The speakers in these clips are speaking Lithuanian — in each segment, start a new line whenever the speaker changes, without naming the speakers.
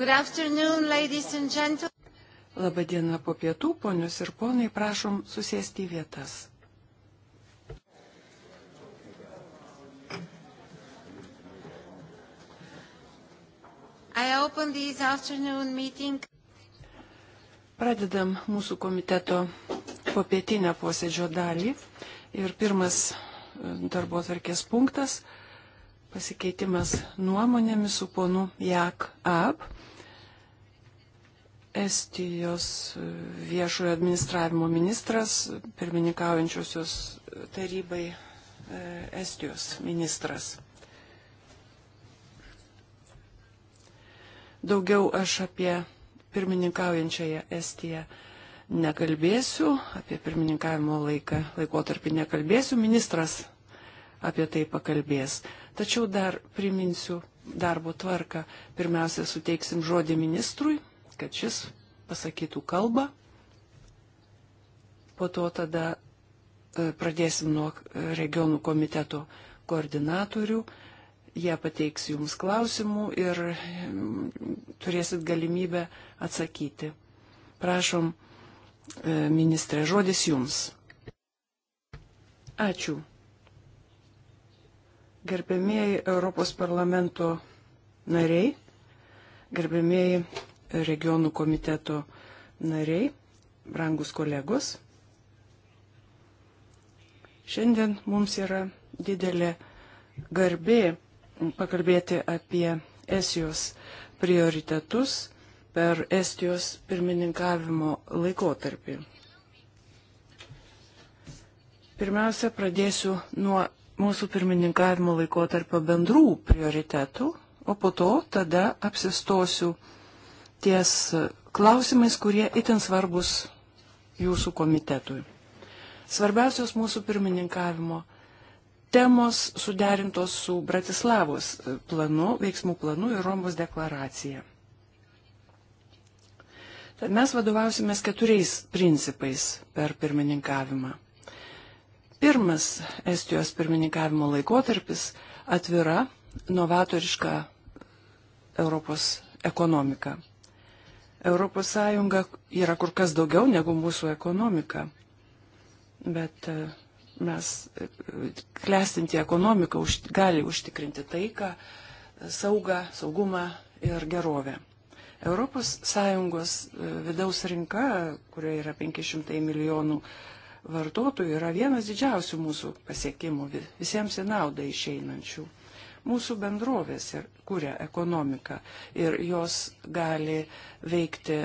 Labadiena
po pietų, ponius ir ponai, prašom susėsti į vietas. Pradedam mūsų komiteto popietinę posėdžio dalį ir pirmas e, darbo atvarkės punktas – pasikeitimas nuomonėmis su ponu Jak Ab, Estijos viešojo administravimo ministras, pirmininkaujančiosios tarybai e, Estijos ministras. Daugiau aš apie pirmininkaujančiąją Estiją nekalbėsiu, apie pirmininkavimo laiką, laikotarpį nekalbėsiu, ministras apie tai pakalbės. Tačiau dar priminsiu darbo tvarką. Pirmiausia, suteiksim žodį ministrui, kad šis pasakytų kalbą. Po to tada e, pradėsim nuo regionų komiteto koordinatorių. Jie pateiks jums klausimų ir mm, turėsit galimybę atsakyti. Prašom, e, ministrė, žodis jums. Ačiū. Gerbėmėjai Europos parlamento nariai, gerbėmėjai regionų komiteto nariai, brangus kolegos. Šiandien mums yra didelė garbė pakalbėti apie Estijos prioritetus per Estijos pirmininkavimo laikotarpį. Pirmiausia, pradėsiu nuo mūsų pirmininkavimo laikotarpio bendrų prioritetų, o po to tada apsistosiu ties klausimais, kurie itin svarbus jūsų komitetui. Svarbiausios mūsų pirmininkavimo temos suderintos su Bratislavos planu, veiksmų planu ir Romos deklaracija. Tad mes vadovausimės keturiais principais per pirmininkavimą pirmas Estijos pirmininkavimo laikotarpis atvira, novatoriška Europos ekonomika. Europos Sąjunga yra kur kas daugiau negu mūsų ekonomika, bet e, mes e, klestinti ekonomiką už, gali užtikrinti taiką, saugą, saugumą ir gerovę. Europos Sąjungos e, vidaus rinka, kurioje yra 500 milijonų vartotojų yra vienas didžiausių mūsų pasiekimų, visiems į naudą išeinančių. Mūsų bendrovės ir kuria ekonomiką ir jos gali veikti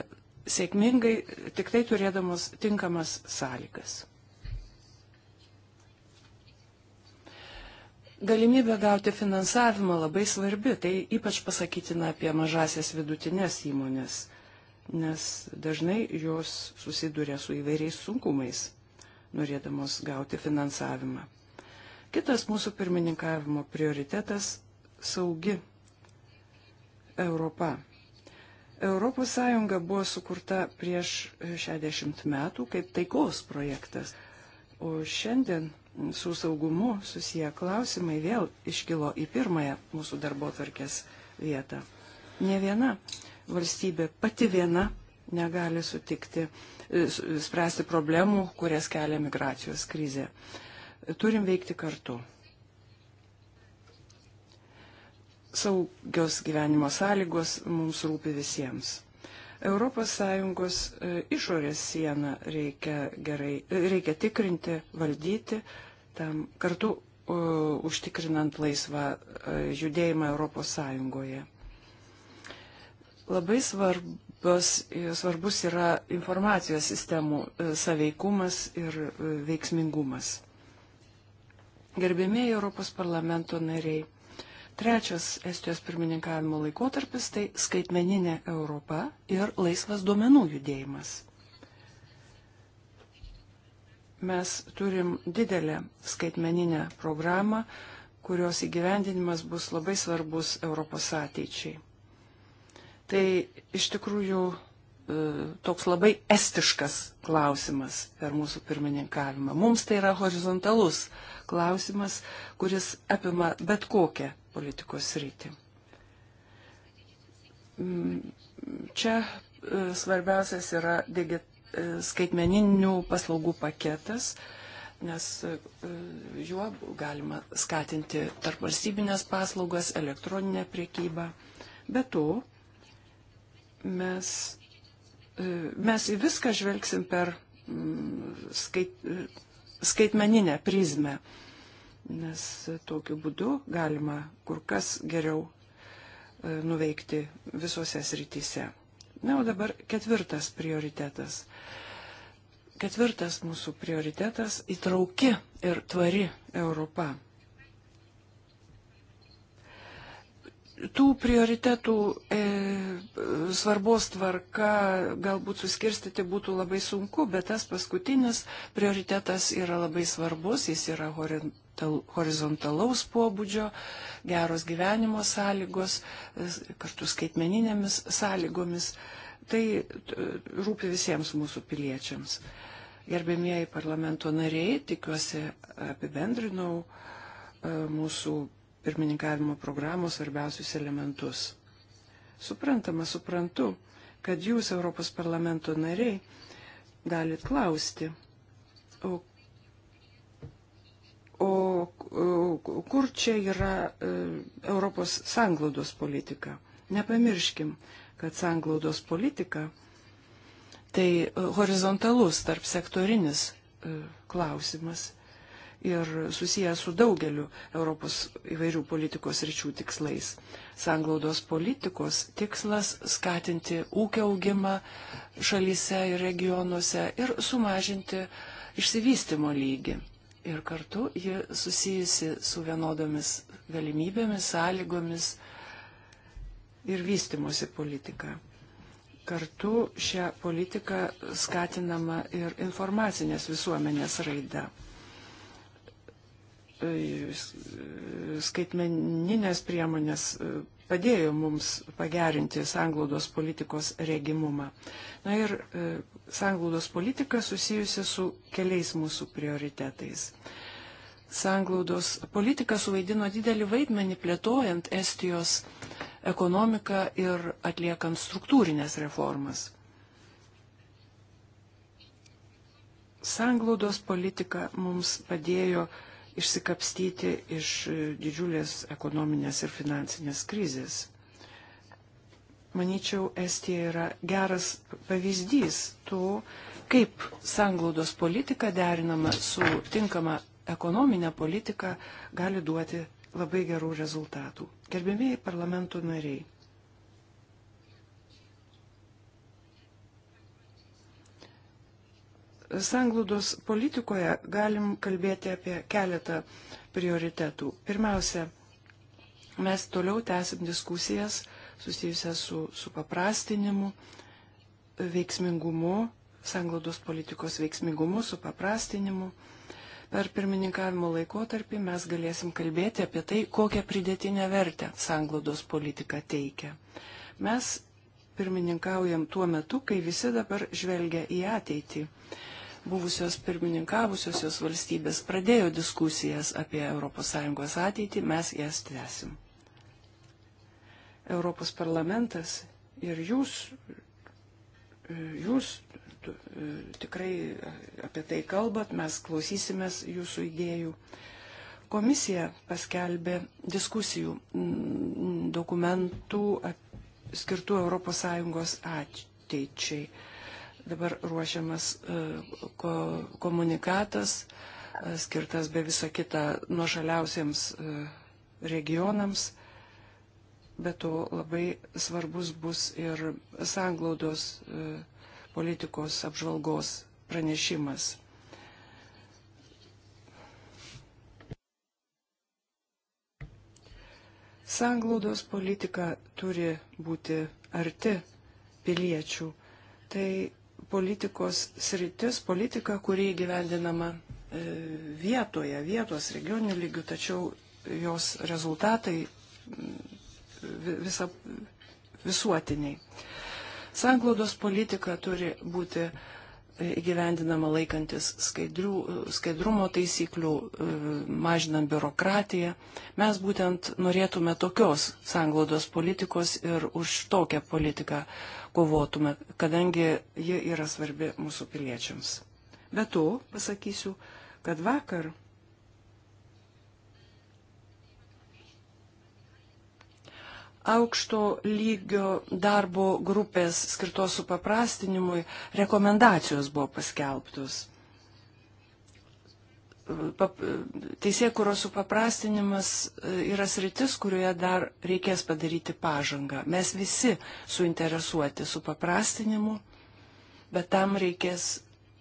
sėkmingai tik tai turėdamos tinkamas sąlygas. Galimybė gauti finansavimą labai svarbi, tai ypač pasakytina apie mažasias vidutinės įmonės, nes dažnai jos susiduria su įvairiais sunkumais norėdamos gauti finansavimą. Kitas mūsų pirmininkavimo prioritetas - saugi Europa. ES buvo sukurta prieš 60 metų kaip taikos projektas, o šiandien su saugumu susiję klausimai vėl iškilo į pirmąją mūsų darbo tvarkės vietą. Ne viena valstybė pati viena negali sutikti, e, spręsti problemų, kurias kelia migracijos krizė. Turim veikti kartu. Saugios gyvenimo sąlygos mums rūpi visiems. ES e, išorės sieną reikia, gerai, e, reikia tikrinti, valdyti, tam kartu uh, užtikrinant laisvą uh, judėjimą ES. Labai svarbu E, svarbus yra informacijos sistemų e, saveikumas ir e, veiksmingumas. Gerbėmėjai Europos parlamento nariai, trečias Estijos pirmininkavimo laikotarpis tai skaitmeninė Europa ir laisvas duomenų judėjimas. Mes turim didelę skaitmeninę programą, kurios įgyvendinimas bus labai svarbus Europos ateičiai. Tai iš tikrųjų e, toks labai estiškas klausimas per mūsų pirmininkavimą. Mums tai yra horizontalus klausimas, kuris apima bet kokią politikos rytį. Mm, čia e, svarbiausias yra e, skaitmeninių paslaugų paketas, nes juo galima skatinti tarp valstybinės paslaugas, elektroninę priekybą. Be to, mes, e, mes į viską žvelgsim per mm, skait, e, skaitmeninę prizmę, nes tokiu būdu galima kur kas geriau e, nuveikti visose srityse. Na, o dabar ketvirtas prioritetas. Ketvirtas mūsų prioritetas - įtrauki ir tvari Europa. tų prioritetų e, svarbos tvarka galbūt suskirstyti būtų labai sunku, bet tas paskutinis prioritetas yra labai svarbus, jis yra horintal, horizontalaus pobūdžio, geros gyvenimo sąlygos, e, kartu skaitmeninėmis sąlygomis. Tai rūpi visiems mūsų piliečiams. Gerbėmieji parlamento nariai, tikiuosi apibendrinau e, mūsų pirmininkavimo programos svarbiausius elementus. Suprantama, suprantu, kad jūs, Europos parlamento nariai, galit klausti, o, o, o kur čia yra e, Europos sanglaudos politika? Nepamirškim, kad sanglaudos politika tai horizontalus tarp sektorinis e, klausimas ir susijęs su daugeliu Europos įvairių politikos ryčių tikslais. Sanglaudos politikos tikslas - skatinti ūkio augimą šalyse ir regionuose ir sumažinti išsivystimo lygį. Ir kartu ji susijusi su vienodomis galimybėmis, sąlygomis ir vystimosi politika. Kartu šią politiką skatinama ir informacinės visuomenės raida. E, skaitmeninės priemonės e, padėjo mums pagerinti sanglaudos politikos regimumą. Na ir e, sanglaudos politika susijusi su keliais mūsų prioritetais. Sanglaudos politika suvaidino didelį vaidmenį plėtojant Estijos ekonomiką ir atliekant struktūrinės reformas. Sanglaudos politika mums padėjo uh, išsikapstyti iš e, didžiulės ekonominės ir finansinės krizės. Maničiau, Estija yra geras pavyzdys to, kaip sanglaudos politika derinama su tinkama ekonominė politika gali duoti labai gerų rezultatų. Gerbėmiai parlamento nariai, sanglaudos politikoje galim kalbėti apie keletą prioritetų. Pirmiausia, mes toliau tęsim diskusijas susijusias su, su paprastinimu, veiksmingumu, sanglaudos politikos veiksmingumu, su paprastinimu. Per pirmininkavimo laikotarpį mes galėsim kalbėti apie tai, kokią pridėtinę vertę sanglaudos politika teikia. Mes pirmininkaujam tuo metu, kai visi dabar žvelgia į ateitį buvusios pirmininkavusios valstybės pradėjo diskusijas apie ES ateitį, mes jas tęsim. Europos parlamentas ir jūs, jūs tikrai apie tai kalbat, mes klausysimės jūsų idėjų. Komisija paskelbė diskusijų mm, dokumentų skirtų ES ateičiai. Dabar ruošiamas e, komunikatas, e, skirtas be viso kita nuošaliausiems e, regionams, bet to labai svarbus bus ir sanglaudos politikos apžvalgos pranešimas. Sanglaudos politika turi būti arti piliečių. Tai politikos sritis, politika, kuri įgyvendinama e, vietoje, vietos regioninių lygių, tačiau jos rezultatai visa, visuotiniai. Sanglaudos politika turi būti įgyvendinama laikantis skaidrių, skaidrumo taisyklių, e, mažinant biurokratiją. Mes būtent norėtume tokios sanglaudos politikos ir už tokią politiką kovotume, kadangi ji yra svarbi mūsų piliečiams. Be to pasakysiu, kad vakar aukšto lygio darbo grupės skirtos supaprastinimui rekomendacijos buvo paskelbtos. Teisėkuros supaprastinimas e, yra sritis, kurioje dar reikės padaryti pažangą. Mes visi suinteresuoti supaprastinimu, bet tam reikės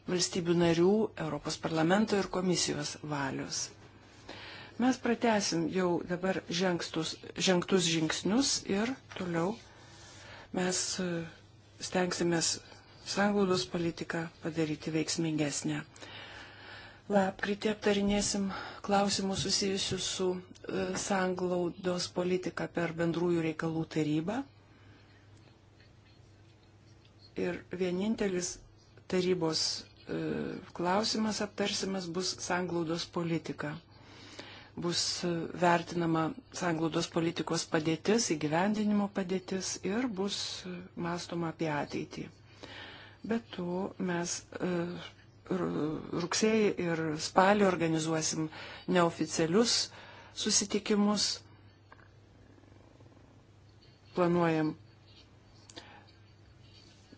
valstybių narių, Europos parlamento ir komisijos valios. Mes pratesim jau dabar žengstus, žengtus žingsnius ir toliau mes e, stengsimės sanglaudos politiką padaryti veiksmingesnę. Lapkritį aptarinėsim klausimus susijusius su e, sanglaudos politika per bendrųjų reikalų tarybą. Ir vienintelis tarybos e, klausimas aptarsimas bus sanglaudos politika bus vertinama sanglaudos politikos padėtis, įgyvendinimo padėtis ir bus mąstoma apie ateitį. Be to mes e, rugsėjai ir spalį organizuosim neoficialius susitikimus. Planuojam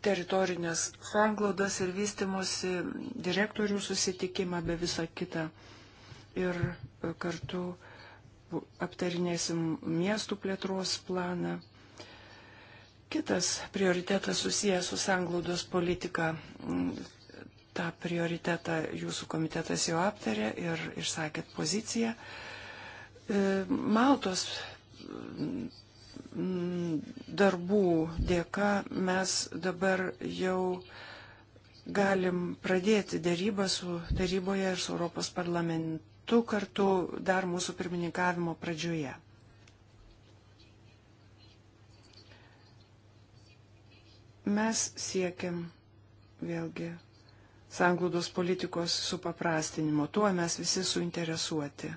teritorinės sanglaudas ir vystimosi direktorių susitikimą be viso kitą ir e, kartu aptarinėsim miestų plėtros planą. Kitas prioritetas susijęs su sanglaudos politika. Ta prioritetą jūsų komitetas jau aptarė ir išsakėt poziciją. E, Maltos darbų dėka mes dabar jau galim pradėti dėrybą su taryboje ir su Europos parlamentu du kartu dar mūsų pirmininkavimo pradžioje. Mes siekiam vėlgi sanglaudos politikos supaprastinimo. Tuo mes visi suinteresuoti.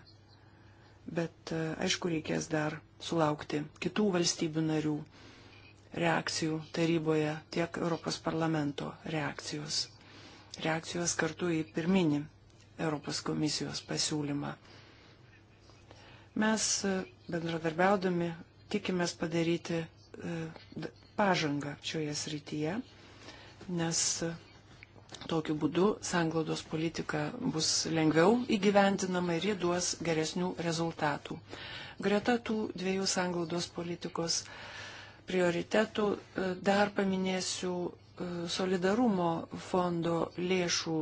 Bet e, aišku, reikės dar sulaukti kitų valstybių narių reakcijų taryboje, tiek Europos parlamento reakcijos. Reakcijos kartu į pirminį Europos komisijos pasiūlymą. Mes e, bendradarbiaudami tikimės padaryti e, pažangą šioje srityje, nes e, tokiu būdu sanglaudos politika bus lengviau įgyventinama ir ji duos geresnių rezultatų. Greta tų dviejų sanglaudos politikos prioritetų dar paminėsiu solidarumo fondo lėšų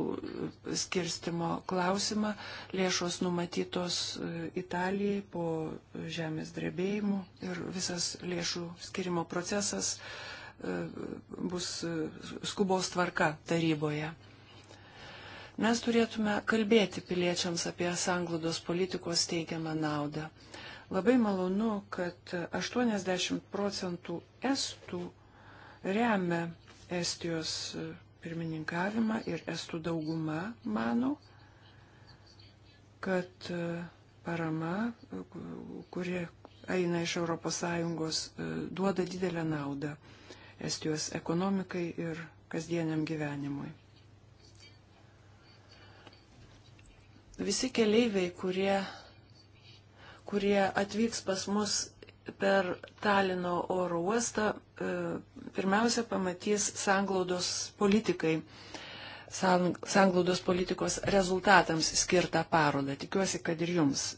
skirstimo klausimą. Lėšos numatytos e, Italijai po žemės drebėjimų ir visas lėšų skirimo procesas e, bus e, skubos tvarka taryboje. Mes turėtume kalbėti piliečiams apie sanglaudos politikos teikiamą naudą. Labai malonu, kad 80 procentų estų remia Estijos pirmininkavimą ir estų dauguma mano, kad e, parama, kuri eina iš ES, e, duoda didelę naudą Estijos ekonomikai ir kasdieniam gyvenimui. Visi keleiviai, kurie, kurie atvyks pas mus per Talino oro uostą, E, pirmiausia pamatys sanglaudos politikai, sanglaudos politikos rezultatams skirtą parodą. Tikiuosi, kad ir jums e,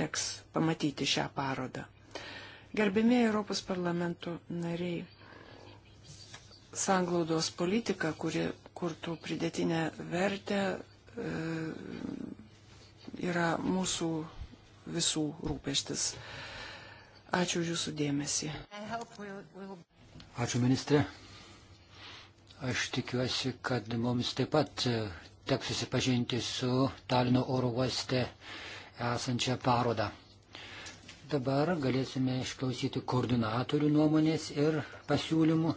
teks pamatyti šią parodą. Gerbėmėjai Europos parlamento nariai, sanglaudos politika, kuri kurtų pridėtinę vertę, e, yra mūsų
visų rūpeštis. Ačiū už Jūsų dėmesį. Ačiū ministrė. Aš tikiuosi, kad mums taip pat e, teks susipažinti su Talino oro uoste esančią parodą. Dabar galėsime išklausyti koordinatorių nuomonės ir pasiūlymų.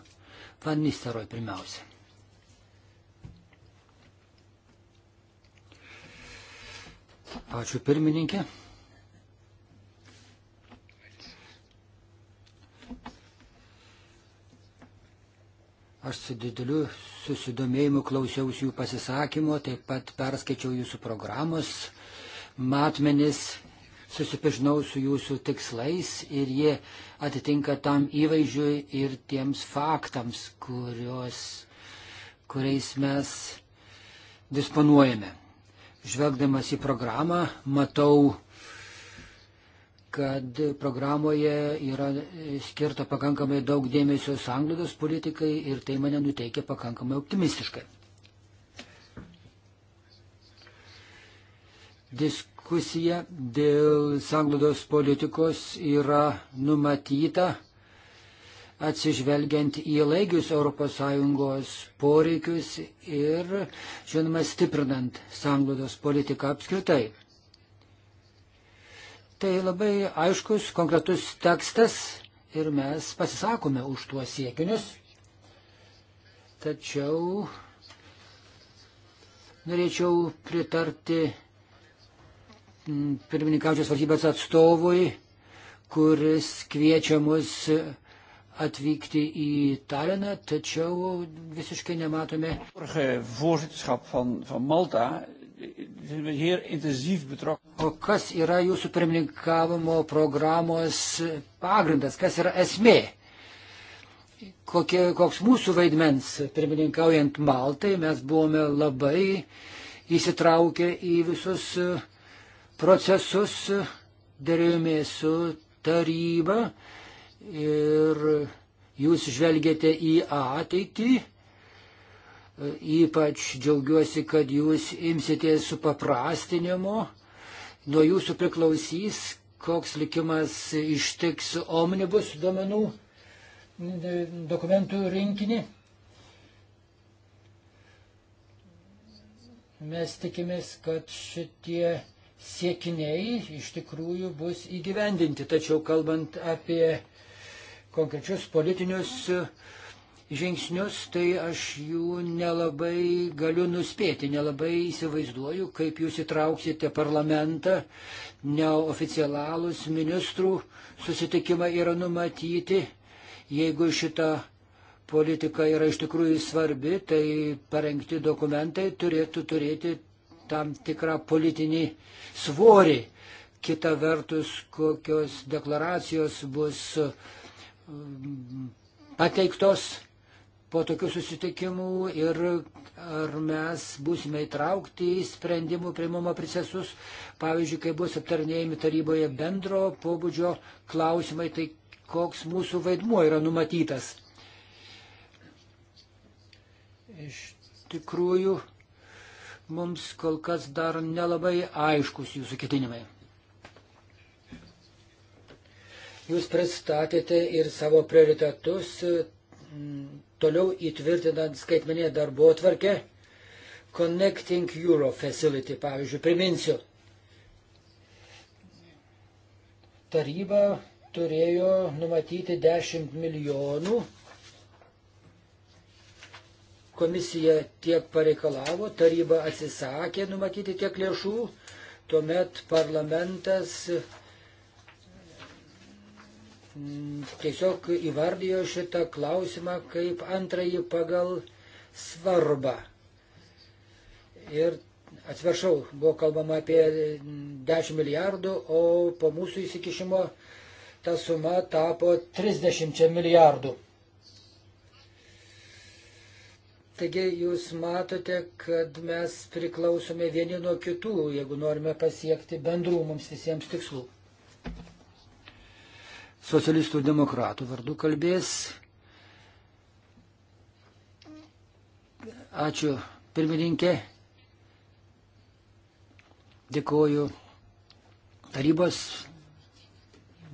Van Nisteroj pirmiausia. Ačiū pirmininkė. Aš su dideliu susidomėjimu klausiausi jų pasisakymo, taip pat perskaičiau jūsų programos matmenis, susipažinau su jūsų tikslais ir jie atitinka tam įvaizdžiui ir tiems faktams, kurios, kuriais mes disponuojame. Žvelgdamas į programą, matau kad programoje yra skirta pakankamai daug dėmesio sanglaudos politikai ir tai mane nuteikia pakankamai optimistiškai. Diskusija dėl sanglaudos politikos yra numatyta atsižvelgiant į laigius ES poreikius ir, žinoma, stiprinant sanglaudos politiką apskritai. Tai labai aiškus, konkretus tekstas ir mes pasisakome už tuos siekinius. Tačiau norėčiau pritarti mm, pirmininkaučios valstybės atstovui, kuris kviečia mus atvykti į Taliną, tačiau visiškai nematome. Vorige voorzitterschap van, van Malta O kas yra jūsų pirmininkavimo programos e, pagrindas, kas yra esmė? Kokie, koks mūsų vaidmens pirmininkaujant Maltai, mes buvome labai įsitraukę į visus e, procesus, dėrėjomės su taryba ir jūs žvelgėte į ateitį Ypač džiaugiuosi, kad jūs imsitės su paprastinimu. Nuo jūsų priklausys, koks likimas ištiks omnibus duomenų dokumentų rinkinį. Mes tikimės, kad šitie siekiniai iš tikrųjų bus įgyvendinti. Tačiau kalbant apie konkrečius politinius uh, žingsnius, tai aš jų nelabai galiu nuspėti, nelabai įsivaizduoju, kaip jūs įtrauksite parlamentą, neoficialus ministrų susitikimą yra numatyti, jeigu šita politika yra iš tikrųjų svarbi, tai parengti dokumentai turėtų turėti tam tikrą politinį svorį. Kita vertus, kokios deklaracijos bus mm, pateiktos, po tokių susitikimų ir ar mes būsime įtraukti į sprendimų priimimo procesus. Pavyzdžiui, kai bus aptarnėjami taryboje bendro pobūdžio klausimai, tai koks mūsų vaidmuo yra numatytas. Iš tikrųjų, mums kol kas dar nelabai aiškus jūsų ketinimai. Jūs pristatėte ir savo prioritetus toliau įtvirtinant skaitmenę darbo tvarkę, Connecting Euro Facility, pavyzdžiui, priminsiu. Taryba turėjo numatyti 10 milijonų. Komisija tiek pareikalavo, taryba atsisakė numatyti tiek lėšų, tuomet parlamentas tiesiog įvardijo šitą klausimą kaip antrąjį pagal svarbą. Ir atsiprašau, buvo kalbama apie 10 milijardų, o po mūsų įsikišimo ta suma tapo 30 milijardų. Taigi jūs matote, kad mes priklausome vieni nuo kitų, jeigu norime pasiekti bendrų mums visiems tikslų socialistų demokratų vardu kalbės. Ačiū pirmininkė. Dėkoju tarybos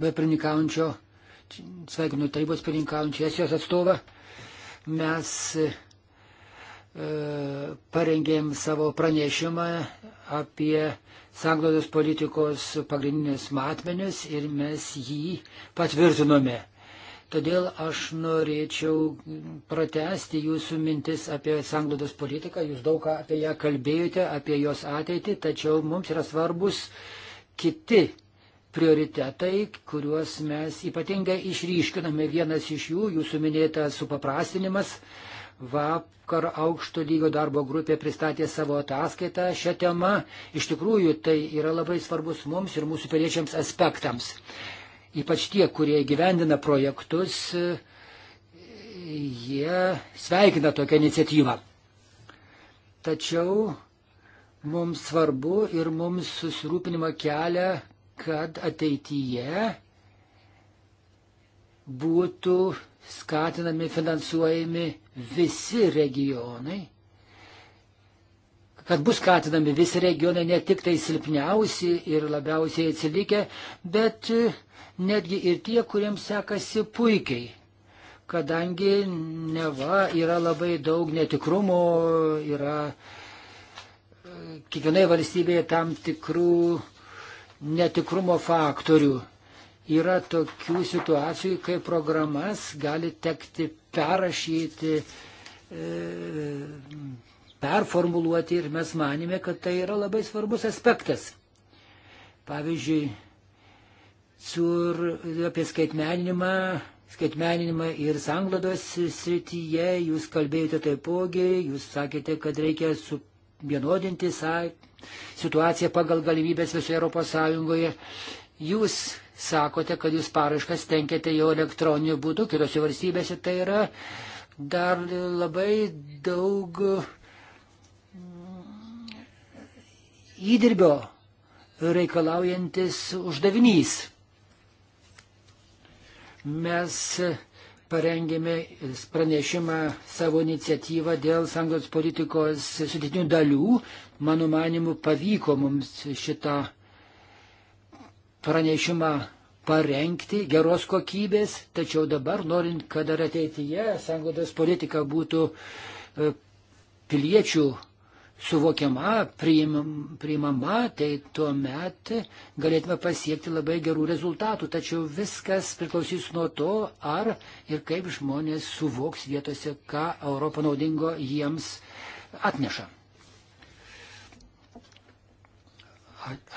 be pirmininkaujančio, sveikinu tarybos pirmininkaujančio esijos atstovą. Mes E, parengėm savo pranešimą apie sanglaudos politikos pagrindinius matmenis ir mes jį patvirtinome. Todėl aš norėčiau pratesti jūsų mintis apie sanglaudos politiką. Jūs daug apie ją kalbėjote, apie jos ateitį, tačiau mums yra svarbus kiti prioritetai, kuriuos mes ypatingai išryškiname. Vienas iš jų, jūsų minėtas supaprastinimas, Vakar aukšto lygio darbo grupė pristatė savo ataskaitą šią temą. Iš tikrųjų, tai yra labai svarbus mums ir mūsų piliečiams aspektams. Ypač tie, kurie gyvendina projektus, jie sveikina tokią iniciatyvą. Tačiau mums svarbu ir mums susirūpinimą kelia, kad ateityje būtų skatinami, finansuojami visi regionai, kad bus skatinami visi regionai, ne tik tai silpniausi ir labiausiai atsilikę, bet e, netgi ir tie, kuriems sekasi puikiai kadangi neva yra labai daug netikrumo, yra e, kiekvienoje valstybėje tam tikrų netikrumo faktorių. Yra tokių situacijų, kai programas gali tekti perrašyti, e, performuluoti ir mes manėme, kad tai yra labai svarbus aspektas. Pavyzdžiui, sur, apie skaitmeninimą, skaitmeninimą ir sanglados srityje jūs kalbėjote taipogi, jūs sakėte, kad reikia suvienodinti situaciją pagal galimybės visoje Europos Sąjungoje. Jūs sakote, kad jūs paraiškas tenkėte jau elektroniniu būdu, kitose valstybėse tai yra dar labai daug mm, įdirbio reikalaujantis uždavinys. Mes parengėme pranešimą savo iniciatyvą dėl sąjungos politikos sudėtinių dalių. Mano manimu, pavyko mums šitą pranešimą parengti geros kokybės, tačiau dabar, norint, kad ar ateityje sanglodas politika būtų e, piliečių suvokiama, priimama, tai tuo met galėtume pasiekti labai gerų rezultatų. Tačiau viskas priklausys nuo to, ar ir kaip žmonės suvoks vietose, ką Europą naudingo jiems atneša.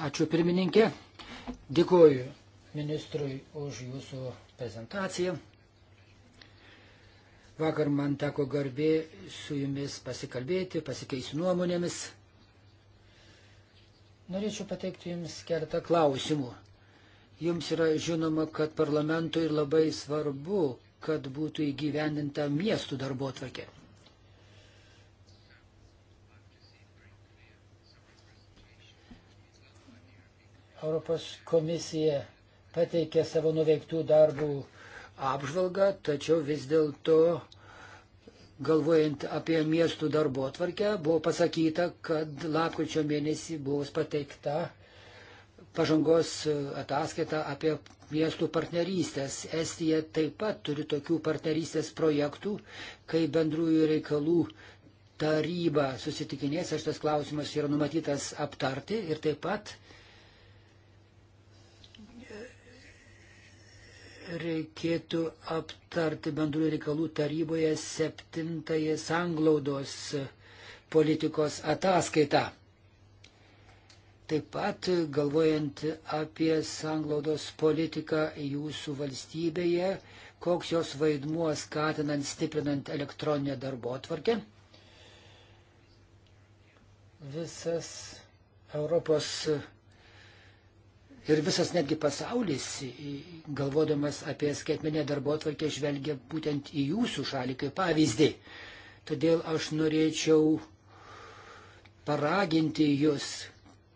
Ačiū pirmininkė. Dėkuoju ministrui už jūsų prezentaciją. Vakar man teko garbė su jumis pasikalbėti, pasikeisti nuomonėmis. Norėčiau pateikti jums keletą klausimų. Jums yra žinoma, kad parlamentui labai svarbu, kad būtų įgyvendinta miestų darbo tvarkė. Europos komisija pateikė savo nuveiktų darbų apžvalgą, tačiau vis dėlto, galvojant apie miestų darbo atvarkę, buvo pasakyta, kad lapkričio mėnesį buvo pateikta pažangos ataskaita apie miestų partnerystės. Estija taip pat turi tokių partnerystės projektų, kai bendrųjų reikalų taryba susitikinės, aš tas klausimas yra numatytas aptarti ir taip pat reikėtų aptarti bendrųjų reikalų taryboje septintąją sanglaudos politikos ataskaitą. Taip pat galvojant apie sanglaudos politiką jūsų valstybėje, koks jos vaidmuo skatinant, stiprinant elektroninę darbo atvarkę. Visas Europos Ir visas netgi pasaulis, galvodamas apie skaitmenę darbo atvarkę, žvelgia būtent į jūsų šalį kaip pavyzdį. Todėl aš norėčiau paraginti jūs,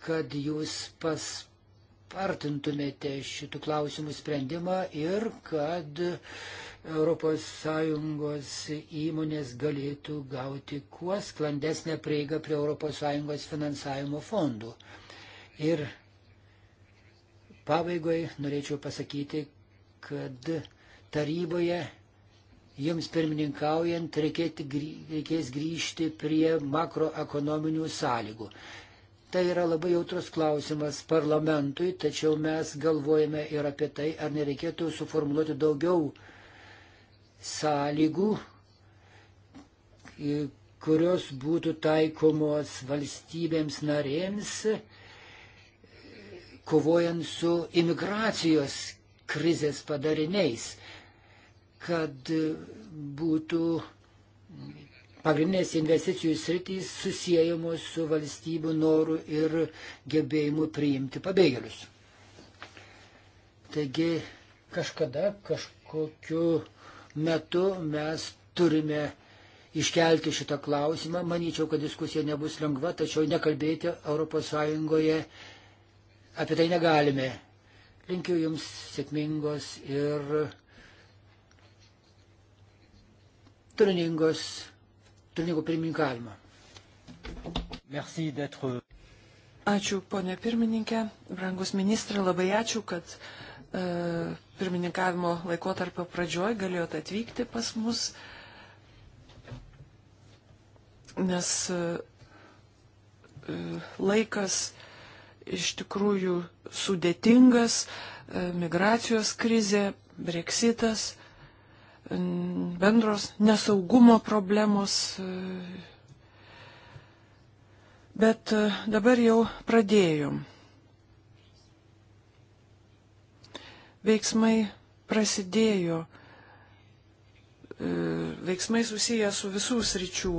kad jūs paspartintumėte šitų klausimų sprendimą ir kad ES įmonės galėtų gauti kuo sklandesnę prieigą prie ES finansavimo fondų. Ir Pabaigai norėčiau pasakyti, kad taryboje jums pirmininkaujant reikės grįžti prie makroekonominių sąlygų. Tai yra labai jautrus klausimas parlamentui, tačiau mes galvojame ir apie tai, ar nereikėtų suformuoluoti daugiau sąlygų, kurios būtų taikomos valstybėms narėms kovojant su imigracijos krizės padariniais, kad būtų pagrindinės investicijų sritys susijęjamos su valstybių noru ir gebėjimu priimti pabėgėlius. Taigi kažkada, kažkokiu metu mes turime iškelti šitą klausimą. Manyčiau, kad diskusija nebus lengva, tačiau nekalbėti ES apie tai negalime. Linkiu Jums sėkmingos ir turiningos, turiningo pirmininkavimo.
Merci d'être.
Ačiū, ponė pirmininkė, brangus ministrai, labai ačiū, kad e, pirmininkavimo laikotarpio pradžioj galėjote atvykti pas mus, nes e, e laikas e, iš tikrųjų sudėtingas, e, migracijos krizė, breksitas, bendros nesaugumo problemos. E, bet e, dabar jau pradėjom. Veiksmai prasidėjo, veiksmai susiję su visų sričių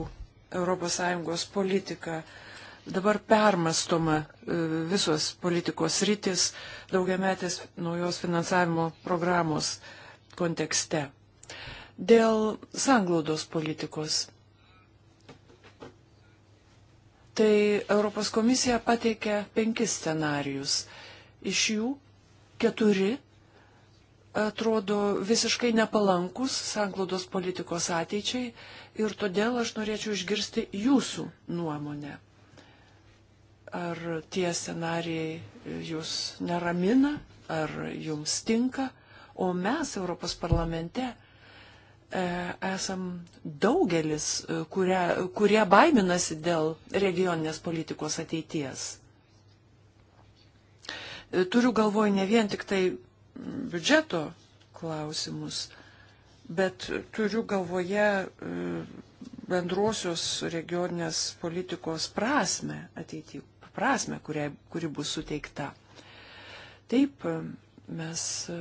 ES politika dabar permastoma e, visos politikos rytis daugiametės naujos finansavimo programos kontekste. Dėl sanglaudos politikos. Tai Europos komisija pateikė penkis scenarius. Iš jų keturi atrodo visiškai nepalankus sanglaudos politikos ateičiai ir todėl aš norėčiau išgirsti jūsų nuomonę. Ar tie scenarijai jūs neramina, ar jums tinka? O mes Europos parlamente e, esam daugelis, e, kurie, kurie baiminasi dėl regioninės politikos ateities. E, turiu galvoj ne vien tik tai biudžeto klausimus, bet turiu galvoje bendrosios regioninės politikos prasme ateityje prasme, kurie, kuri bus suteikta. Taip, mes e,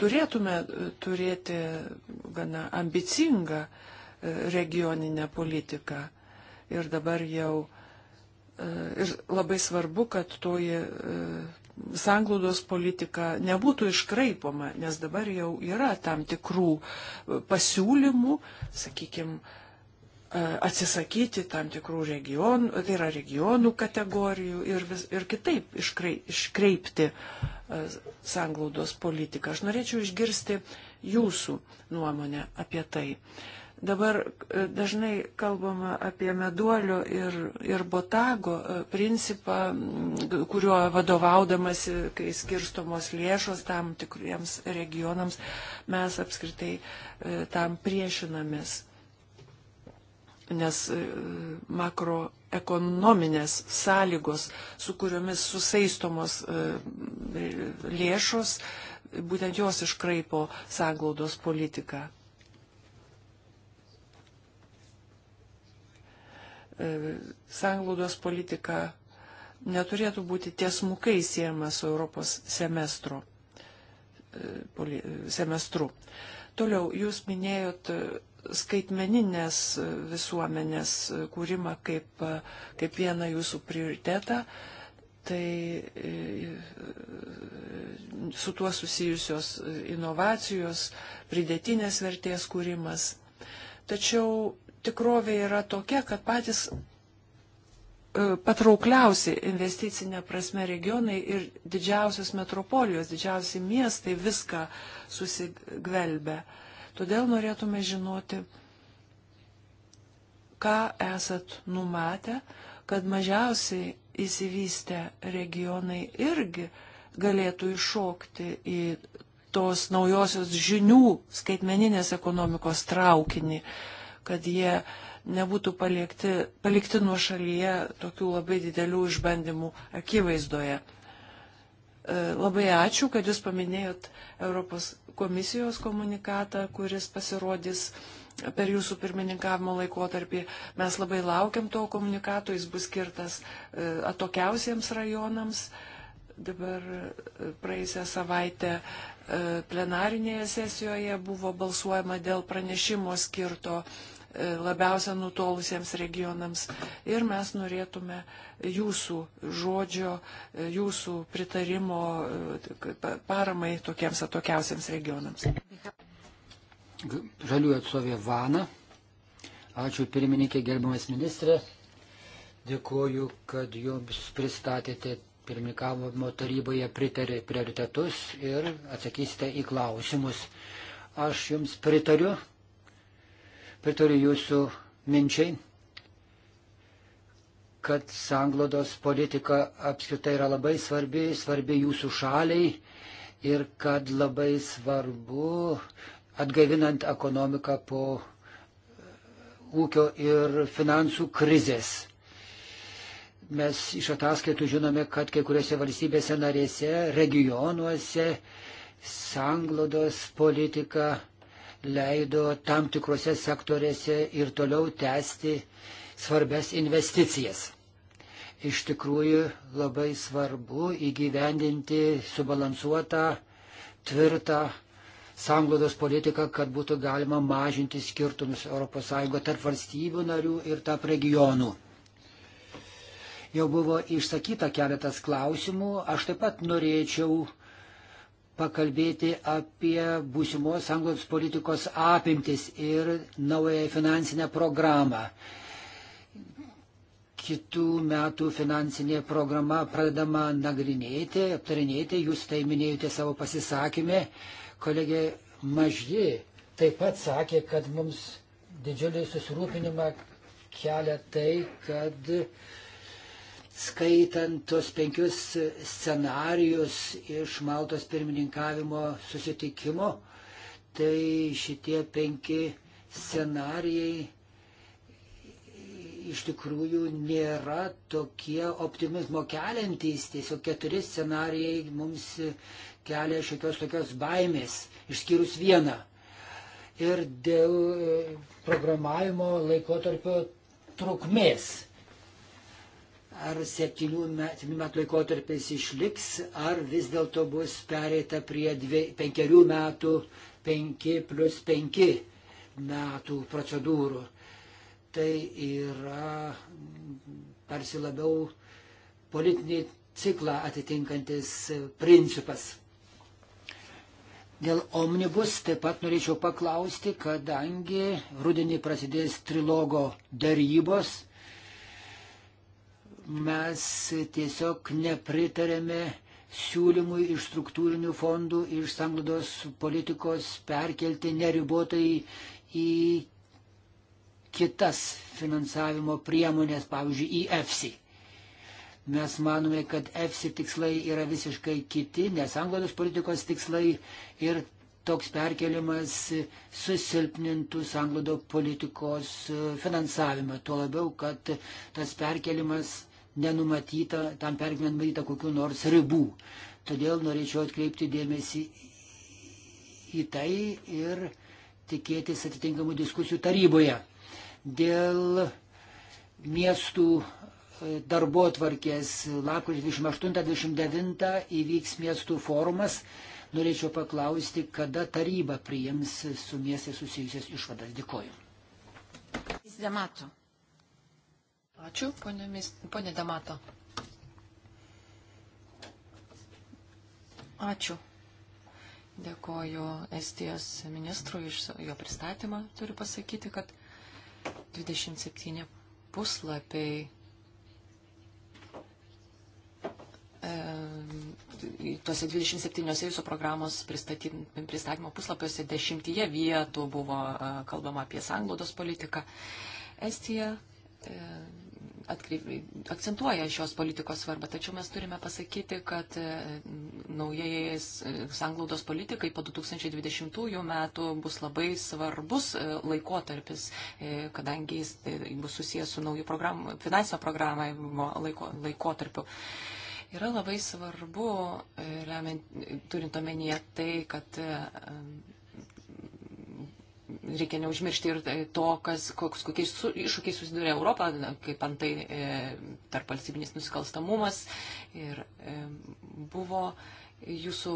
turėtume e, turėti gana ambicingą e, regioninę politiką. Ir dabar jau ir labai svarbu, kad toji sanglaudos politika nebūtų iškraipoma, nes dabar jau yra tam tikrų pasiūlymų, sakykime, E, atsisakyti tam tikrų regionų, tai yra regionų kategorijų ir, vis, ir kitaip iškrai, iškreipti e, sanglaudos politiką. Aš norėčiau išgirsti jūsų nuomonę apie tai. Dabar e, dažnai kalbama apie meduolio ir, ir botago principą, kuriuo vadovaudamas, kai skirstomos lėšos tam tikriems regionams, mes apskritai tam priešinamės nes e, makroekonominės sąlygos, su kuriomis susaistomos e, lėšos, būtent jos iškraipo sąglaudos politiką. E, sąglaudos politika neturėtų būti tiesmukai siejama su Europos semestru. semestru. Toliau, jūs minėjot skaitmeninės visuomenės kūrimą kaip, kaip vieną jūsų prioritetą, tai e, su tuo susijusios inovacijos, pridėtinės vertės kūrimas. Tačiau tikrovė yra tokia, kad patys e, patraukliausi investicinė prasme regionai ir didžiausios metropolijos, didžiausi miestai viską susigvelbia. Uh, Todėl norėtume žinoti, ką esat numatę, kad mažiausiai įsivystę regionai irgi galėtų iššokti į tos naujosios žinių skaitmeninės ekonomikos traukinį, kad jie nebūtų palikti, palikti nuo šalyje tokių labai didelių išbandymų akivaizdoje. E, labai ačiū, kad Jūs paminėjot Europos komisijos komunikatą, kuris pasirodys per jūsų pirmininkavimo laikotarpį. Mes labai laukiam to komunikato, jis bus skirtas e, atokiausiems rajonams. Dabar e, praeisę savaitę e, plenarinėje sesijoje buvo balsuojama dėl pranešimo skirto uh, labiausia nutolusiems regionams ir mes norėtume jūsų žodžio, jūsų pritarimo e, paramai tokiems atokiausiams regionams.
Žaliųjų atstovė Vana. Ačiū pirmininkė, gerbiamas ministrė. Dėkuoju, kad jums pristatėte pirmininkavimo taryboje pritarė prioritetus ir atsakysite į klausimus. Aš jums pritariu Pritariu jūsų minčiai, kad sanglodos politika apskritai yra labai svarbi, svarbi jūsų šaliai ir kad labai svarbu atgaivinant ekonomiką po e, ūkio ir finansų krizės. Mes iš ataskaitų žinome, kad kai kuriuose valstybėse narėse, regionuose sanglodos politika leido tam tikrose sektorėse ir toliau tęsti svarbes investicijas. Iš tikrųjų labai svarbu įgyvendinti subalansuotą, tvirtą sanglodos politiką, kad būtų galima mažinti skirtumus ES tarp valstybių narių ir tarp regionų. Jau buvo išsakyta keletas klausimų, aš taip pat norėčiau uh, pakalbėti apie būsimos anglos politikos apimtis ir naują finansinę programą. Kitų metų finansinė programa pradedama nagrinėti, aptarinėti, jūs tai minėjote savo pasisakymę. Kolegė Maždi taip pat sakė, kad mums didžiulį susirūpinimą kelia tai, kad uh, skaitant tos penkius scenarius iš Maltos pirmininkavimo susitikimo, tai šitie penki scenarijai iš tikrųjų nėra tokie optimizmo keliantys, tiesiog keturi scenarijai mums kelia šiokios tokios baimės, išskyrus vieną. Ir dėl e, programavimo laikotarpio trukmės ar septynių metų, metų laikotarpis išliks, ar vis dėlto bus pereita prie dvie, penkerių metų, penki plus penki metų procedūrų. Tai yra mm, tarsi labiau politinį ciklą atitinkantis principas. Dėl omnibus taip pat norėčiau paklausti, kadangi rudenį prasidės trilogo darybos mes tiesiog nepritarėme siūlymui iš struktūrinių fondų, iš sanglaudos politikos perkelti neribotai į kitas finansavimo priemonės, pavyzdžiui, į EFSI. Mes manome, kad EFSI tikslai yra visiškai kiti, nes anglodos politikos tikslai ir toks perkelimas susilpnintų sanglodo politikos finansavimą. Tuo labiau, kad tas perkelimas nenumatyta, tam perkime numatyta kokiu nors ribų. Todėl norėčiau atkreipti dėmesį į tai ir tikėtis atitinkamų diskusijų taryboje. Dėl miestų e, darbo tvarkės lakrūčio 28-29 įvyks miestų forumas. Norėčiau paklausti, kada taryba priims su miestai susijusias išvadas. Dėkoju.
Demato. Ačiū, ponė, ponė Damato. Ačiū. Dėkoju Estijos ministrui iš jo pristatymą. Turiu pasakyti, kad 27 puslapiai e, tuose 27 jūsų programos pristatymo puslapiuose dešimtyje vietų buvo e, kalbama apie sanglaudos politiką. Estija e, atkreip, akcentuoja šios politikos svarbą, tačiau mes turime pasakyti, kad e, naujieji e, sanglaudos politikai po 2020 metų bus labai svarbus e, laikotarpis, kadangi jis bus susijęs su naujų programų, finansinio programavimo laiko, laikotarpiu yra labai svarbu, remiant, turint omenyje tai, kad reikia neužmiršti ir to, kas, koks, kokiais su, iššūkiais susiduria Europą, na, kaip antai e, tarp valstybinis nusikalstamumas. Ir e, buvo jūsų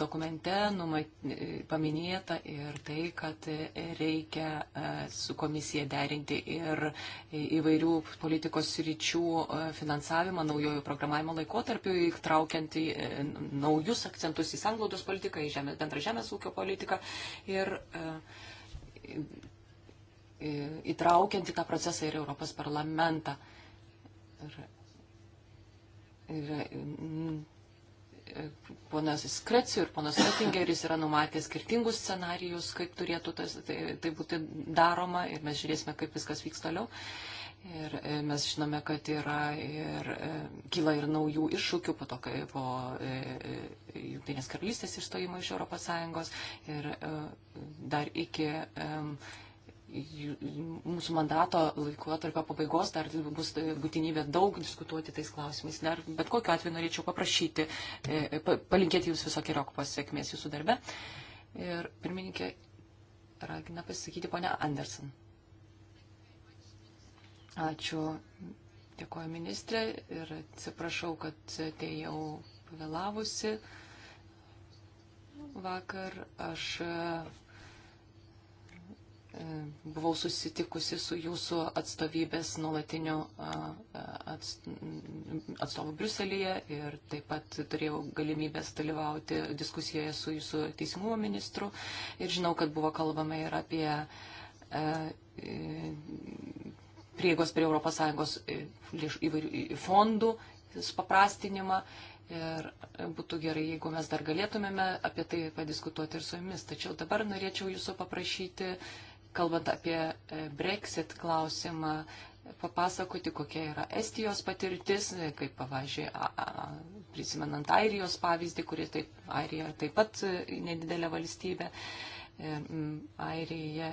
dokumente numat, e, paminėta ir tai, kad e, reikia e, su komisija derinti ir įvairių politikos ryčių finansavimą naujojų programavimo laikotarpiu, įtraukiant į naujus akcentus į sanglaudos politiką, į žemės, bendrą žemės ūkio politiką. Ir, uh, įtraukiant į tą procesą ir Europos parlamentą. Ir, ir, ponas Skrecijų ir ponas Oettingeris yra numatę skirtingus scenarijus, kaip turėtų tas, tai, tai būti daroma ir mes žiūrėsime, kaip viskas vyks toliau. Ir e, mes žinome, kad yra ir e, kyla ir naujų iššūkių po to, kai po e, Junktinės karalystės išstojimo iš ES ir dar iki mūsų mandato laikotarpio pabaigos dar bus būtinybė daug diskutuoti tais klausimais. Dar bet kokiu atveju norėčiau paprašyti, palinkėti Jums visokiojo pasiekmės Jūsų darbe. Ir pirmininkė ragina pasisakyti ponia Anderson. Ačiū. Dėkuoju ministrė ir atsiprašau, kad atėjau pavėlavusi. Vakar aš e, buvau susitikusi su jūsų atstovybės nuolatiniu atstovu Bruselėje ir taip pat turėjau galimybės dalyvauti diskusijoje su jūsų teisingumo ministru. Ir žinau, kad buvo kalbama ir apie e, e, prieigos prie ES e, įvairių fondų supaprastinimą. Ir būtų gerai, jeigu mes dar galėtumėme apie tai padiskutuoti ir su jumis. Tačiau dabar norėčiau jūsų paprašyti, kalbant apie e, Brexit klausimą, papasakoti, kokia yra Estijos patirtis, e, kaip pavažiai, prisimenant Airijos pavyzdį, kuris taip, Airija taip pat nedidelė valstybė. Airija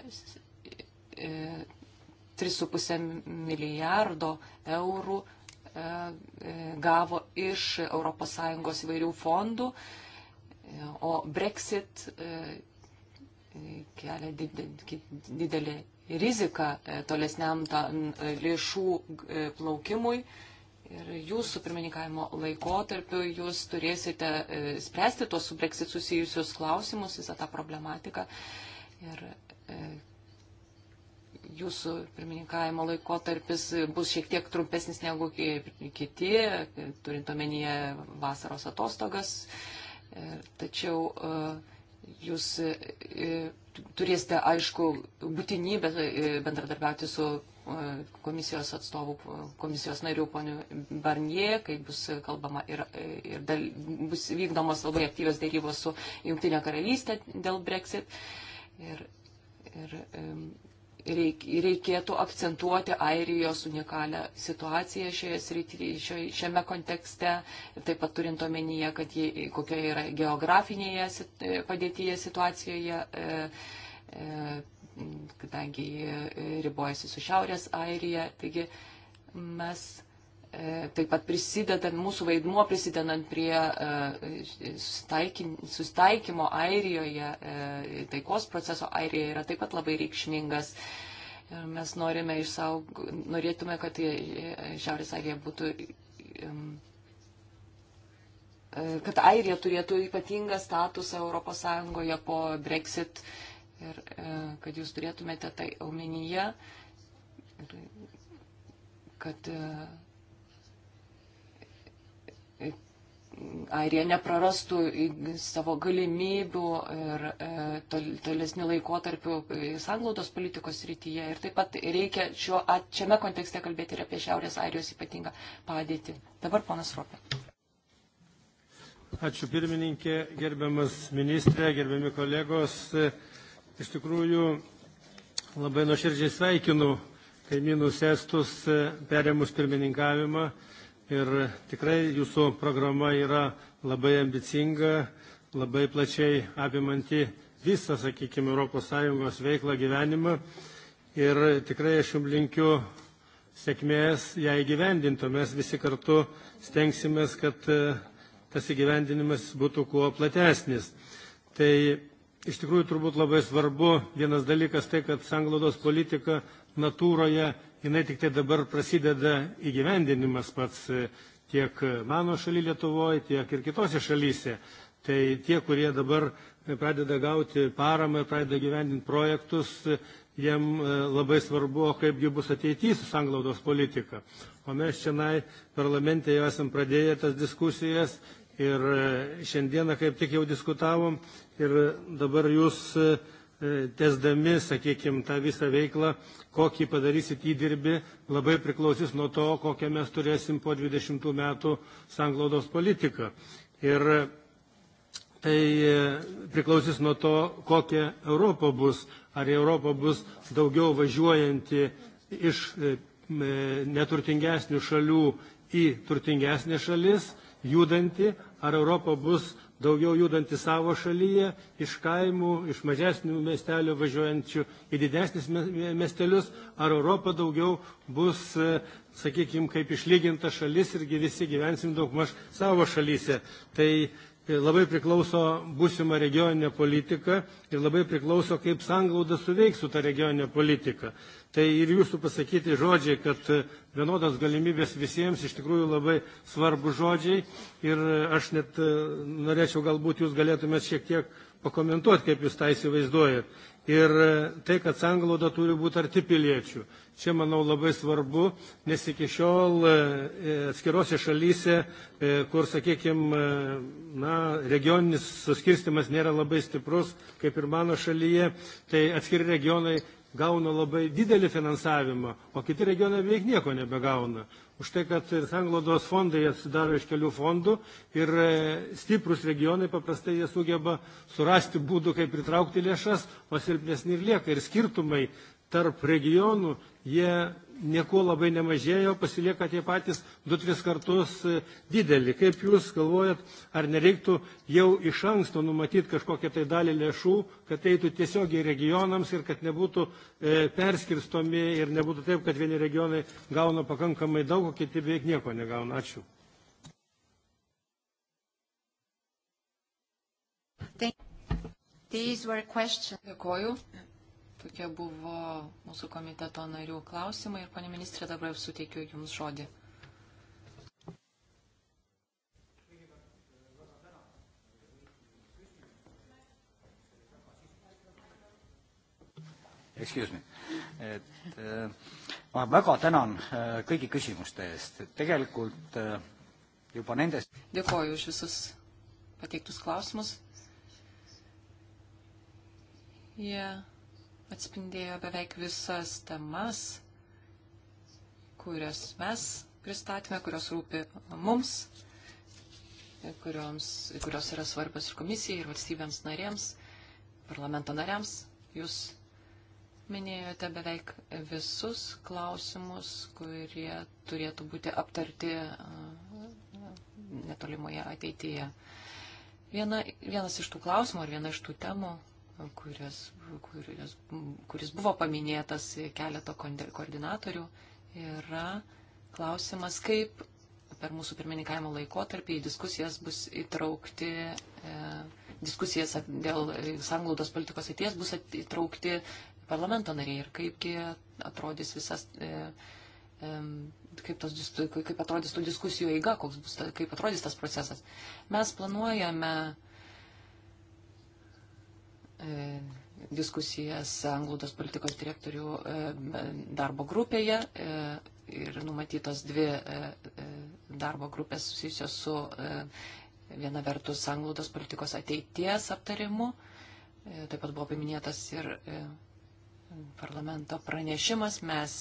3,5 milijardo eurų e, e, gavo iš ES įvairių fondų, o Brexit e, kelia didelį riziką tolesniam lėšų plaukimui. Ir jūsų pirmininkavimo laikotarpiu jūs turėsite spręsti tuos su Brexit susijusius klausimus, visą tą problematiką. Ir jūsų pirmininkavimo laikotarpis bus šiek tiek trumpesnis negu kiti, turint omenyje vasaros atostogas. Tačiau e, jūs e, turėsite, aišku, būtinybę e, bendradarbiauti su komisijos atstovų, komisijos narių ponių Barnie, kai bus kalbama ir, ir dal, bus vykdomos labai aktyvios dėrybos su Junktinė karalystė dėl Brexit. Ir, ir reikėtų akcentuoti Airijos unikalią situaciją šioje srityje, šiame kontekste, taip pat turint omenyje, kad jie, kokioje yra geografinėje padėtyje situacijoje, e, e, kadangi ribojasi su Šiaurės Airija. Taigi mes E, taip pat prisidedant, mūsų vaidmuo prisidedant prie e, sustaikymo Airijoje, e, taikos proceso Airijoje yra taip pat labai reikšmingas. Ir mes norime išsaug, norėtume, kad tai, Šiaurės Airija būtų kad Airija turėtų ypatingą statusą ES po Brexit ir kad jūs turėtumėte tai omenyje, kad Airija neprarastų savo galimybių ir e, tolesnių laikotarpių e, sanglaudos politikos rytyje. Ir taip pat reikia šio, šiame kontekste kalbėti ir apie Šiaurės Airijos ypatingą padėtį. Dabar ponas Ropė.
Ačiū pirmininkė, gerbiamas ministrė, gerbiami kolegos. E, iš tikrųjų, labai nuoširdžiai sveikinu kaimynus estus perėmus pirmininkavimą ir tikrai jūsų programa yra labai ambicinga, labai plačiai apimanti visą, sakykime, ES veiklą gyvenimą ir tikrai aš jums linkiu sėkmės ją įgyvendinti, mes visi kartu stengsimės, kad e, tas įgyvendinimas būtų kuo platesnis. Tai iš tikrųjų turbūt labai svarbu vienas dalykas tai, kad sanglaudos politika natūroje jinai tik tai dabar prasideda įgyvendinimas pats e, tiek mano šaly Lietuvoje, tiek ir kitose šalyse. Tai tie, kurie dabar e, pradeda gauti paramą ir pradeda gyvendinti projektus, e, jiem labai svarbu, kaipgi bus ateityje su sanglaudos politika. O mes šiandien parlamente jau esam pradėję tas diskusijas ir šiandieną kaip tik jau diskutavom ir dabar jūs E, tesdami, sakykime, tą visą veiklą, kokį padarysit įdirbį, labai priklausys nuo to, kokią mes turėsim po 20 metų sanglaudos politiką. Ir tai e, priklausys nuo to, kokia Europa bus. Ar Europa bus daugiau važiuojanti iš e, neturtingesnių šalių į turtingesnės šalis, judanti, ar Europa bus daugiau judant į savo šalyje, iš kaimų, iš mažesnių miestelių važiuojančių į didesnis miestelius, ar Europa daugiau bus, e, sakykime, kaip išlyginta šalis irgi visi gyvensim daugmaž savo šalyse. Tai labai priklauso būsima regioninė politika ir labai priklauso, kaip sanglauda suveiks su ta regioninė politika. Tai ir jūsų pasakyti žodžiai, kad vienodos galimybės visiems iš tikrųjų labai svarbu žodžiai ir aš net norėčiau galbūt jūs galėtumėt šiek tiek pakomentuoti, kaip jūs tą įsivaizduojat ir e, tai, kad sanglauda turi būti arti piliečių. Čia, manau, labai svarbu, nes iki šiol e, e, atskirose šalyse, kur, sakykime, na, regioninis suskirstimas nėra labai stiprus, kaip ir mano šalyje, tai atskiri regionai gauna labai didelį finansavimą, o kiti regionai beveik nieko nebegauna už tai, kad sanglaudos fondai atsidaro iš kelių fondų ir e, stiprus regionai paprastai jie sugeba surasti būdų, kaip pritraukti lėšas, o silpnesni ir lieka. Ir skirtumai tarp regionų jie nieko labai nemažėjo, pasilieka tie patys 2-3 kartus e, didelį. Kaip Jūs galvojat, ar nereiktų jau iš anksto numatyti kažkokią tai dalį lėšų, kad eitų tiesiogiai regionams ir kad nebūtų e, perskirstomi ir nebūtų taip, kad vieni regionai gauna pakankamai daug, o kiti beveik nieko negauna. Ačiū.
These were questions. Dėkoju. Tokie buvo mūsų komiteto narių klausimai ir, ponė ministrė, dabar suteikiu Jums žodį.
Excuse me. et äh, ma väga tänan
äh, kõigi küsimuste eest, et tegelikult äh, juba nendest. Dėkoju už
visus pateiktus klausimus. Jie yeah atspindėjo beveik visas temas, kurias mes pristatėme, kurios rūpi mums, kurioms, kurios yra svarbios ir komisijai, ir valstybėms narėms, parlamento nariams. Jūs minėjote beveik visus klausimus, kurie turėtų būti aptarti uh, netolimoje ateityje. Viena, vienas iš tų klausimų ar viena iš tų temų kuris, kuris, kuris buvo paminėtas keleto koordinatorių, yra klausimas, kaip per mūsų pirmininkavimo laikotarpį į diskusijas bus įtraukti, e, diskusijas dėl sanglaudos politikos ateities bus įtraukti parlamento nariai ir kaipgi atrodys visas. E, e, Kaip, tos, kaip atrodys tų diskusijų eiga, koks bus, kaip atrodys tas procesas. Mes planuojame uh, E, diskusijas Anglūdos politikos direktorių e, darbo grupėje e, ir numatytos dvi darbo grupės susijusios su viena vertus Anglūdos politikos ateities aptarimu. Taip pat buvo paminėtas ir parlamento pranešimas. Mes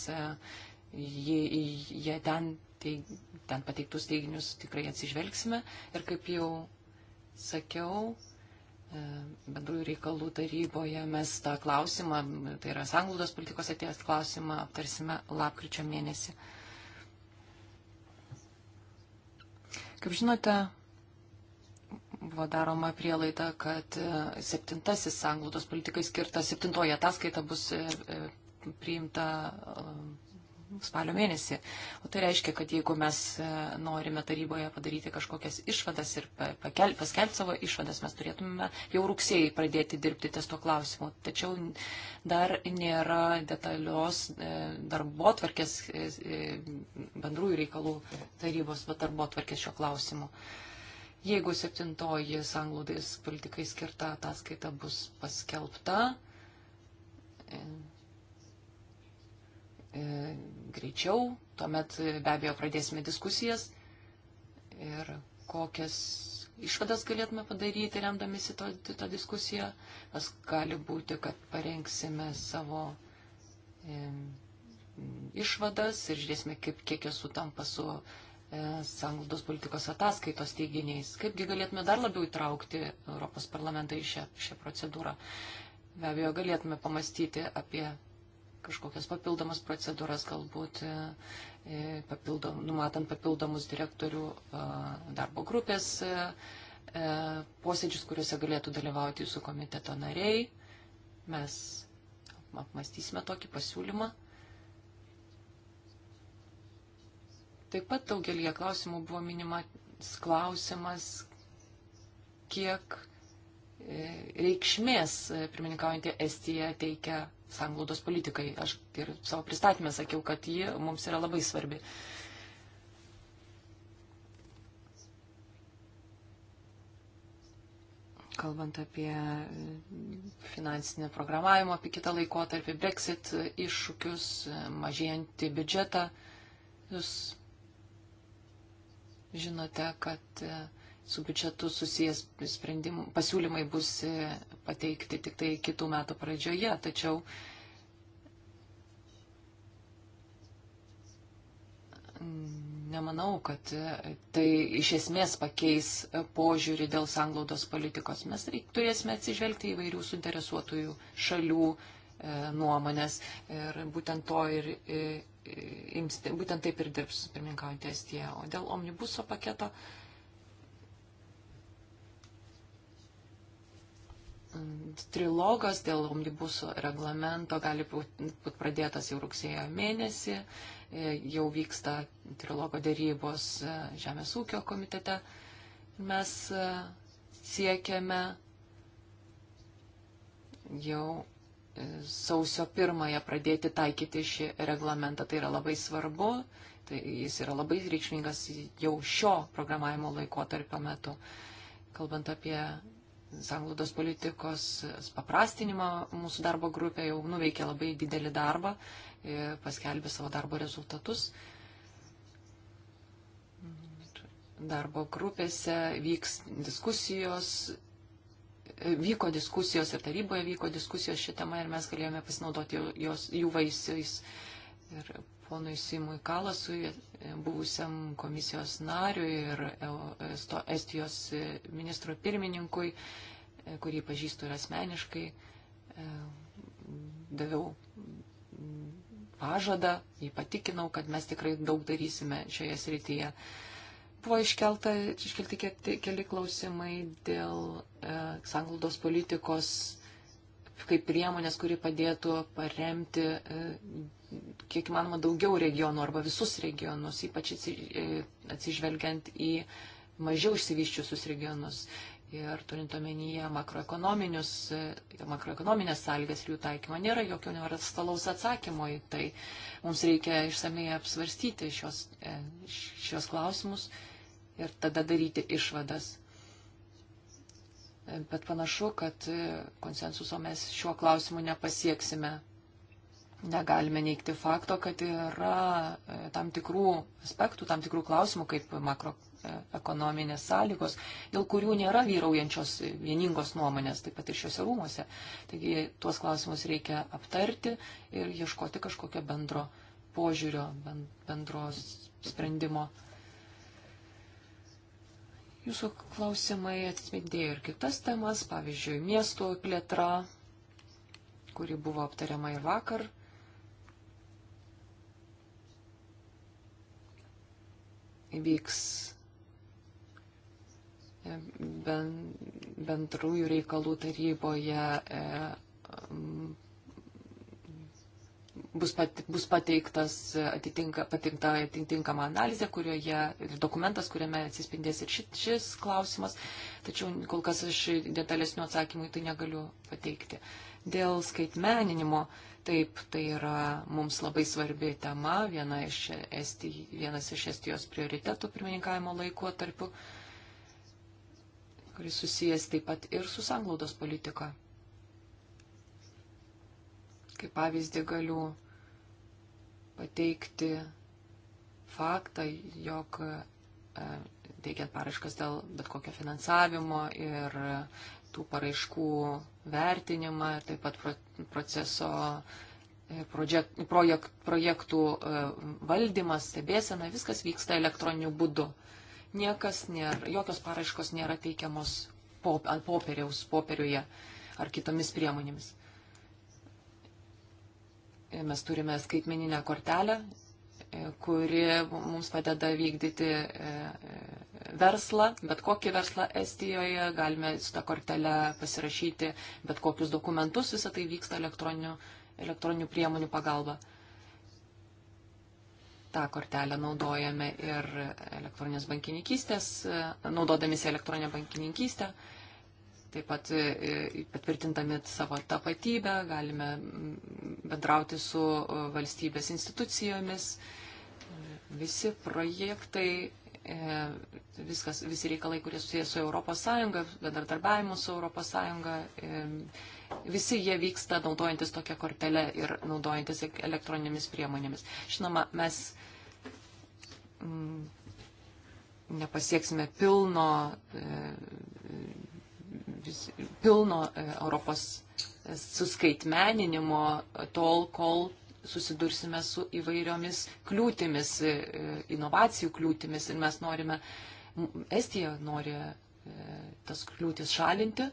jie ten, ten pateiktus teiginius tikrai atsižvelgsime. Ir kaip jau sakiau, E, bendrųjų reikalų taryboje mes tą klausimą, tai yra sanglaudos politikos ateities klausimą, aptarsime lapkričio mėnesį. Kaip žinote, buvo daroma prielaida, kad e, septintasis sanglaudos politikai skirta septintoji ataskaita bus e, priimta spalio mėnesį. O tai reiškia, kad jeigu mes e, norime taryboje padaryti kažkokias išvadas ir pakel, paskelbti savo išvadas, mes turėtume jau rugsėjai pradėti dirbti ties to klausimu. Tačiau dar nėra detalios e, darbo tvarkės, e, bendrųjų reikalų tarybos darbo tvarkės šio klausimu. Jeigu septintoji sanglaudais politikai skirta ataskaita bus paskelbta, E, greičiau, tuomet e, be abejo pradėsime diskusijas ir kokias išvadas galėtume padaryti, remdamėsi to, tą diskusiją. Mes gali būti, kad parengsime savo e, išvadas ir žiūrėsime, kaip, kiek jos sutampa su e, sanglaudos politikos ataskaitos teiginiais. Kaipgi galėtume dar labiau įtraukti Europos parlamentą į šią, šią procedūrą. Be abejo, galėtume pamastyti apie kažkokias papildomas procedūras, galbūt e, e, papildom, numatant papildomus direktorių e, darbo grupės posėdžius, kuriuose galėtų dalyvauti jūsų komiteto nariai. Mes apmastysime tokį pasiūlymą. Taip pat daugelie klausimų buvo minimas klausimas, kiek reikšmės pirmininkaujantį Estiją teikia sanglaudos politikai. Aš ir savo pristatymę sakiau, kad ji mums yra labai svarbi. kalbant apie finansinę programavimą, apie kitą laikotarpį, Brexit iššūkius, mažėjantį biudžetą. Jūs žinote, kad su biudžetu susijęs sprendimų, pasiūlymai bus e, pateikti tik tai kitų metų pradžioje, tačiau nemanau, kad e, tai iš esmės pakeis e, požiūrį dėl sanglaudos politikos. Mes reik, turėsime atsižvelgti įvairių suinteresuotųjų šalių e, nuomonės ir būtent to ir. E, Imsti, būtent taip ir dirbs pirmininkaujantė Estija. O dėl omnibuso paketo, e, trilogas dėl omnibuso reglamento gali būti pradėtas jau rugsėjo mėnesį, e, jau vyksta trilogo dėrybos e, Žemės ūkio komitete. Mes e, siekiame jau sausio pirmąją pradėti taikyti šį reglamentą. Tai yra labai svarbu, tai jis yra labai reikšmingas jau šio programavimo laikotarpio metu. Kalbant apie sanglaudos politikos paprastinimo mūsų darbo grupė jau nuveikė labai didelį darbą, paskelbė savo darbo rezultatus. Darbo grupėse vyks diskusijos, vyko diskusijos ir taryboje vyko diskusijos šitą temą ir mes galėjome pasinaudoti jos, jų vaisiais ir ponui Simui Kalasui, buvusiam komisijos nariui ir Estijos ministro pirmininkui, kurį pažįstu ir asmeniškai. E, daviau pažadą, jį patikinau, kad mes tikrai daug darysime šioje srityje. Buvo iškelta, iškelti keli, keli klausimai dėl e, sanglaudos politikos kaip priemonės, kuri padėtų paremti e, kiek manoma daugiau regionų arba visus regionus, ypač e, atsižvelgiant į mažiau išsivyščiusius regionus ir turint omenyje e, makroekonominės sąlygas ir jų taikymą, nėra jokio universalaus atsakymo į tai. Mums reikia išsamei apsvarstyti šios, e, šios klausimus ir tada daryti išvadas. Bet panašu, kad konsensuso mes šiuo klausimu nepasieksime. Negalime neikti fakto, kad yra e, tam tikrų aspektų, tam tikrų klausimų, kaip makroekonominės sąlygos, dėl kurių nėra vyraujančios vieningos nuomonės, taip pat ir šiuose rūmose. Taigi tuos klausimus reikia aptarti ir ieškoti kažkokio bendro požiūrio, bendros sprendimo. Jūsų klausimai atspindėjo ir kitas temas, pavyzdžiui, miesto plėtra, kuri buvo aptariama ir vakar vyks e, bendrųjų reikalų taryboje e, bus, pat, bus pateiktas e, atitinka, pateikta atitinkama analizė, kurioje ir dokumentas, kuriame atsispindės ir šis, šis klausimas, tačiau kol kas aš detalesnių atsakymų į tai negaliu pateikti. Dėl skaitmeninimo. Uh, Taip, tai yra mums labai svarbi tema, viena iš Esti, vienas iš Estijos prioritetų pirmininkavimo laiko tarpu, kuris susijęs taip pat ir su sanglaudos politika. Kaip pavyzdį galiu pateikti faktą, jog e, teikiant paraškas dėl bet kokio finansavimo ir tų paraiškų vertinimą, taip pat proceso e, projekt, projektų e, valdymas, stebėsena, viskas vyksta elektroniniu būdu. Niekas nėra, jokios paraiškos nėra teikiamos pop, ant popieriaus, popieriuje ar kitomis priemonėmis. E, mes turime skaitmeninę kortelę, kuri mums padeda vykdyti verslą, bet kokį verslą Estijoje, galime su tą kortelę pasirašyti bet kokius dokumentus, visą tai vyksta elektroninių, elektroninių priemonių pagalba. Ta kortelę naudojame ir elektroninės bankininkystės, naudodamėsi elektroninę bankininkystę. Taip pat e, e, patvirtintami savo tapatybę galime mm, bendrauti su e, valstybės institucijomis. Visi projektai E, viskas, visi reikalai, kurie susijęs su ES, bendradarbiavimu su ES, e, visi jie vyksta naudojantis tokią kortelę ir naudojantis elektroninėmis priemonėmis. Žinoma, mes mm, nepasieksime pilno, e, pilno Europos suskaitmeninimo tol, kol susidursime su įvairiomis kliūtimis, e, inovacijų kliūtimis ir mes norime, Estija nori e, tas kliūtis šalinti.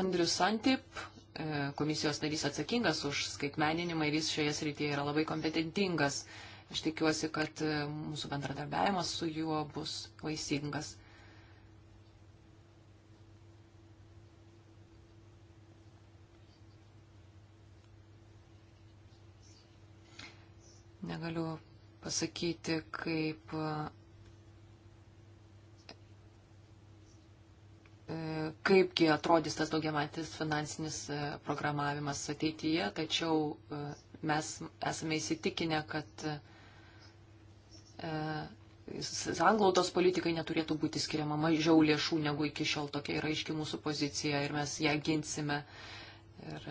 Andrius Santip, e, komisijos narys atsakingas už skaitmeninimą ir jis šioje srityje yra labai kompetentingas. Aš tikiuosi, kad mūsų bendradarbiavimas su juo bus vaisingas. Negaliu pasakyti, kaip e, kaipgi atrodys tas daugiamantis finansinis e, programavimas ateityje, tačiau e, mes esame įsitikinę, kad sanglaudos politikai neturėtų būti skiriama mažiau lėšų negu iki šiol. Tokia yra aiški mūsų pozicija ir mes ją ginsime ir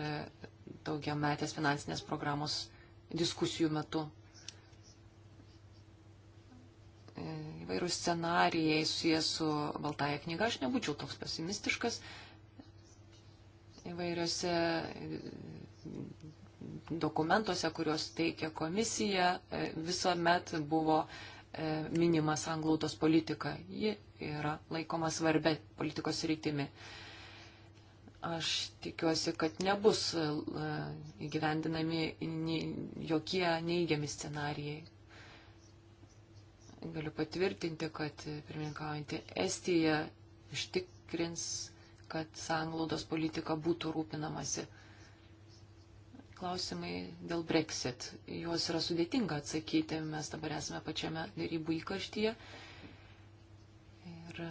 daugiametės finansinės programos diskusijų metu įvairūs scenarijai susijęs su Baltaja knyga, aš nebūčiau toks pesimistiškas. Įvairiose e, dokumentuose, kuriuos teikia komisija, e, visuomet buvo e, minima sanglautos politika. Ji yra laikoma svarbia politikos rytimi. Aš tikiuosi, kad nebus įgyvendinami jokie neigiami scenarijai galiu patvirtinti, kad pirmininkaujantį Estiją ištikrins, kad sanglaudos politika būtų rūpinamasi. Klausimai dėl Brexit. Juos yra sudėtinga atsakyti. Mes dabar esame pačiame darybų įkarštyje. Ir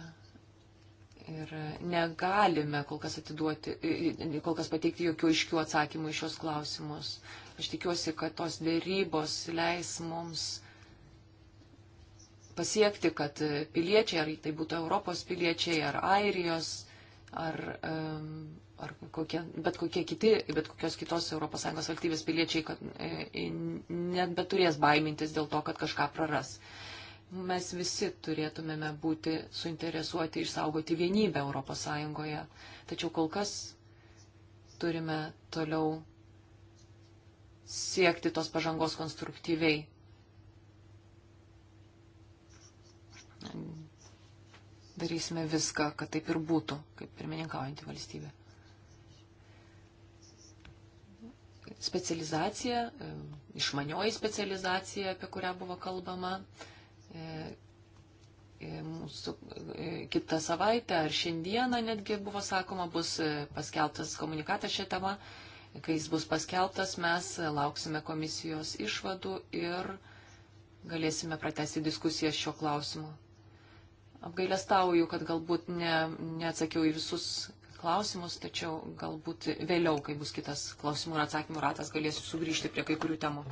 Ir negalime kol kas atiduoti, kol kas pateikti jokių iškių atsakymų į šios klausimus. Aš tikiuosi, kad tos dėrybos leis mums pasiekti, kad piliečiai, ar tai būtų Europos piliečiai, ar Airijos, ar, ar kokie, bet, kokie kiti, bet kokios kitos ES valstybės piliečiai, kad e, net beturės baimintis dėl to, kad kažką praras. Mes visi turėtumėme būti suinteresuoti išsaugoti vienybę ES, tačiau kol kas turime toliau siekti tos pažangos konstruktyviai darysime viską, kad taip ir būtų, kaip pirmininkaujantį valstybę. Specializacija, e, išmanioji specializacija, apie kurią buvo kalbama, e, e, mūsų kitą savaitę ar šiandieną netgi buvo sakoma, bus paskeltas komunikatas šią temą. Kai jis bus paskeltas, mes lauksime komisijos išvadų ir galėsime pratesti diskusiją šio klausimu. Apgailestauju, kad galbūt ne, neatsakiau į visus klausimus, tačiau galbūt vėliau, kai bus kitas klausimų ir atsakymų ratas, galėsiu sugrįžti prie kai kurių temų.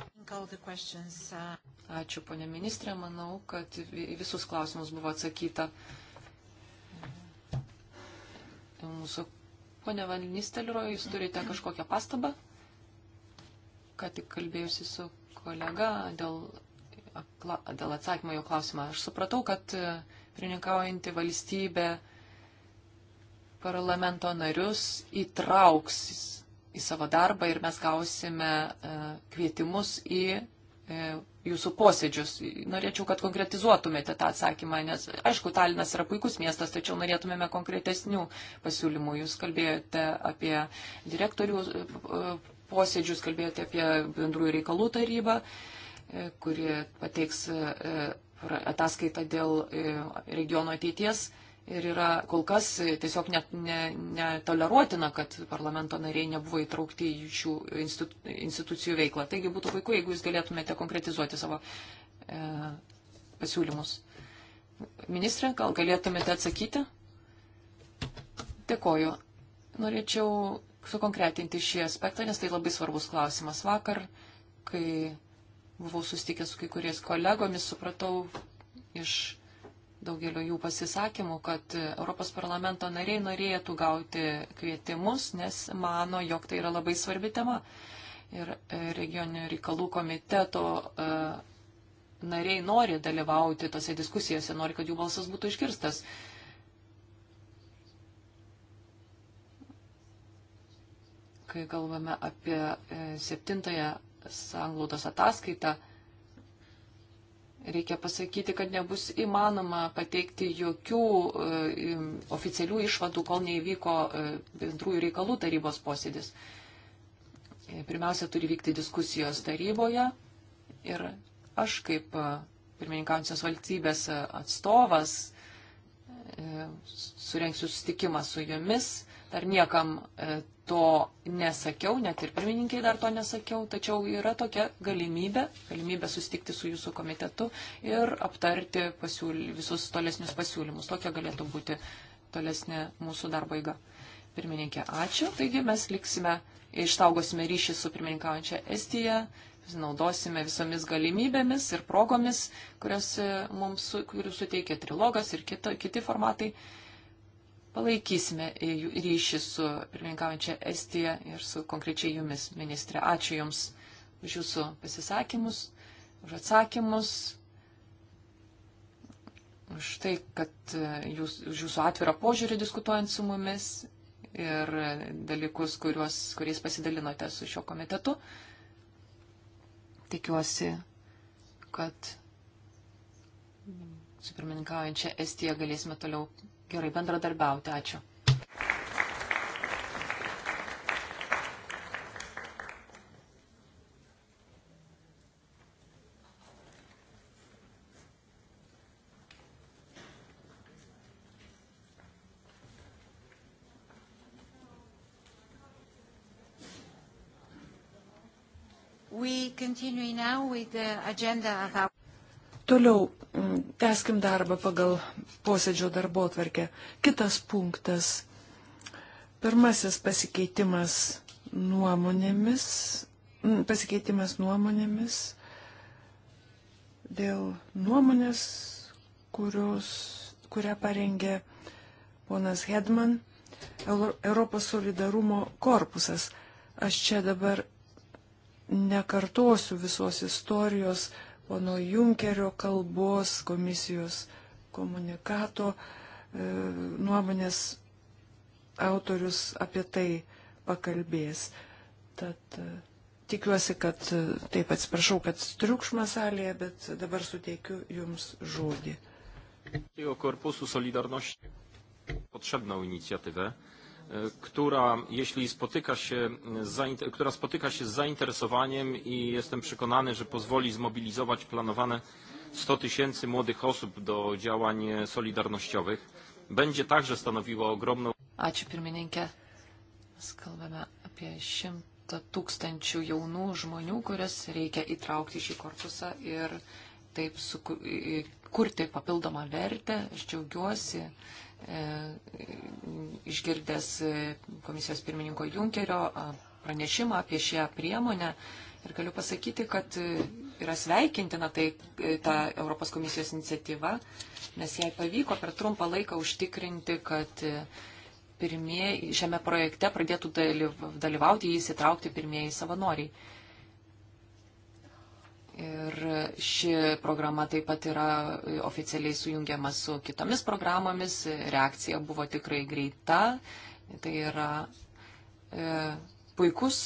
Ačiū, ponė ministrė, manau, kad visus klausimus buvo atsakyta. Mūsų ponė Vanisteliro, jūs turite kažkokią pastabą, ką tik kalbėjusi su kolega dėl, dėl atsakymo jo klausimą. Aš supratau, kad uh, pirmininkaujanti valstybė parlamento narius įtrauks į savo darbą ir mes gausime e, kvietimus į e, jūsų posėdžius. Norėčiau, kad konkretizuotumėte tą atsakymą, nes, aišku, Talinas yra puikus miestas, tačiau norėtumėme konkretesnių pasiūlymų. Jūs kalbėjote apie direktorių e, posėdžius, kalbėjote apie bendrųjų reikalų tarybą, kuri pateiks ataskaita dėl e, regiono ateities ir yra kol kas e, tiesiog net netoleruotina, ne, ne kad parlamento nariai nebuvo įtraukti į šių institucijų veiklą. Taigi būtų puiku, jeigu jūs galėtumėte konkretizuoti savo e, pasiūlymus. Ministrė, gal galėtumėte atsakyti? Dėkoju. Norėčiau sukonkretinti šį aspektą, nes tai labai svarbus klausimas. Vakar, kai buvau sustikęs su kai kuriais kolegomis, supratau iš daugelio jų pasisakymų, kad Europos parlamento nariai norėtų gauti kvietimus, nes mano, jog tai yra labai svarbi tema. Ir e, regioninių reikalų komiteto e, nariai nori dalyvauti tose diskusijose, nori, kad jų balsas būtų iškirstas. Kai galvame apie e, septintąją sanglaudos ataskaitą, reikia pasakyti, kad nebus įmanoma pateikti jokių e, oficialių išvadų, kol neįvyko e, bendrųjų reikalų tarybos posėdis. E, pirmiausia, turi vykti diskusijos taryboje ir aš kaip pirmininkaujančios valstybės atstovas surenksiu sustikimą su jumis. Dar niekam to nesakiau, net ir pirmininkiai dar to nesakiau, tačiau yra tokia galimybė, galimybė sustikti su jūsų komitetu ir aptarti pasiūly, visus tolesnius pasiūlymus. Tokia galėtų būti tolesnė mūsų darbo eiga. Pirmininkė, ačiū. Taigi mes liksime, išsaugosime ryšį su pirmininkaujančia Estija, naudosime visomis galimybėmis ir progomis, kurios e, mums kurių suteikia trilogas ir kita, kiti formatai palaikysime ryšį su pirmininkaujančia Estija ir su konkrečiai jumis, ministrė. Ačiū Jums už Jūsų pasisakymus, už atsakymus, už tai, kad e, jūs, už Jūsų atvirą požiūrį diskutuojant su mumis ir dalykus, kuriuos, kuriais pasidalinote su šio komitetu. Tikiuosi, kad su pirmininkaujančia Estija galėsime toliau gerai bendradarbiauti. Ačiū.
continue now with the agenda of our
Toliau mm, teskim darbą pagal posėdžio darbo tvarkę. Kitas punktas. Pirmasis pasikeitimas nuomonėmis, mm, pasikeitimas nuomonėmis dėl nuomonės, kurios, kurią parengė ponas Hedman, Europos solidarumo korpusas. Aš čia dabar nekartosiu visos istorijos, pono Junkerio kalbos, komisijos komunikato e, nuomonės autorius apie tai pakalbės. Tad e, tikiuosi, kad e, taip atsiprašau, kad triukšmas salėje, bet dabar suteikiu Jums žodį.
Korpusų solidarnoščiai potrzebną inicjatywę. E, która, jeśli spotyka się z, która spotyka się z zainteresowaniem i jestem przekonany, że pozwoli zmobilizować planowane 100 tysięcy młodych osób do działań solidarnościowych, będzie także stanowiła ogromną...
Ačiū pirmininkė. Mes kalbame apie šimtą tūkstančių jaunų žmonių, kurias reikia įtraukti šį korpusą ir taip sukurti papildomą vertę. Aš džiaugiuosi E, išgirdęs komisijos pirmininko Junkerio pranešimą apie šią priemonę. Ir galiu pasakyti, kad e, yra sveikintina tai e, ta Europos komisijos iniciatyva, nes jai pavyko per trumpą laiką užtikrinti, kad pirmieji šiame projekte pradėtų dalyvauti, įsitraukti pirmieji savanoriai. Ir ši programa taip pat yra oficialiai sujungiama su kitomis programomis. Reakcija buvo tikrai greita. Tai yra e, puikus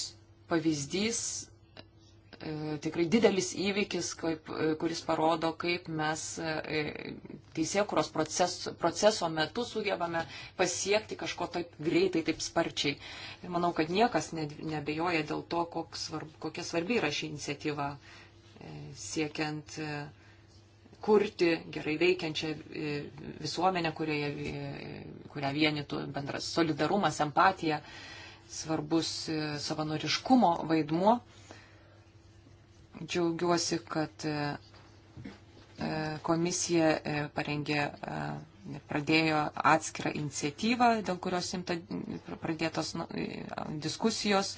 pavyzdys, e, tikrai didelis įvykis, kaip, e, kuris parodo, kaip mes e, e teisėkuros proces, proceso metu sugebame pasiekti kažko taip greitai, taip sparčiai. Ir manau, kad niekas ne, nebejoja dėl to, svarb, kokia svarbi yra ši iniciatyva. E, siekiant e, kurti gerai veikiančią e, visuomenę, kurioje, e, kurią vienytų bendras solidarumas, empatija, svarbus savanoriškumo vaidmuo. Džiaugiuosi, kad komisija parengė pradėjo atskirą iniciatyvą, dėl kurios pradėtos nu, diskusijos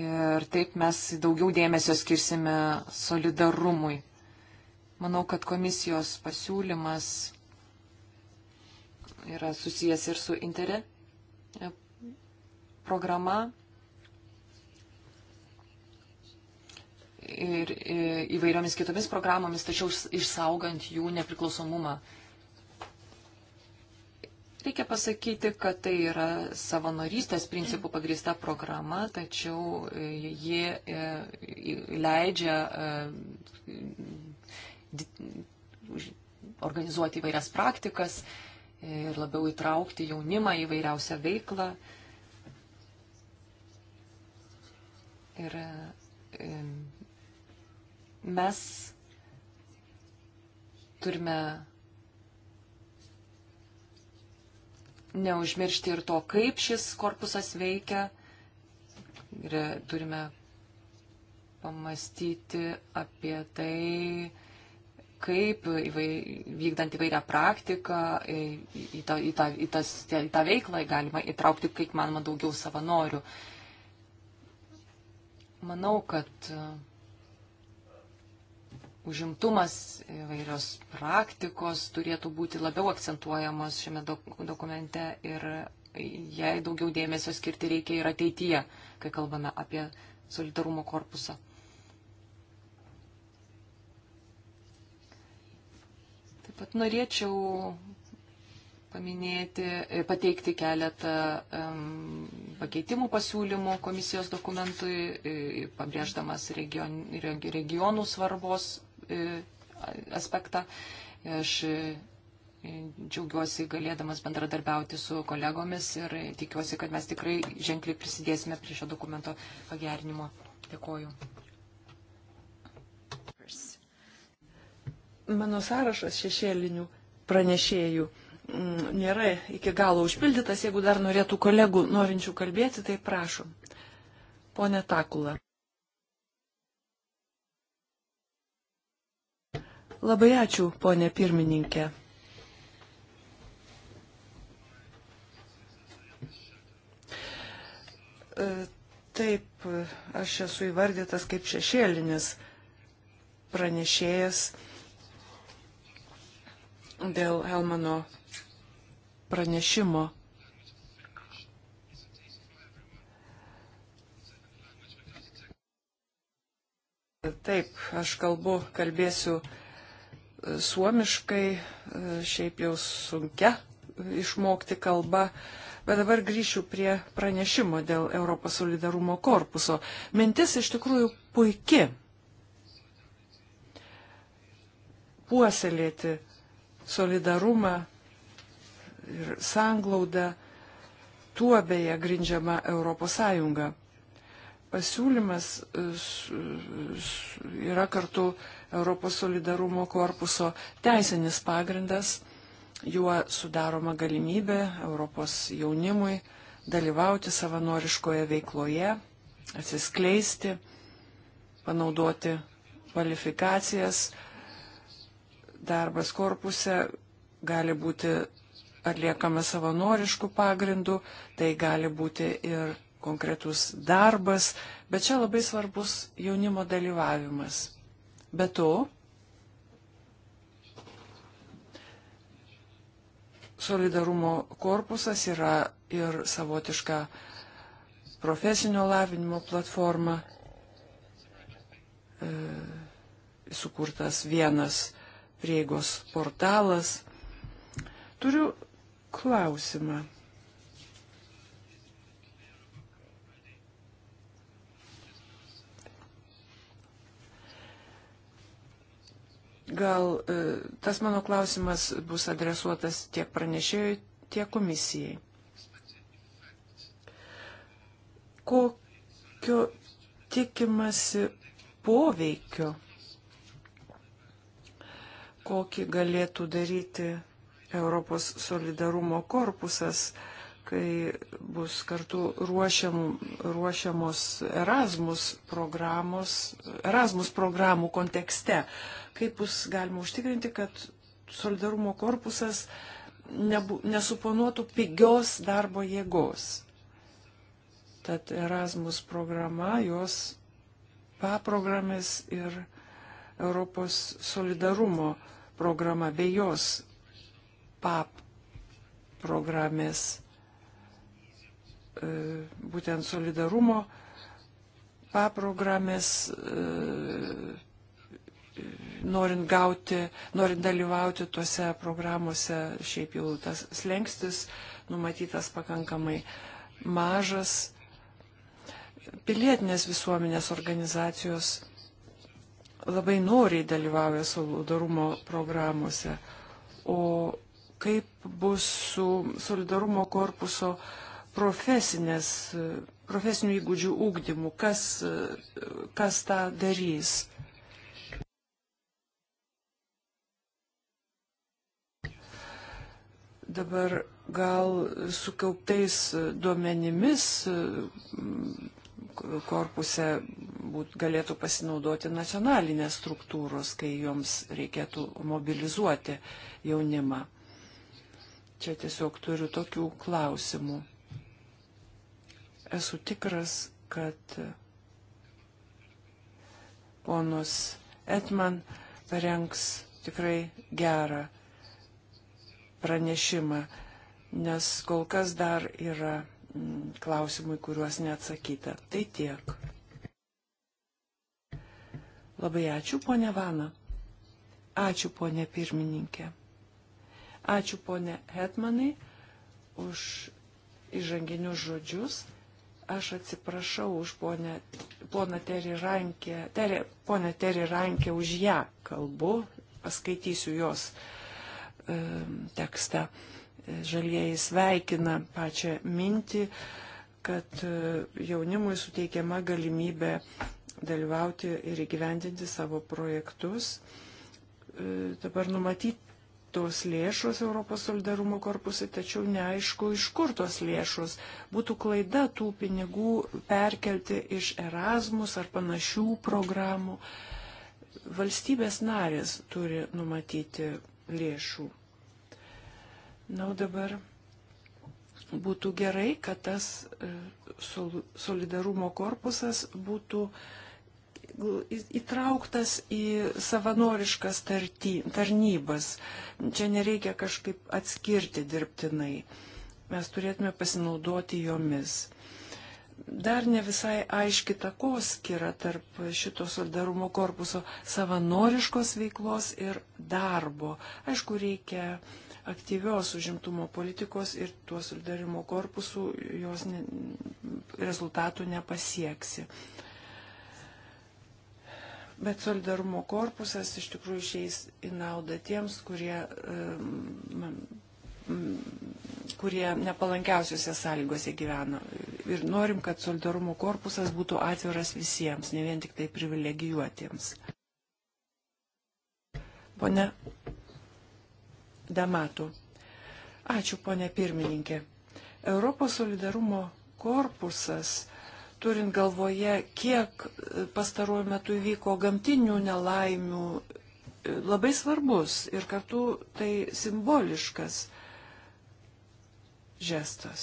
Ir taip mes daugiau dėmesio skirsime solidarumui. Manau, kad komisijos pasiūlymas yra susijęs ir su Interė programa. Ir e, įvairiomis kitomis programomis, tačiau išsaugant jų nepriklausomumą Reikia pasakyti, kad tai yra savanorystės principų pagrįsta programa, tačiau e, ji e, leidžia e, organizuoti įvairias praktikas ir labiau įtraukti jaunimą į vairiausią veiklą. Ir mes turime neužmiršti ir to, kaip šis korpusas veikia. Ir turime pamastyti apie tai, kaip įvai, vykdant įvairią praktiką į, į, tą, į, tą, į, tas, į tą veiklą galima įtraukti, kaip manoma, daugiau savanorių. Manau, kad uh, užimtumas, įvairios praktikos turėtų būti labiau akcentuojamos šiame dok dokumente ir jai daugiau dėmesio skirti reikia ir ateityje, kai kalbame apie solidarumo korpusą. Taip pat norėčiau paminėti, pateikti keletą um, pakeitimų pasiūlymų komisijos dokumentui, pabrėždamas region, regionų svarbos E, aspektą. Aš e, džiaugiuosi galėdamas bendradarbiauti su kolegomis ir tikiuosi, kad mes tikrai ženkliai prisidėsime prie šio dokumento pagerinimo. Dėkoju.
Mano sąrašas šešėlinių pranešėjų mm, nėra iki galo užpildytas. Jeigu dar norėtų kolegų norinčių kalbėti, tai prašom. Pone Takula. Labai ačiū, ponė pirmininkė. E, taip, aš esu įvardytas kaip šešėlinis pranešėjas dėl Helmano pranešimo. Taip, aš kalbu, kalbėsiu suomiškai, e, šiaip jau sunkia išmokti kalbą. Bet dabar grįšiu prie pranešimo dėl Europos solidarumo korpuso. Mintis iš tikrųjų puiki. Puoselėti solidarumą ir sanglaudą tuo beje grindžiama Europos Sąjunga. Pasiūlymas e, yra kartu Europos solidarumo korpuso teisinis pagrindas, juo sudaroma galimybė Europos jaunimui dalyvauti savanoriškoje veikloje, atsiskleisti, panaudoti kvalifikacijas. Darbas korpuse gali būti atliekama savanoriškų pagrindų, tai gali būti ir konkretus darbas, bet čia labai svarbus jaunimo dalyvavimas. Be to, solidarumo korpusas yra ir savotiška profesinio lavinimo platforma, e, sukurtas vienas prieigos portalas. Turiu klausimą. Gal e, tas mano klausimas bus adresuotas tiek pranešėjui, tiek komisijai. Kokio tikimasi poveikio, kokį galėtų daryti Europos solidarumo korpusas, kai bus kartu ruošiam, ruošiamos Erasmus programos, Erasmus programų kontekste. Uh, kaip bus galima užtikrinti, kad solidarumo korpusas nebu, nesuponuotų pigios darbo jėgos. Tad Erasmus programa, jos paprogramis ir Europos solidarumo programa bei jos paprogramis, e, būtent solidarumo paprogramis e, norint gauti, norint dalyvauti tuose programuose, šiaip jau tas slengstis numatytas pakankamai mažas. Pilietinės visuomenės organizacijos labai noriai dalyvauja solidarumo programuose. O kaip bus su solidarumo korpuso profesinės, profesinių įgūdžių ūkdymu, kas, kas tą darys? Dabar gal sukauptais duomenimis korpuse būt, galėtų pasinaudoti nacionalinės struktūros, kai joms reikėtų mobilizuoti jaunimą. Čia tiesiog turiu tokių klausimų. Esu tikras, kad ponos Etman parengs tikrai gerą pranešimą, nes kol kas dar yra mm, klausimų, kuriuos neatsakyta. Tai tiek. Labai ačiū, ponė Vana. Ačiū, ponė pirmininkė. Ačiū, ponė Hetmanai, už įžanginius žodžius. Aš atsiprašau už ponę, poną Terį Rankę, terė, ponę Terį Rankę už ją kalbu, paskaitysiu jos uh, E, tekstą. E, žalieji sveikina pačią mintį, kad e, jaunimui suteikiama galimybė dalyvauti ir įgyvendinti savo projektus. Dabar numatytos lėšos Europos solidarumo korpusai, tačiau neaišku, iš kur tos lėšos. Būtų klaida tų pinigų perkelti iš Erasmus ar panašių programų valstybės narės turi numatyti lėšų. Na, o dabar būtų gerai, kad tas e, solidarumo korpusas būtų įtrauktas į savanoriškas tarnybas. Čia nereikia kažkaip atskirti dirbtinai. Mes turėtume pasinaudoti jomis dar ne visai aiški takos skira tarp šito solidarumo korpuso savanoriškos veiklos ir darbo. Aišku, reikia aktyvios užimtumo politikos ir tuo solidarumo korpusu jos ne, rezultatų nepasieksi. Bet solidarumo korpusas iš tikrųjų išeis į naudą tiems, kurie um, Mm, kurie nepalankiausiose sąlygose gyvena. Ir norim, kad solidarumo korpusas būtų atviras visiems, ne vien tik tai privilegijuotiems. Pone Damatų. Ačiū, ponė pirmininkė. Europos solidarumo korpusas turint galvoje, kiek pastaruoju metu įvyko gamtinių nelaimių, labai svarbus ir kartu tai simboliškas žestas.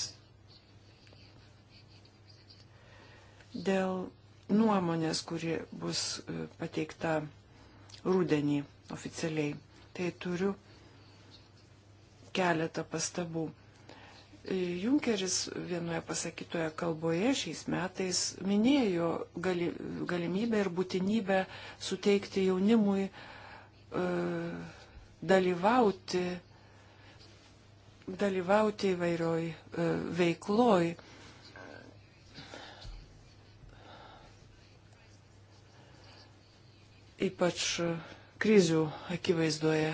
Dėl nuomonės, kuri bus e, pateikta rūdienį oficialiai, tai turiu keletą pastabų. E, Junkeris vienoje pasakytoje kalboje šiais metais minėjo gali, galimybę ir būtinybę suteikti jaunimui e, dalyvauti dalyvauti įvairioj e, veikloj. Ypač krizių akivaizdoje.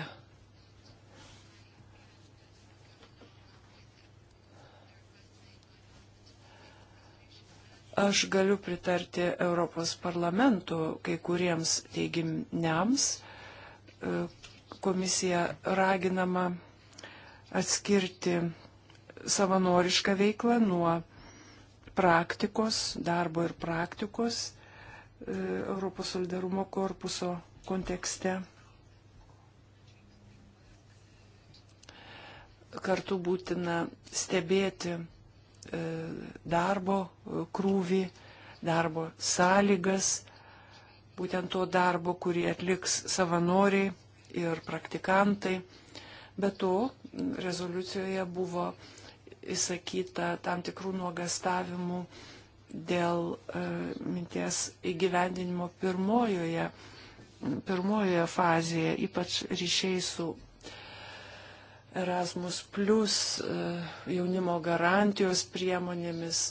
Aš galiu pritarti Europos parlamento kai kuriems teiginiams. E, komisija raginama atskirti savanorišką veiklą nuo praktikos, darbo ir praktikos e, Europos solidarumo korpuso kontekste. Kartu būtina stebėti e, darbo e, krūvį, darbo sąlygas, būtent to darbo, kurį atliks savanoriai ir praktikantai. Be to, rezoliucijoje buvo įsakyta tam tikrų nuogastavimų dėl e, minties įgyvendinimo pirmojoje, pirmojoje fazėje, ypač ryšiai su Erasmus plus e, jaunimo garantijos priemonėmis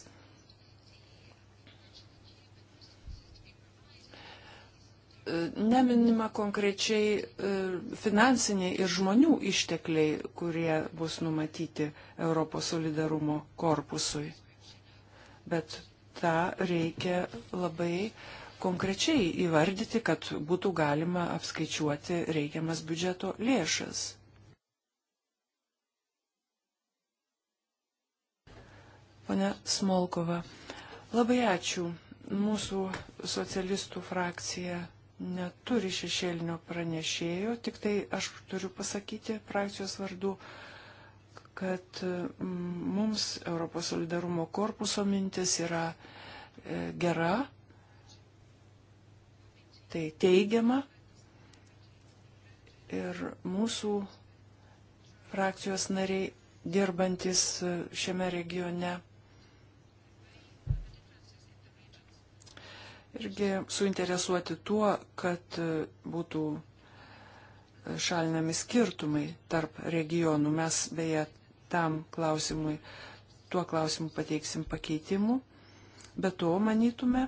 neminima konkrečiai e, finansiniai ir žmonių ištekliai, kurie bus numatyti Europos solidarumo korpusui. Bet tą reikia labai konkrečiai įvardyti, kad būtų galima apskaičiuoti reikiamas biudžeto lėšas. Pane Smolkova, labai ačiū. Mūsų socialistų frakcija neturi šešėlinio pranešėjo, tik tai aš turiu pasakyti frakcijos vardu, kad mm, mums Europos solidarumo korpuso mintis yra e, gera, tai teigiama ir mūsų frakcijos nariai dirbantis e, šiame regione irgi suinteresuoti tuo, kad e, būtų šalinami skirtumai tarp regionų. Mes beje tam klausimui, tuo klausimu pateiksim pakeitimų. Be to, manytume,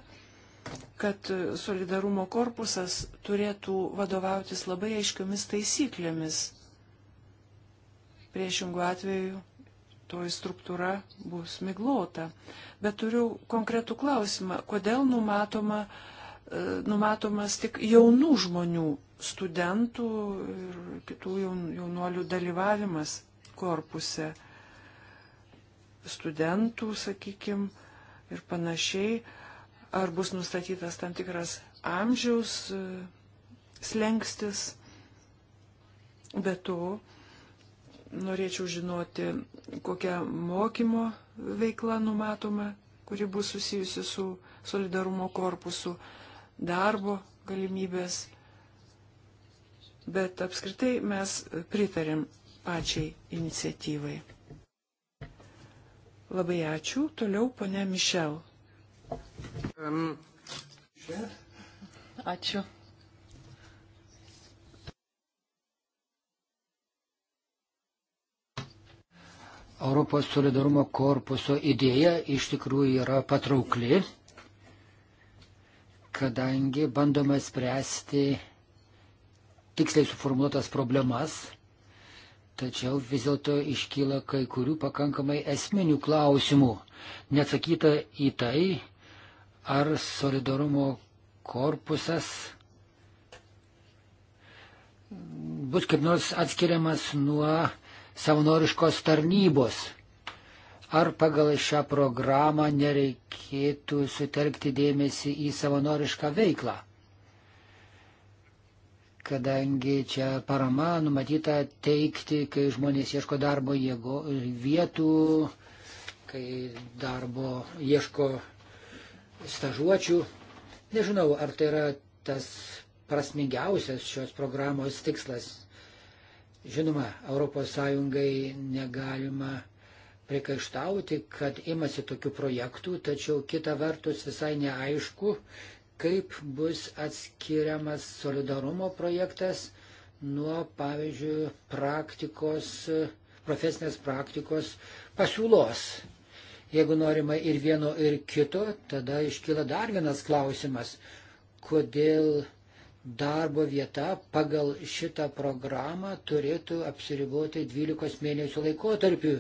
kad solidarumo korpusas turėtų vadovautis labai aiškiomis taisyklėmis. Priešingų atveju toji struktūra bus miglota. Bet turiu konkretų klausimą, kodėl numatoma, e, numatomas tik jaunų žmonių, studentų ir kitų jaunuolių dalyvavimas korpuse, studentų, sakykime, ir panašiai, ar bus nustatytas tam tikras amžiaus e, slengstis. Be to, norėčiau žinoti, kokia mokymo veikla numatoma, kuri bus susijusi su solidarumo korpusu, darbo galimybės. Bet apskritai mes pritarėm pačiai iniciatyvai. Labai ačiū. Toliau ponia Mišel.
Ačiū.
Europos solidarumo korpuso idėja iš tikrųjų yra patraukli, kadangi bandoma spręsti tiksliai suformuotas problemas, tačiau vis dėlto iškyla kai kurių pakankamai esminių klausimų. Neatsakyta į tai, ar solidarumo korpusas bus kaip nors atskiriamas nuo savanoriškos tarnybos. Ar pagal šią programą nereikėtų sutelkti dėmesį į savanorišką veiklą? Kadangi čia parama numatyta teikti, kai žmonės ieško darbo jėgo, vietų, kai darbo ieško stažuočių. Nežinau, ar tai yra tas prasmingiausias šios programos tikslas. Žinoma, ES negalima priekaištauti, kad imasi tokių projektų, tačiau kita vertus visai neaišku, kaip bus atskiriamas solidarumo projektas nuo, pavyzdžiui, praktikos, profesinės praktikos pasiūlos. Jeigu norima ir vieno, ir kito, tada iškyla dar vienas klausimas, kodėl darbo vieta pagal šitą programą turėtų apsiriboti 12 mėnesių laikotarpiu.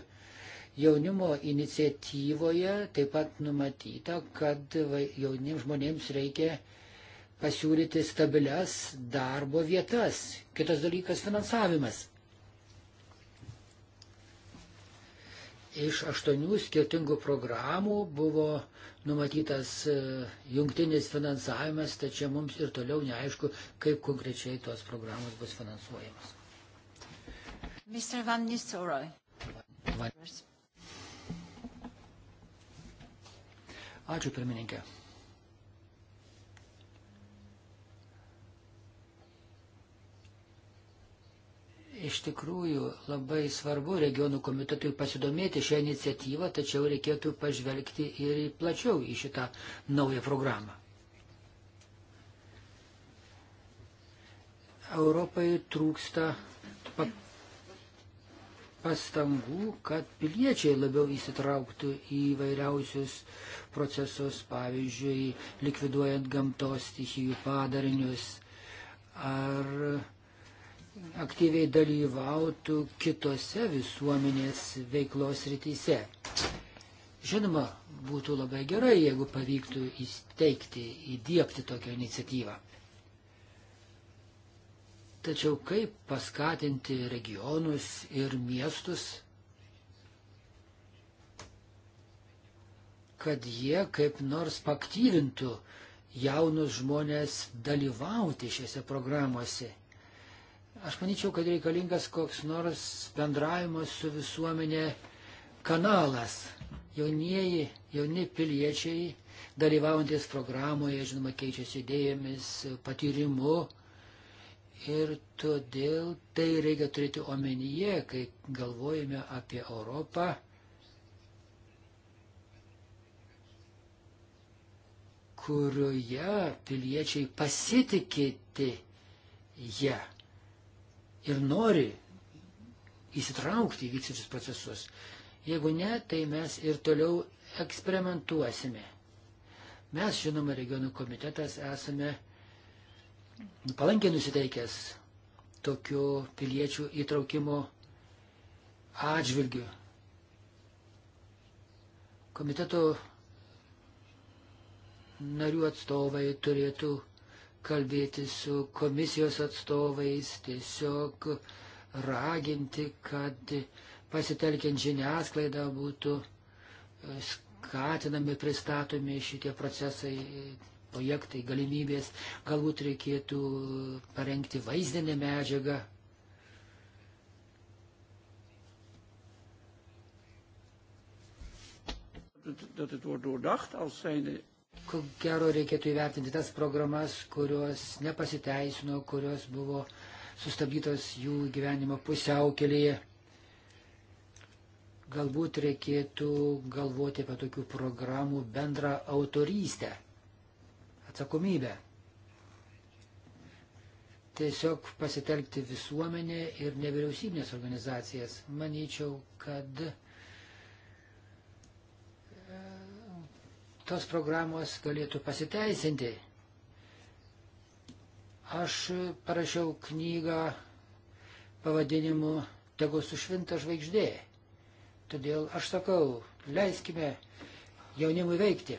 Jaunimo iniciatyvoje taip pat numatyta, kad jauniems žmonėms reikia pasiūlyti stabilias darbo vietas. Kitas dalykas - finansavimas. iš aštuonių skirtingų programų buvo numatytas e, jungtinis finansavimas, tačiau mums ir toliau neaišku, kaip konkrečiai tos programos bus finansuojamas. Mr. Van Nistelrooy. Ačiū pirmininkė. Iš tikrųjų, labai svarbu regionų komitetui pasidomėti šią iniciatyvą, tačiau reikėtų pažvelgti ir plačiau į šitą naują programą. Europai trūksta pastangų, kad piliečiai labiau įsitrauktų į vairiausius procesus, pavyzdžiui, likviduojant gamtos stichijų padarinius ar aktyviai dalyvautų kitose visuomenės veiklos rytise. Žinoma, būtų labai gerai, jeigu pavyktų įsteigti, įdėpti tokią iniciatyvą. Tačiau kaip paskatinti regionus ir miestus, kad jie kaip nors paktyvintų jaunus žmonės dalyvauti šiuose programuose Aš manyčiau, kad reikalingas koks nors bendravimas su visuomenė kanalas. Jaunieji, jauni piliečiai, dalyvaujantis programoje, žinoma, keičiasi idėjomis, patyrimu. Ir todėl tai reikia turėti omenyje, kai galvojame apie Europą. kurioje piliečiai pasitikėti ją. Ja ir nori įsitraukti į vykstančius procesus. Jeigu ne, tai mes ir toliau eksperimentuosime. Mes, žinoma, regionų komitetas esame palankiai nusiteikęs tokių piliečių įtraukimo atžvilgių. Komiteto narių atstovai turėtų kalbėti su komisijos atstovais, tiesiog raginti, kad pasitelkiant žiniasklaidą būtų e, skatinami, pristatomi šitie procesai, projektai, galimybės. Galbūt reikėtų parengti vaizdinę medžiagą.
Dat het wordt doordacht als zijnde
Ko gero reikėtų įvertinti tas programas, kurios nepasiteisino, kurios buvo sustabdytos jų gyvenimo pusiaukelėje. Galbūt reikėtų galvoti apie tokių programų bendrą autorystę, atsakomybę. Tiesiog pasitelkti visuomenę ir nevyriausybinės organizacijas. Manyčiau, kad tos programos galėtų pasiteisinti. Aš parašiau knygą pavadinimu Tegu sušvinta žvaigždė. Todėl aš sakau, leiskime jaunimui veikti.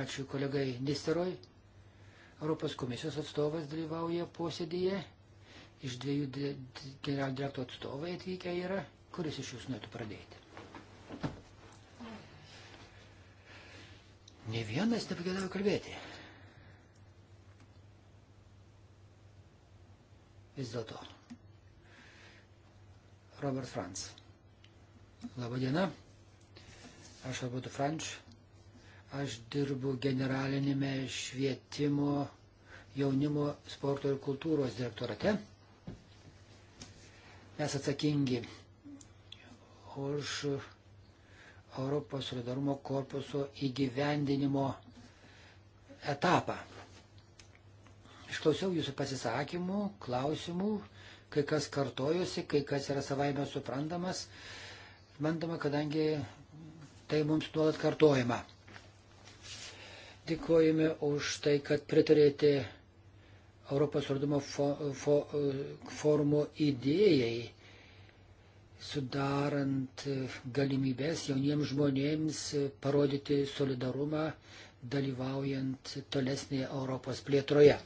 Ačiū kolegai Nisteroj. Europos komisijos atstovas dalyvauja posėdėje. Iš dviejų generalinių direktų atstovai atvykę yra. Kuris iš jūsų norėtų pradėti? Ne vienas nebegalėjo kalbėti. Vis dėlto. Robert Franz. Labadiena. Aš Robertu Franč. Aš dirbu generalinėme švietimo jaunimo sporto ir kultūros direktorate. Mes atsakingi už Europos solidarumo korpuso įgyvendinimo etapą. Išklausiau jūsų pasisakymų, klausimų, kai kas kartojosi, kai kas yra savaime suprantamas, bandoma, kadangi tai mums nuolat kartojama. Dėkojame už tai, kad pritarėte Europos solidarumo forumo idėjai sudarant galimybės jauniems žmonėms parodyti solidarumą, dalyvaujant tolesnėje Europos plėtroje.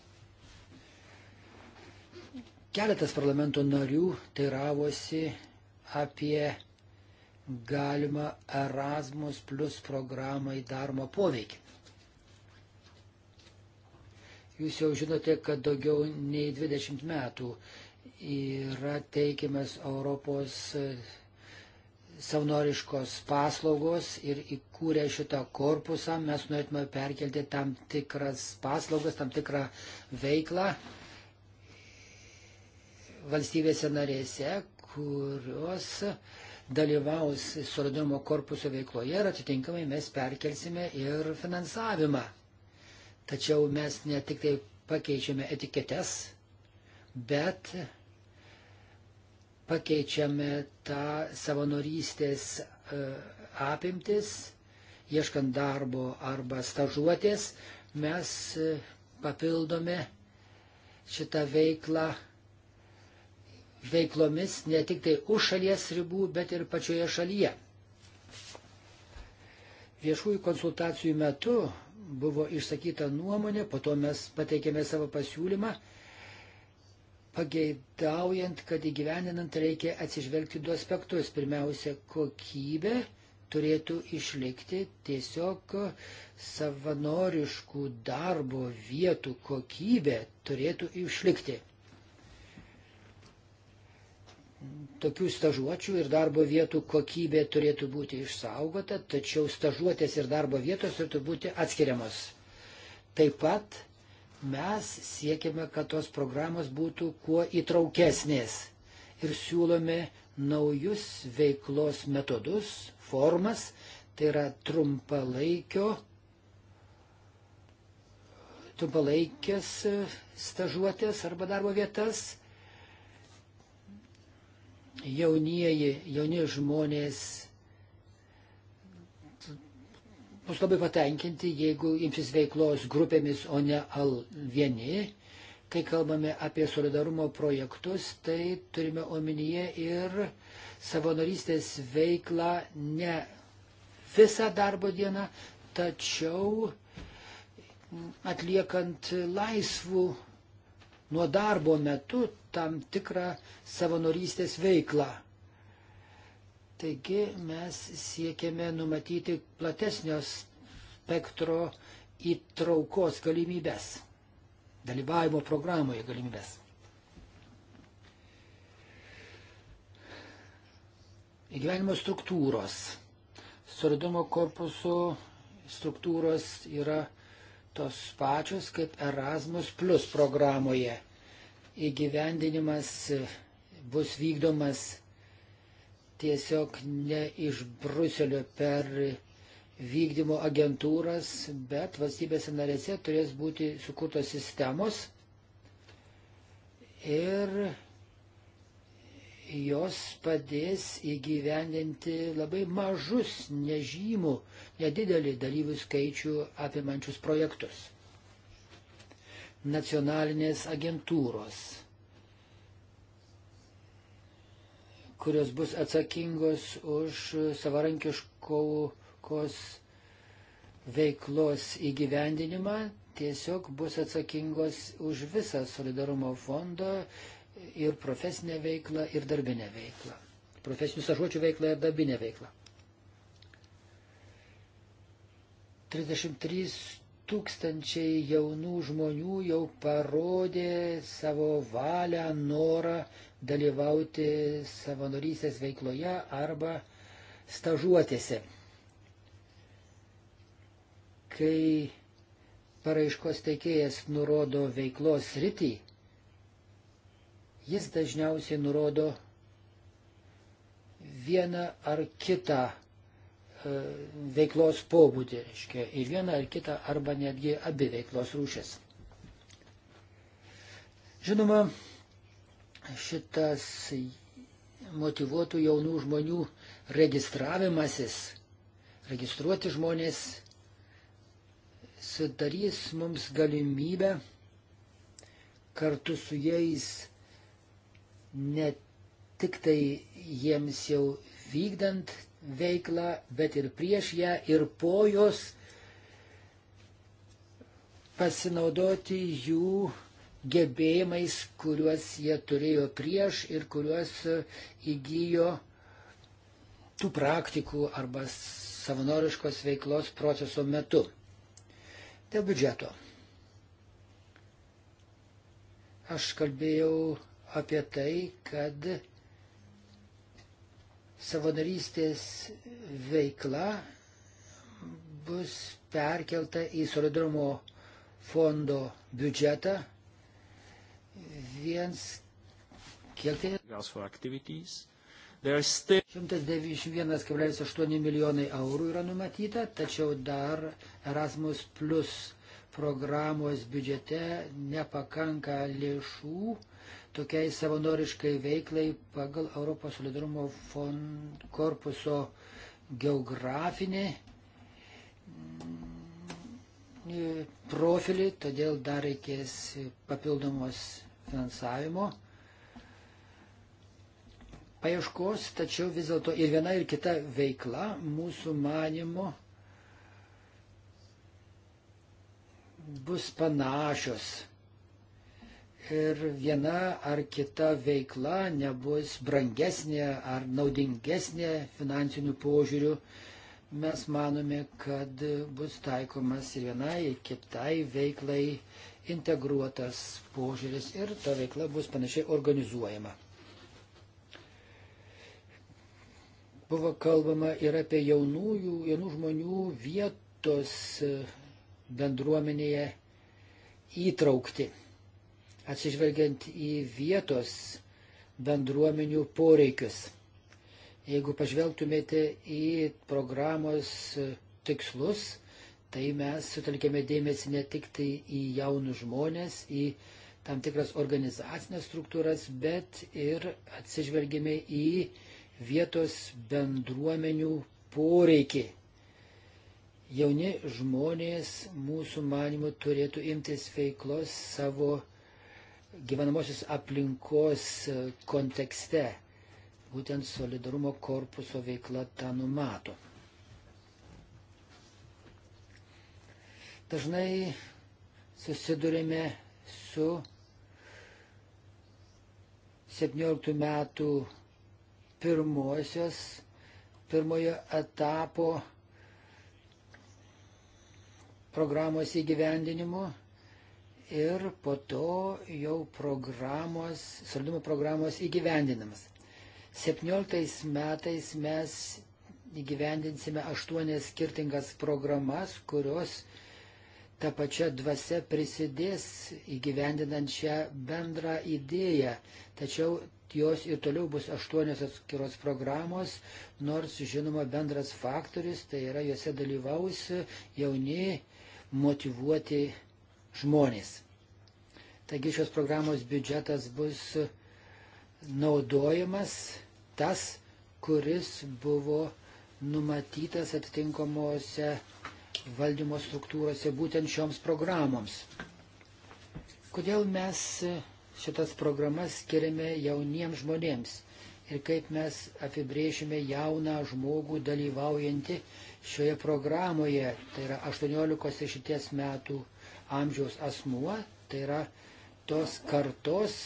Keletas parlamento narių teiravosi apie galimą Erasmus plus programai daromą poveikį. Jūs jau žinote, kad daugiau nei 20 metų yra teikiamas Europos e, savanoriškos paslaugos ir įkūrę šitą korpusą mes norėtume perkelti tam tikras paslaugas, tam tikrą veiklą valstybėse narėse, kurios dalyvaus solidarumo korpuso veikloje ir atitinkamai mes perkelsime ir finansavimą. Tačiau mes ne tik tai pakeičiame etiketes, bet pakeičiame tą savanorystės e, apimtis, ieškant darbo arba stažuotės, mes e, papildome šitą veiklą veiklomis ne tik tai už šalies ribų, bet ir pačioje šalyje. Viešųjų konsultacijų metu buvo išsakyta nuomonė, po to mes pateikėme savo pasiūlymą pageidaujant, kad įgyveninant reikia atsižvelgti du aspektus. Pirmiausia, kokybė turėtų išlikti tiesiog savanoriškų darbo vietų kokybė turėtų išlikti. Tokių stažuočių ir darbo vietų kokybė turėtų būti išsaugota, tačiau stažuotės ir darbo vietos turėtų būti atskiriamos. Taip pat Mes siekiame, kad tos programos būtų kuo įtraukesnės ir siūlome naujus veiklos metodus, formas, tai yra trumpalaikio, trumpalaikės e, stažuotės arba darbo vietas. Jaunieji, jauni žmonės bus labai patenkinti, jeigu imsis veiklos grupėmis, o ne al vieni. Kai kalbame apie solidarumo projektus, tai turime omenyje ir savanorystės veiklą ne visą darbo dieną, tačiau atliekant laisvų nuo darbo metu tam tikrą savanorystės veiklą. Taigi mes siekiame numatyti platesnio spektro įtraukos galimybės, dalyvavimo programoje galimybės. Įgyvenimo struktūros. Solidarumo korpusų struktūros yra tos pačios kaip Erasmus Plus programoje. Įgyvendinimas bus vykdomas tiesiog ne iš Bruselio per vykdymo agentūras, bet valstybėse narėse turės būti sukurtos sistemos ir jos padės įgyvendinti labai mažus, nežymų, nedidelį dalyvių skaičių apimančius projektus. Nacionalinės agentūros kurios bus atsakingos už savarankiškos veiklos įgyvendinimą, tiesiog bus atsakingos už visą solidarumo fondo ir profesinę veiklą, ir darbinę veiklą. Profesinių stažuočių veiklą ir darbinę veiklą. 33 tūkstančiai jaunų žmonių jau parodė savo valią, norą dalyvauti savanorysės veikloje arba stažuotėse. Kai paraiškos teikėjas nurodo veiklos rytį, jis dažniausiai nurodo vieną ar kitą e, veiklos pobūdį, reiškia, ir vieną ar kitą, arba netgi abi veiklos rūšės. Žinoma, šitas motivuotų jaunų žmonių registravimasis, registruoti žmonės, sudarys mums galimybę kartu su jais ne tik tai jiems jau vykdant veiklą, bet ir prieš ją ir po jos pasinaudoti jų gebėjimais, kuriuos jie turėjo prieš ir kuriuos įgyjo tų praktikų arba savanoriškos veiklos proceso metu. Dėl biudžeto. Aš kalbėjau apie tai, kad savanorystės veikla bus perkelta į solidarumo fondo biudžetą Viens, kiek tai? 191,8 milijonai eurų yra numatyta, tačiau dar Erasmus Plus programos biudžete nepakanka lėšų tokiai savanoriškai veiklai pagal Europos solidarumo fond korpuso geografinį E, profilį, todėl dar reikės papildomos finansavimo paieškos, tačiau vis dėlto ir viena ir kita veikla mūsų manimo bus panašios. Ir viena ar kita veikla nebus brangesnė ar naudingesnė finansinių požiūrių mes manome, kad bus taikomas ir vienai, kitai veiklai integruotas požiūris ir ta veikla bus panašiai organizuojama. Buvo kalbama ir apie jaunųjų, jaunų žmonių vietos e, bendruomenėje įtraukti, atsižvelgiant į vietos bendruomenių poreikius. Jeigu pažvelgtumėte į programos tikslus, tai mes sutelkėme dėmesį ne tik tai į jaunus žmonės, į tam tikras organizacinės struktūras, bet ir atsižvelgėme į vietos bendruomenių poreikį. Jauni žmonės mūsų manimų turėtų imtis veiklos savo gyvenamosios aplinkos kontekste. Būtent solidarumo korpuso veikla tą numato. Dažnai susidurime su 17 metų pirmosios, pirmojo etapo programos įgyvendinimu ir po to jau programos, solidumo programos įgyvendinamas. 17 metais mes įgyvendinsime aštuonias skirtingas programas, kurios tą pačią dvasę prisidės įgyvendinant šią bendrą idėją. Tačiau jos ir toliau bus aštuonios atskiros programos, nors žinoma bendras faktorius, tai yra juose dalyvaus jauni motivuoti žmonės. Taigi šios programos biudžetas bus naudojamas tas, kuris buvo numatytas atitinkamuose valdymo struktūrose būtent šioms programoms. Kodėl mes šitas programas skiriame jauniems žmonėms ir kaip mes apibrėšime jauną žmogų dalyvaujantį šioje programoje, tai yra 18-60 metų amžiaus asmuo, tai yra tos kartos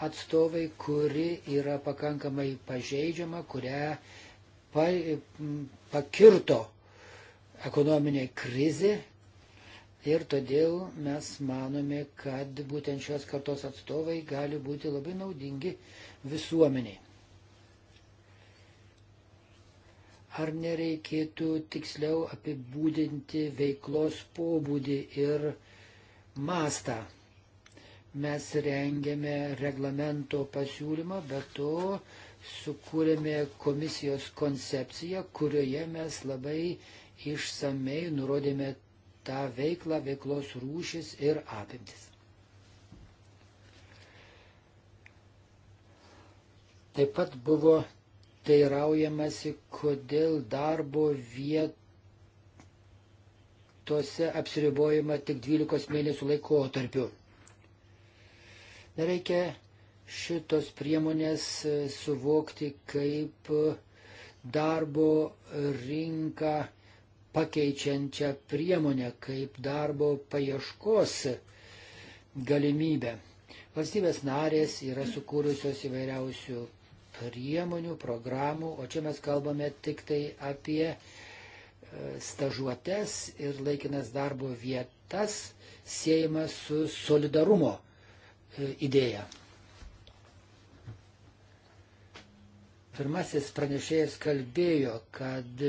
atstovai, kuri yra pakankamai pažeidžiama, kurią pa, pakirto ekonominė krizė. Ir todėl mes manome, kad būtent šios kartos atstovai gali būti labai naudingi visuomeniai. Ar nereikėtų tiksliau apibūdinti veiklos pobūdį ir mastą? mes rengėme reglamento pasiūlymą, bet to sukūrėme komisijos koncepciją, kurioje mes labai išsamei nurodėme tą veiklą, veiklos rūšis ir apimtis. Taip pat buvo teiraujamasi, kodėl darbo vietose apsiribojama tik 12 mėnesių laikotarpiu. Nereikia šitos priemonės e, suvokti kaip e, darbo rinką pakeičiančią priemonę, kaip darbo paieškos galimybę. Valstybės narės yra sukūrusios įvairiausių priemonių, programų, o čia mes kalbame tik tai apie e, stažuotes ir laikinas darbo vietas siejama su solidarumo idėją. Pirmasis pranešėjas kalbėjo, kad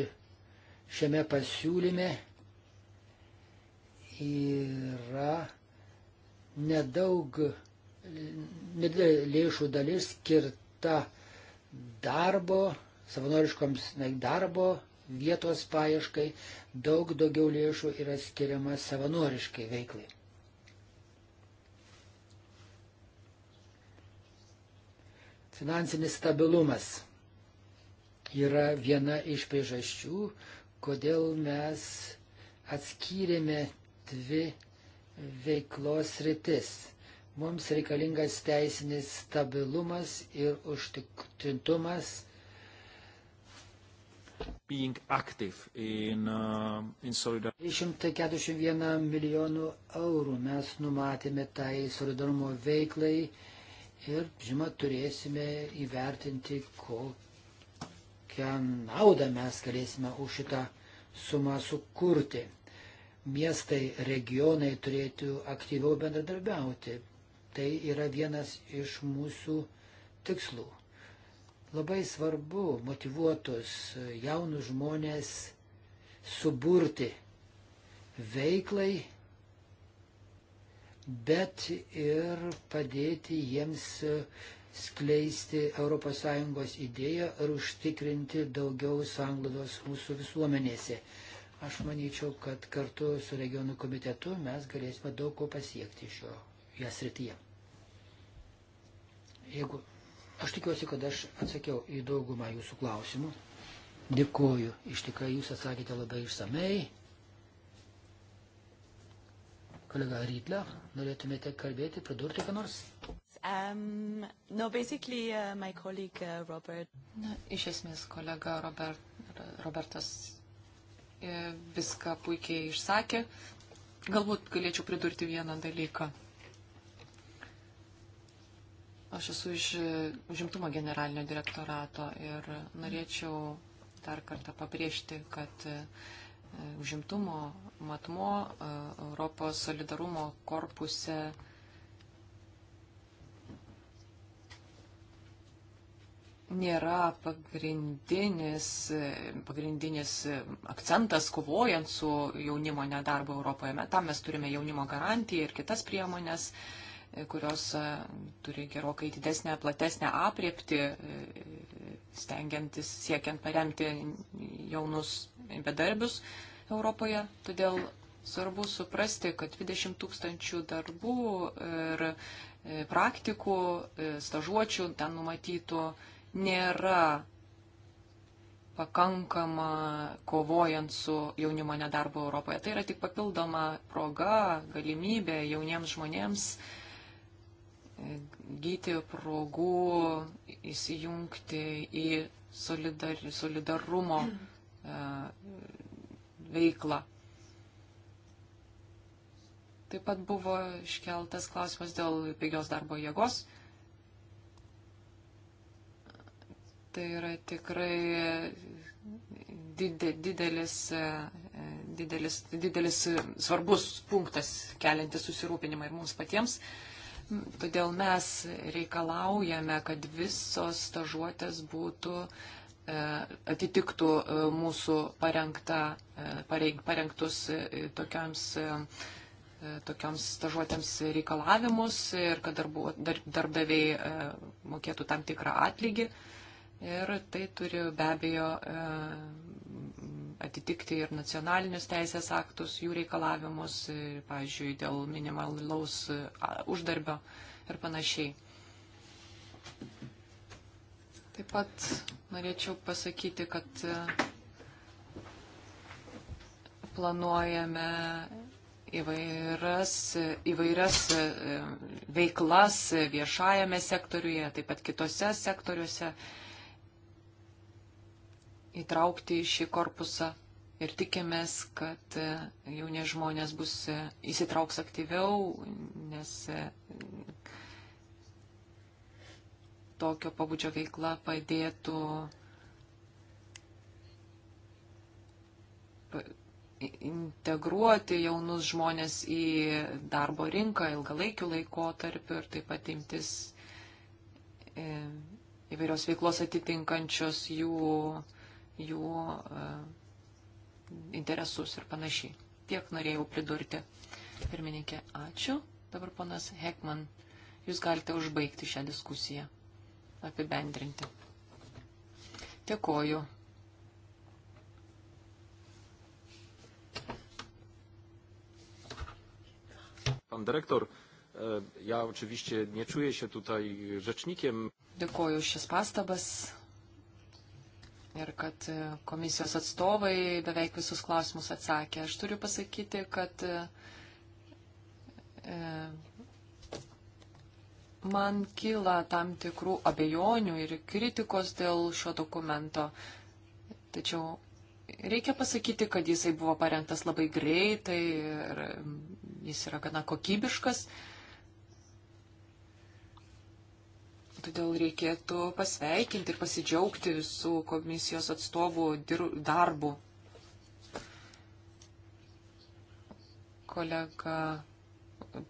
šiame pasiūlyme yra nedaug lėšų dalis skirta darbo, savanoriškoms darbo vietos paieškai, daug daugiau lėšų yra skiriama savanoriškai veiklai. Finansinis stabilumas yra viena iš priežasčių, kodėl mes atskyrėme dvi veiklos rytis. Mums reikalingas teisinis stabilumas ir užtikrintumas.
In, uh, in
141 milijonų eurų mes numatėme tai solidarumo veiklai ir, žinoma, turėsime įvertinti, kokią naudą mes galėsime už šitą sumą sukurti. Miestai, regionai turėtų aktyviau bendradarbiauti. Tai yra vienas iš mūsų tikslų. Labai svarbu motivuotus jaunus žmonės suburti veiklai bet ir padėti jiems skleisti ES idėją ir užtikrinti daugiau sanglados mūsų visuomenėse. Aš manyčiau, kad kartu su regionų komitetu mes galėsime daug ko pasiekti šio jas rytyje. Jeigu aš tikiuosi, kad aš atsakiau į daugumą jūsų klausimų. Dėkuoju. Iš tikrai jūs atsakėte labai išsamei. Kolega Rytler, norėtumėte kalbėti, pridurti ką nors?
Um, no, basically, uh, my colleague uh, Robert. Na, iš esmės, kolega Robert, Robertas e, viską puikiai išsakė. Galbūt galėčiau pridurti vieną dalyką. Aš esu iš e, užimtumo generalinio direktorato ir norėčiau dar kartą pabrėžti, kad uh, E, užimtumo matmo e, Europos solidarumo korpuse nėra pagrindinis, e, pagrindinis akcentas kovojant su jaunimo nedarbu Europoje. Tam mes turime jaunimo garantiją ir kitas priemonės, kurios e, turi gerokai didesnę, platesnę apriepti, e, stengiantis, siekiant paremti jaunus bedarbius Europoje. Todėl svarbu suprasti, kad 20 tūkstančių darbų ir e, praktikų, stažuočių ten numatytų nėra pakankama kovojant su jaunimo nedarbu Europoje. Tai yra tik papildoma proga, galimybė jauniems žmonėms gyti progų įsijungti į solidar, solidarumo e, veiklą. Taip pat buvo iškeltas klausimas dėl pigios darbo jėgos. Tai yra tikrai didelis, e, didelis, didelis svarbus punktas keliantis susirūpinimą ir mums patiems. Uh, Todėl mes reikalaujame, kad visos stažuotės būtų e, atitiktų e, mūsų parengta, e, parengtus tokiams tokioms stažuotėms reikalavimus ir kad darbu, dar, darbdaviai mokėtų tam tikrą atlygį. Ir tai turi be abejo atitikti ir nacionalinius teisės aktus, jų reikalavimus, e, pavyzdžiui, dėl minimalaus e, uždarbio ir panašiai. Taip pat norėčiau pasakyti, kad e, planuojame įvairias, įvairias veiklas viešajame sektoriuje, taip pat kitose sektoriuose įtraukti šį korpusą ir tikimės, kad e, jauni žmonės bus e, įsitrauks aktyviau, nes e, tokio pabudžio veikla padėtų integruoti jaunus žmonės į darbo rinką ilgalaikių laikotarpių ir taip pat imtis įvairios veiklos atitinkančios jų jų e, interesus ir panašiai. Tiek norėjau pridurti. Pirmininkė, ačiū. Dabar ponas Hekman, jūs galite užbaigti šią diskusiją, apibendrinti. Dėkoju.
Pan dyrektor, e, ja oczywiście nie czuję się tutaj rzecznikiem.
Dėkoju šis pastabas ir kad e, komisijos atstovai beveik visus klausimus atsakė. Aš turiu pasakyti, kad e, e, man kyla tam tikrų abejonių ir kritikos dėl šio dokumento. Tačiau reikia pasakyti, kad jisai buvo parengtas labai greitai ir jis yra gana kokybiškas. Todėl reikėtų pasveikinti ir pasidžiaugti visų komisijos atstovų darbų. Kolega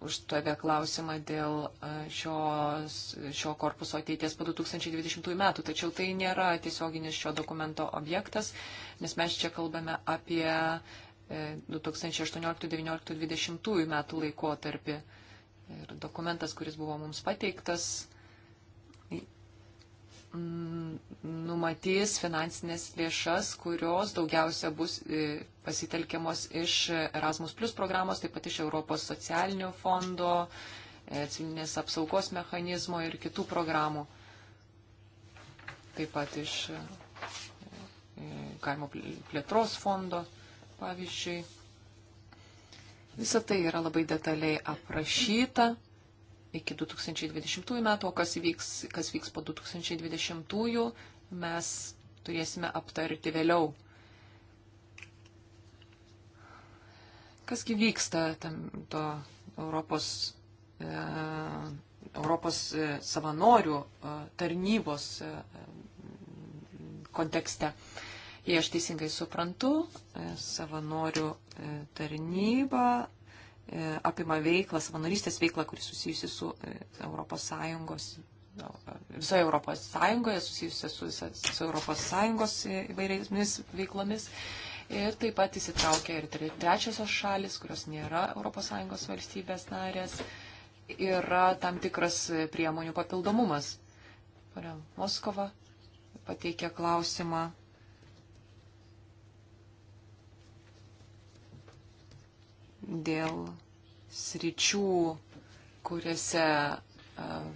uždavė klausimą dėl e, šios, šio korpuso ateities po 2020 metų, tačiau tai nėra tiesioginis šio dokumento objektas, nes mes čia kalbame apie 2018-2019-2020 e, metų laikotarpį. Ir dokumentas, kuris buvo mums pateiktas, Mm, numatys finansinės lėšas, kurios daugiausia bus e, pasitelkiamos iš Erasmus Plus programos, taip pat iš Europos socialinio fondo, e, civilinės apsaugos mechanizmo ir kitų programų. Taip pat iš e, kaimo plėtros fondo, pavyzdžiui. Visa tai yra labai detaliai aprašyta iki 2020 metų, o kas vyks, kas vyks po 2020 mes turėsime aptarti vėliau. Kasgi vyksta tam, to Europos, e, Europos e, savanorių e, tarnybos e, kontekste. Jei aš teisingai suprantu, e, savanorių e, tarnyba E, apima veiklą, savanorystės veiklą, kuris susijusi su e, Europos Sąjungos e, visoje Europos Sąjungoje, susijusi su, su Europos Sąjungos įvairiais veiklomis. Ir taip pat įsitraukia ir trečiosios šalis, kurios nėra Europos Sąjungos valstybės narės. Yra tam tikras priemonių papildomumas. Pane Moskova pateikė klausimą dėl sričių, kuriuose e,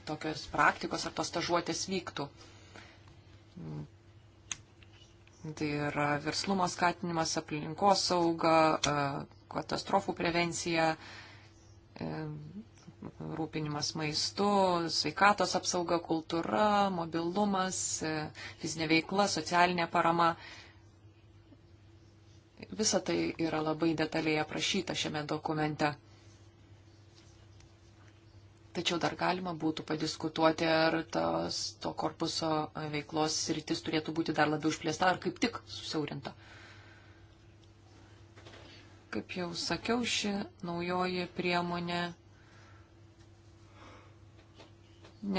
tokios praktikos ar tos stažuotės vyktų. Tai yra verslumo skatinimas, aplinkos sauga, e, katastrofų prevencija, e, rūpinimas maistu, sveikatos apsauga, kultūra, mobilumas, fizinė veikla, socialinė parama. Visa tai yra labai detaliai aprašyta šiame dokumente. Tačiau dar galima būtų padiskutuoti, ar tas, to korpuso veiklos sritis turėtų būti dar labiau išplėsta, ar kaip tik susiaurinta. Kaip jau sakiau, ši naujoji priemonė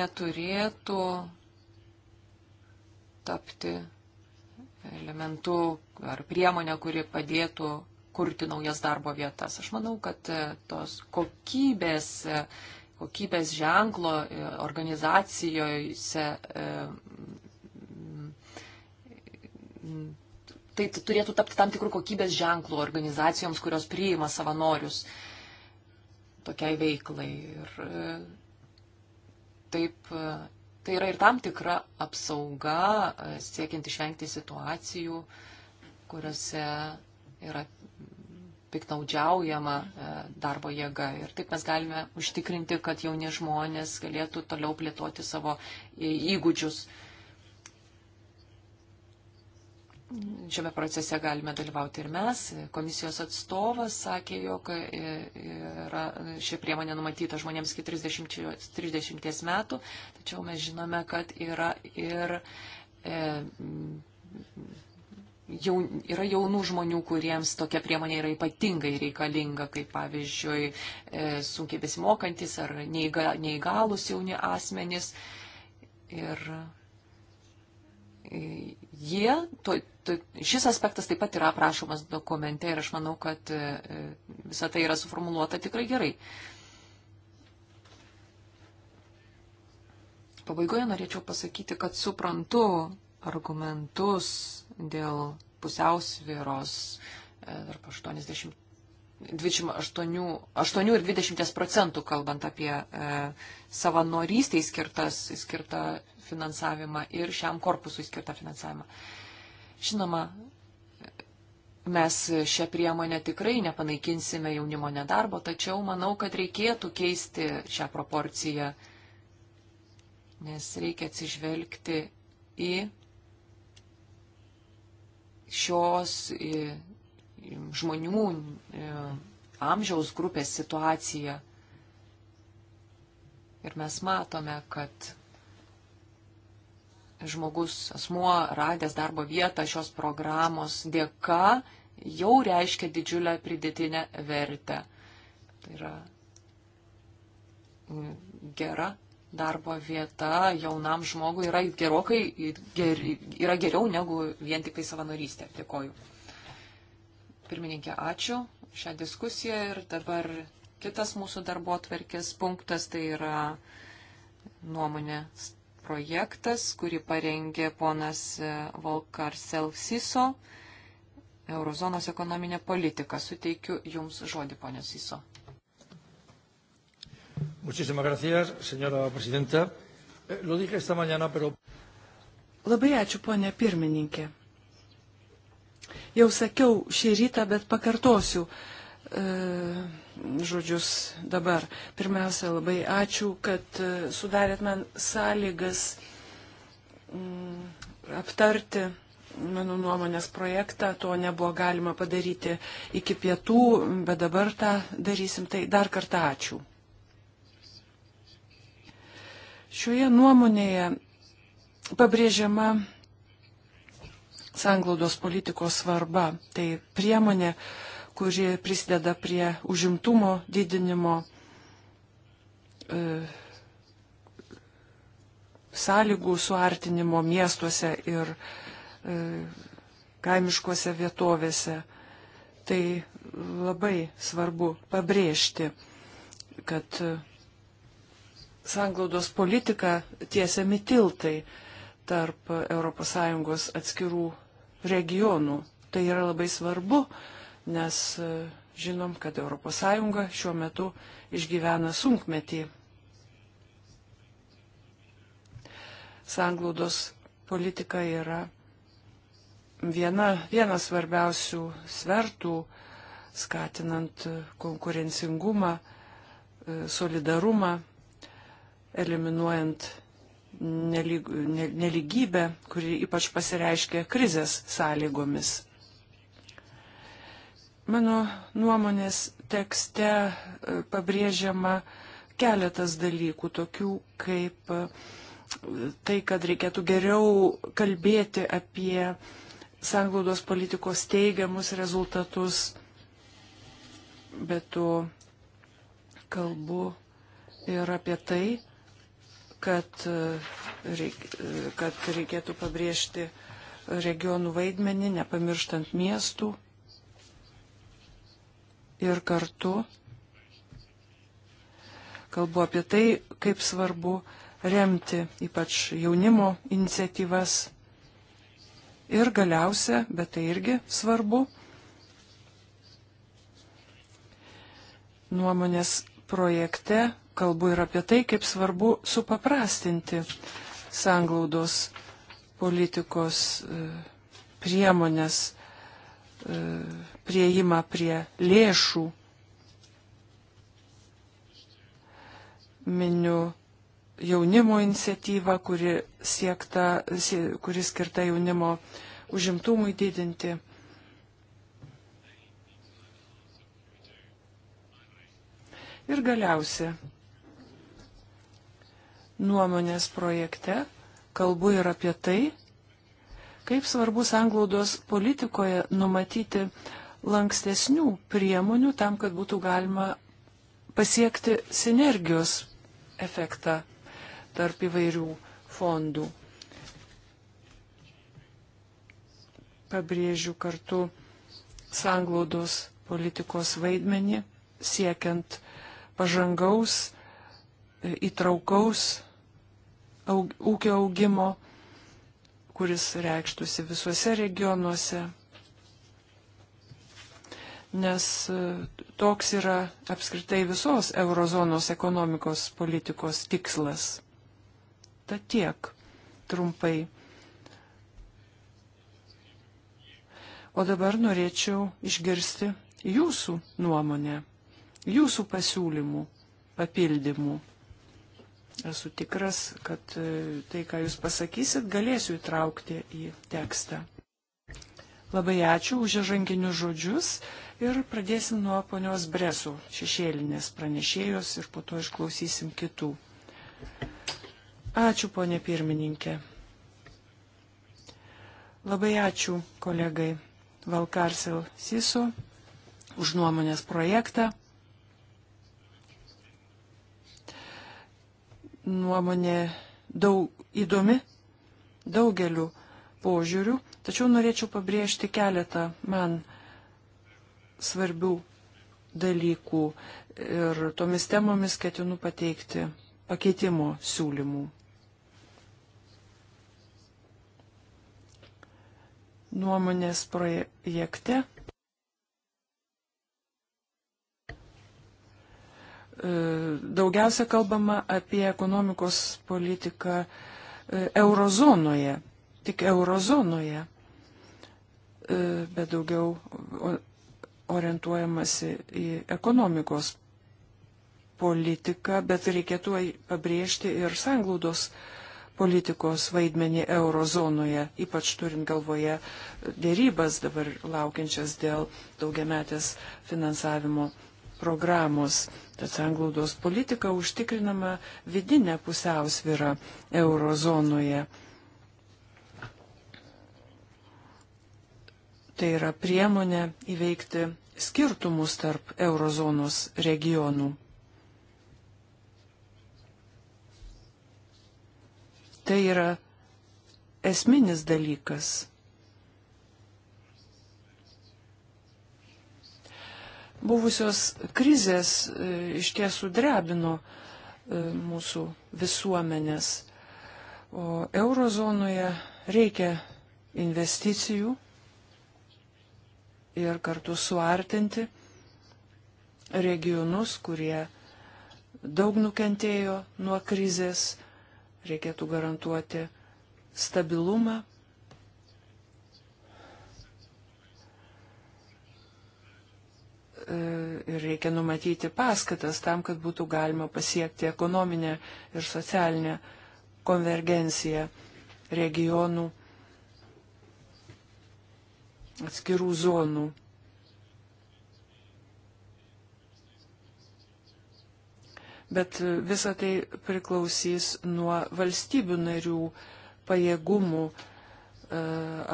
neturėtų tapti elementu ar priemonė, kuri padėtų kurti naujas darbo vietas. Aš manau, kad e, tos kokybės, e, kokybės ženklo e, organizacijose tai turėtų tapti tam tikrų kokybės ženklų organizacijoms, kurios priima savanorius tokiai veiklai. Ir taip Tai yra ir tam tikra apsauga, e, siekiant išvengti situacijų, kuriuose yra piknaudžiaujama e, darbo jėga. Ir taip mes galime užtikrinti, kad jauni žmonės galėtų toliau plėtoti savo įgūdžius Šiame procese galime dalyvauti ir mes. Komisijos atstovas sakė, jog yra ši priemonė numatyta žmonėms iki 30, 30 metų, tačiau mes žinome, kad yra ir e, jau, yra jaunų žmonių, kuriems tokia priemonė yra ypatingai reikalinga, kaip pavyzdžiui e, sunkiai besimokantis ar neįga, neįgalus jauni asmenys. Ir e, jie to, šis aspektas taip pat yra aprašomas dokumente ir aš manau, kad e, visa tai yra suformuoluota tikrai gerai. Pabaigoje norėčiau pasakyti, kad suprantu argumentus dėl pusiausvyros e, tarp 80, 28, 8 ir 20 procentų, kalbant apie e, savanorystėj skirtą finansavimą ir šiam korpusui skirtą finansavimą. E, Žinoma, mes šią priemonę tikrai nepanaikinsime jaunimo nedarbo, tačiau manau, kad reikėtų keisti šią proporciją, nes reikia atsižvelgti į šios į žmonių į, amžiaus grupės situaciją. Ir mes matome, kad žmogus, asmuo, radęs darbo vietą šios programos dėka, jau reiškia didžiulę pridėtinę vertę. Tai yra mm, gera darbo vieta jaunam žmogui yra gerokai ger, yra geriau negu vien tik tai savanorystė. Dėkoju. Pirmininkė, ačiū šią diskusiją ir dabar kitas mūsų darbo atverkės punktas tai yra nuomonė projektas, kurį parengė ponas e, Volkar Selksiso, Eurozonos ekonominė politika. Suteikiu Jums žodį, ponė Siso.
Eh,
Labai ačiū, ponė pirmininkė. Jau sakiau šį rytą, bet pakartosiu. E, žodžius dabar. Pirmiausia, labai ačiū, kad e, sudarėt man sąlygas mm, aptarti mano nuomonės projektą, to nebuvo galima padaryti iki pietų, bet dabar tą darysim, tai dar kartą ačiū. Šioje nuomonėje pabrėžiama sanglaudos politikos svarba, tai priemonė, uh, kuri prisideda prie užimtumo didinimo e, sąlygų suartinimo miestuose ir e, kaimiškose vietovėse. Tai labai svarbu pabrėžti, kad e, sanglaudos politika tiesiami tiltai tarp ES atskirų regionų. Tai yra labai svarbu, nes e, žinom, kad ES šiuo metu išgyvena sunkmetį. Sanglaudos politika yra viena, vienas svarbiausių svertų, skatinant konkurencingumą, e, solidarumą, eliminuojant nelygybę, kuri ypač pasireiškia krizės sąlygomis. Mano nuomonės tekste e, pabrėžiama keletas dalykų, tokių kaip e, tai, kad reikėtų geriau kalbėti apie sanglaudos politikos teigiamus rezultatus, bet tu kalbu ir apie tai, kad, e, reik, kad reikėtų pabrėžti regionų vaidmenį, nepamirštant miestų ir kartu kalbu apie tai, kaip svarbu remti ypač jaunimo iniciatyvas ir galiausia, bet tai irgi svarbu, nuomonės projekte kalbu ir apie tai, kaip svarbu supaprastinti sanglaudos politikos e, priemonės E, prieimą prie lėšų. Miniu jaunimo iniciatyvą, kuri, siekta, kuri skirta jaunimo užimtumui didinti. Ir galiausia, nuomonės projekte kalbu ir apie tai, Kaip svarbu sanglaudos politikoje numatyti lankstesnių priemonių tam, kad būtų galima pasiekti sinergijos efektą tarp įvairių fondų. Pabrėžiu kartu sanglaudos politikos vaidmenį siekiant pažangaus, įtraukaus aug, ūkio augimo kuris reikštųsi visuose regionuose, nes e, toks yra apskritai visos eurozonos ekonomikos politikos tikslas. Ta tiek trumpai. O dabar norėčiau išgirsti jūsų nuomonę, jūsų pasiūlymų, papildymų. Esu tikras, kad e, tai, ką jūs pasakysit, galėsiu įtraukti į tekstą. Labai ačiū už žanginius žodžius ir pradėsim nuo ponios Bresų, šešėlinės pranešėjos ir po to išklausysim kitų. Ačiū, ponė pirmininkė. Labai ačiū kolegai Valkarsel Siso už nuomonės projektą. nuomonė daug įdomi daugeliu požiūrių, tačiau norėčiau pabrėžti keletą man svarbių dalykų ir tomis temomis ketinu pateikti pakeitimo siūlymų. Nuomonės projekte E, daugiausia kalbama apie ekonomikos politiką e, eurozonoje, tik eurozonoje, e, bet daugiau orientuojamasi į ekonomikos politiką, bet reikėtų pabrėžti ir sanglaudos politikos vaidmenį eurozonoje, ypač turint galvoje dėrybas dabar laukiančias dėl daugiametės finansavimo programos. Tad sanglaudos politika užtikrinama vidinė pusiausvyra eurozonoje. Tai yra priemonė įveikti skirtumus tarp eurozonos regionų. Tai yra esminis dalykas buvusios krizės e, iš tiesų drebino e, mūsų visuomenės. O eurozonoje reikia investicijų ir kartu suartinti regionus, kurie daug nukentėjo nuo krizės, reikėtų garantuoti stabilumą E, ir reikia numatyti paskatas tam, kad būtų galima pasiekti ekonominę ir socialinę konvergenciją regionų atskirų zonų. Bet visa tai priklausys nuo valstybių narių pajėgumų e,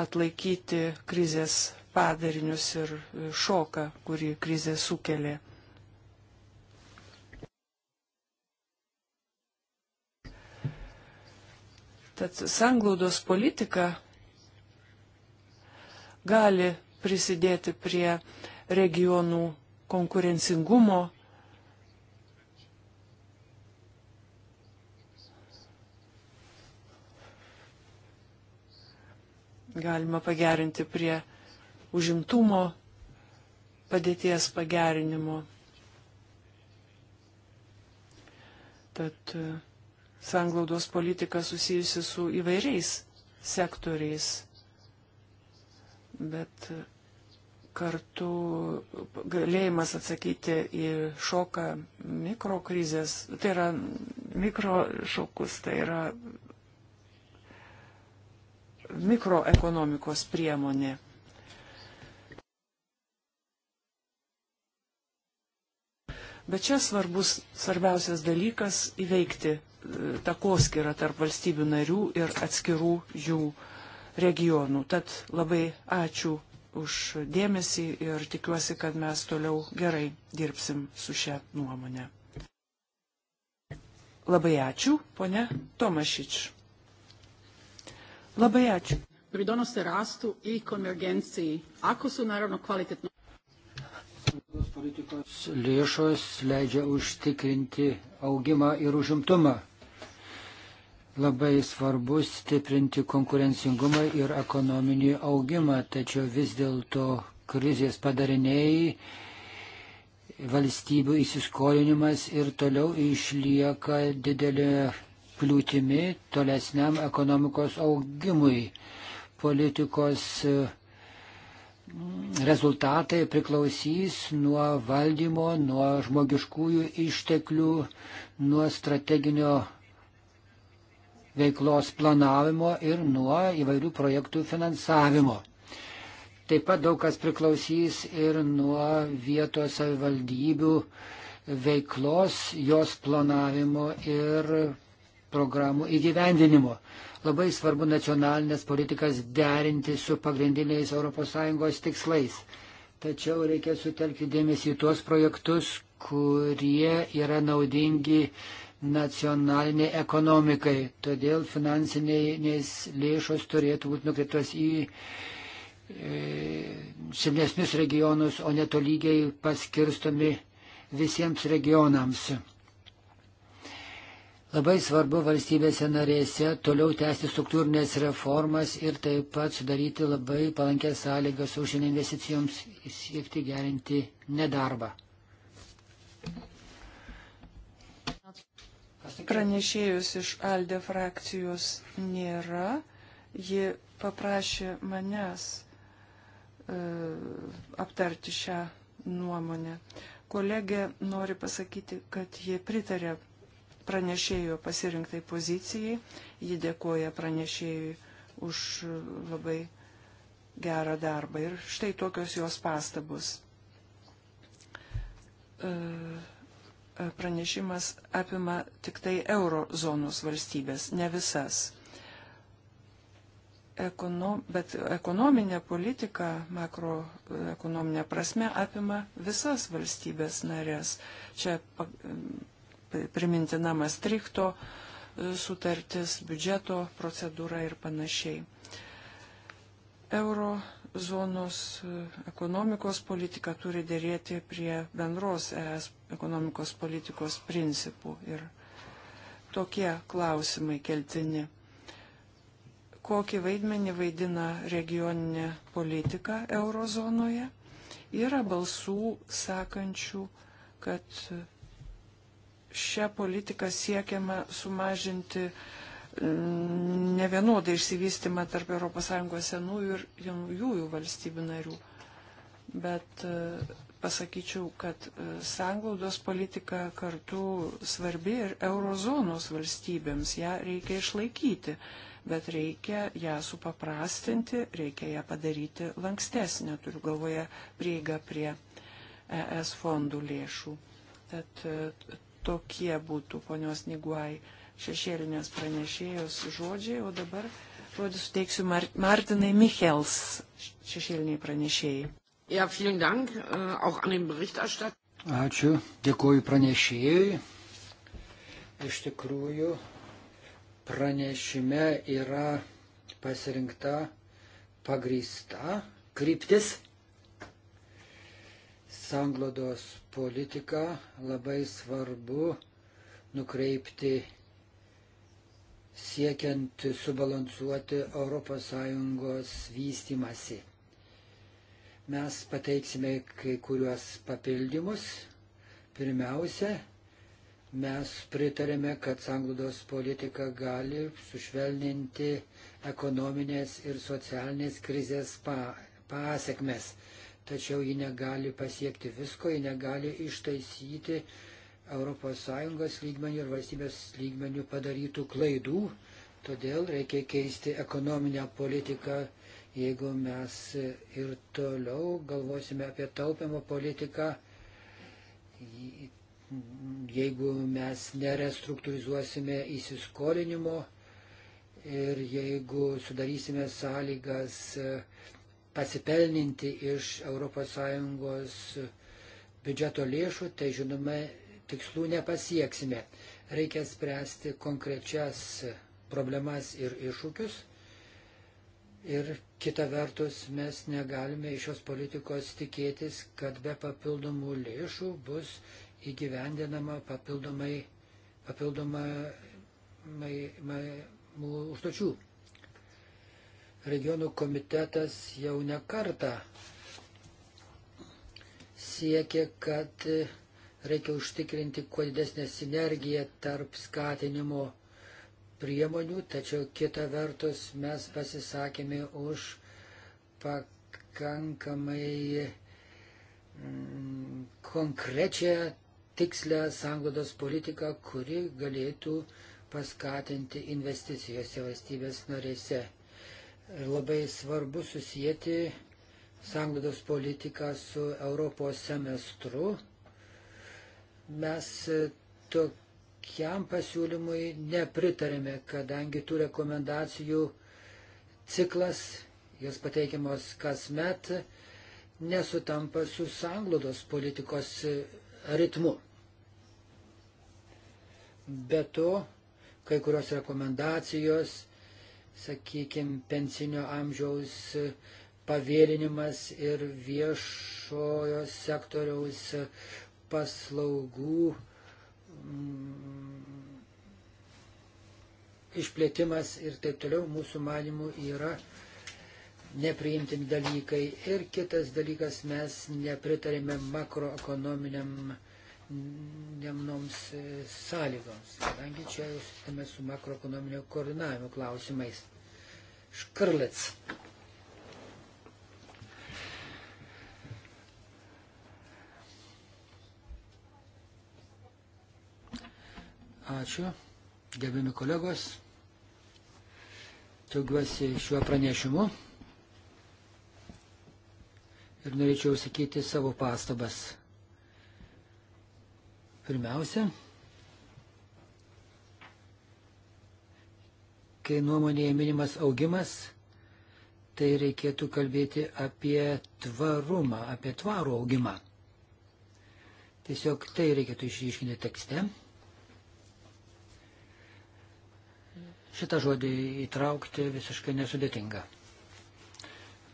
atlaikyti krizės padarinius ir šoką, kurį krizė sukelia. Tad sanglaudos politika gali prisidėti prie regionų konkurencingumo. Galima pagerinti prie užimtumo padėties pagerinimo. Tad e, sanglaudos politika susijusi su įvairiais sektoriais, bet e, kartu galėjimas atsakyti į šoką mikrokrizės, tai yra mikrošokus, tai yra mikroekonomikos priemonė. Bet čia svarbus, svarbiausias dalykas įveikti e, takoskirą tarp valstybių narių ir atskirų jų regionų. Tad labai ačiū už dėmesį ir tikiuosi, kad mes toliau gerai dirbsim su šią nuomonę. Labai ačiū, ponė Tomašič. Labai aču. Pridonose rastu i konvergenciji, ako su naravno
kvalitetno...
Sanglaudos politikos lėšos leidžia užtikrinti augimą ir užimtumą. Labai svarbu stiprinti konkurencingumą ir ekonominį augimą, tačiau vis dėlto krizės padariniai, valstybių įsiskolinimas ir toliau išlieka didelė kliūtimi tolesniam ekonomikos augimui. Politikos uh, rezultatai priklausys nuo valdymo, nuo žmogiškųjų išteklių, nuo strateginio veiklos planavimo ir nuo įvairių projektų finansavimo. Taip pat daug kas priklausys ir nuo vietos savivaldybių veiklos, jos planavimo ir programų įgyvendinimo. Labai svarbu nacionalinės politikas derinti su pagrindiniais ES tikslais. Tačiau reikia sutelkti dėmesį į tuos projektus, kurie yra naudingi nacionaliniai ekonomikai. Todėl finansinės lėšos turėtų būti nukreiptos į e, silpnesnius regionus, o netolygiai paskirstomi visiems regionams. Labai svarbu valstybėse narėse toliau tęsti struktūrinės reformas ir taip pat sudaryti labai palankės sąlygas užsienio investicijoms siekti gerinti nedarbą.
Pranešėjus iš Alde frakcijos nėra. Ji paprašė manęs e, aptarti šią nuomonę. Kolegė nori pasakyti, kad jie pritarė pranešėjo pasirinktai pozicijai. Ji dėkoja pranešėjui už labai gerą darbą. Ir štai tokios jos pastabus. E, e, pranešimas apima tik tai eurozonos valstybės, ne visas. Ekono, bet ekonominė politika, makroekonominė prasme, apima visas valstybės narės. Čia primintina Mastrichto e, sutartis, biudžeto procedūra ir panašiai. Euro zonos e, ekonomikos politika turi dėrėti prie bendros ES ekonomikos politikos principų ir tokie klausimai keltini. Kokį vaidmenį vaidina regioninė politika eurozonoje? Yra balsų sakančių, kad šią politiką siekiama sumažinti mm, nevienodą išsivystimą tarp ES senųjų ir jaunųjų valstybių narių. Bet e, pasakyčiau, kad e, sanglaudos politika kartu svarbi ir eurozonos valstybėms. Ja reikia išlaikyti, bet reikia ją supaprastinti, reikia ją padaryti lankstesnę, turiu galvoje prieigą prie ES fondų lėšų. Tad e, tokie būtų ponios Niguai šešėlinės pranešėjos žodžiai, o dabar žodį suteiksiu Mar Martinai Michels šešėliniai pranešėjai. Ja,
vielen Dank, uh, auch an den Berichterstatter. Ačiū, dėkuoju pranešėjui. Iš tikrųjų, pranešime yra pasirinkta pagrįsta kryptis. Sanglodos politiką labai svarbu nukreipti siekiant subalansuoti ES vystimasi. Mes pateiksime kai kuriuos papildymus. Pirmiausia, mes pritarėme, kad sanglaudos politika gali sušvelninti ekonominės ir socialinės krizės pasiekmes. Pa tačiau ji negali pasiekti visko, ji negali ištaisyti ES lygmenių ir valstybės lygmenių padarytų klaidų, todėl reikia keisti ekonominę politiką, jeigu mes ir toliau galvosime apie taupimo politiką, jeigu mes nerestruktūrizuosime įsiskolinimo ir jeigu sudarysime sąlygas uh, pasipelninti iš ES biudžeto lėšų, tai žinoma, tikslų nepasieksime. Reikia spręsti konkrečias problemas ir iššūkius. Ir kita vertus, mes negalime iš šios politikos tikėtis, kad be papildomų lėšų bus įgyvendinama papildomai, papildomai mai, mai, užduočių. Regionų komitetas jau nekarta siekia, kad reikia užtikrinti kuo didesnę sinergiją tarp skatinimo priemonių, tačiau kita vertus mes pasisakėme už pakankamai mm, konkrečią tikslę sanglodos politiką, kuri galėtų paskatinti investicijas į valstybės narėse labai svarbu susijęti sanglaudos politiką su Europos semestru. Mes e, tokiam pasiūlymui nepritarėme, kadangi tų rekomendacijų ciklas, jos pateikiamos kasmet, nesutampa su sanglaudos politikos ritmu. Be to, kai kurios rekomendacijos sakykime, pensinio amžiaus pavėlinimas ir viešojo sektoriaus paslaugų mm, išplėtimas ir taip toliau mūsų manimų yra nepriimtini dalykai. Ir kitas dalykas, mes nepritarėme makroekonominiam demnoms e, sąlygoms, kadangi čia jau sutame su makroekonominio koordinavimo klausimais. Škarlits. Ačiū, gerbimi kolegos. Džiaugiuosi šiuo pranešimu ir norėčiau sakyti savo pastabas. Pirmiausia, kai nuomonėje minimas augimas, tai reikėtų kalbėti apie tvarumą, apie tvarų augimą. Tiesiog tai reikėtų išryškinti tekste. Šitą žodį įtraukti visiškai nesudėtinga.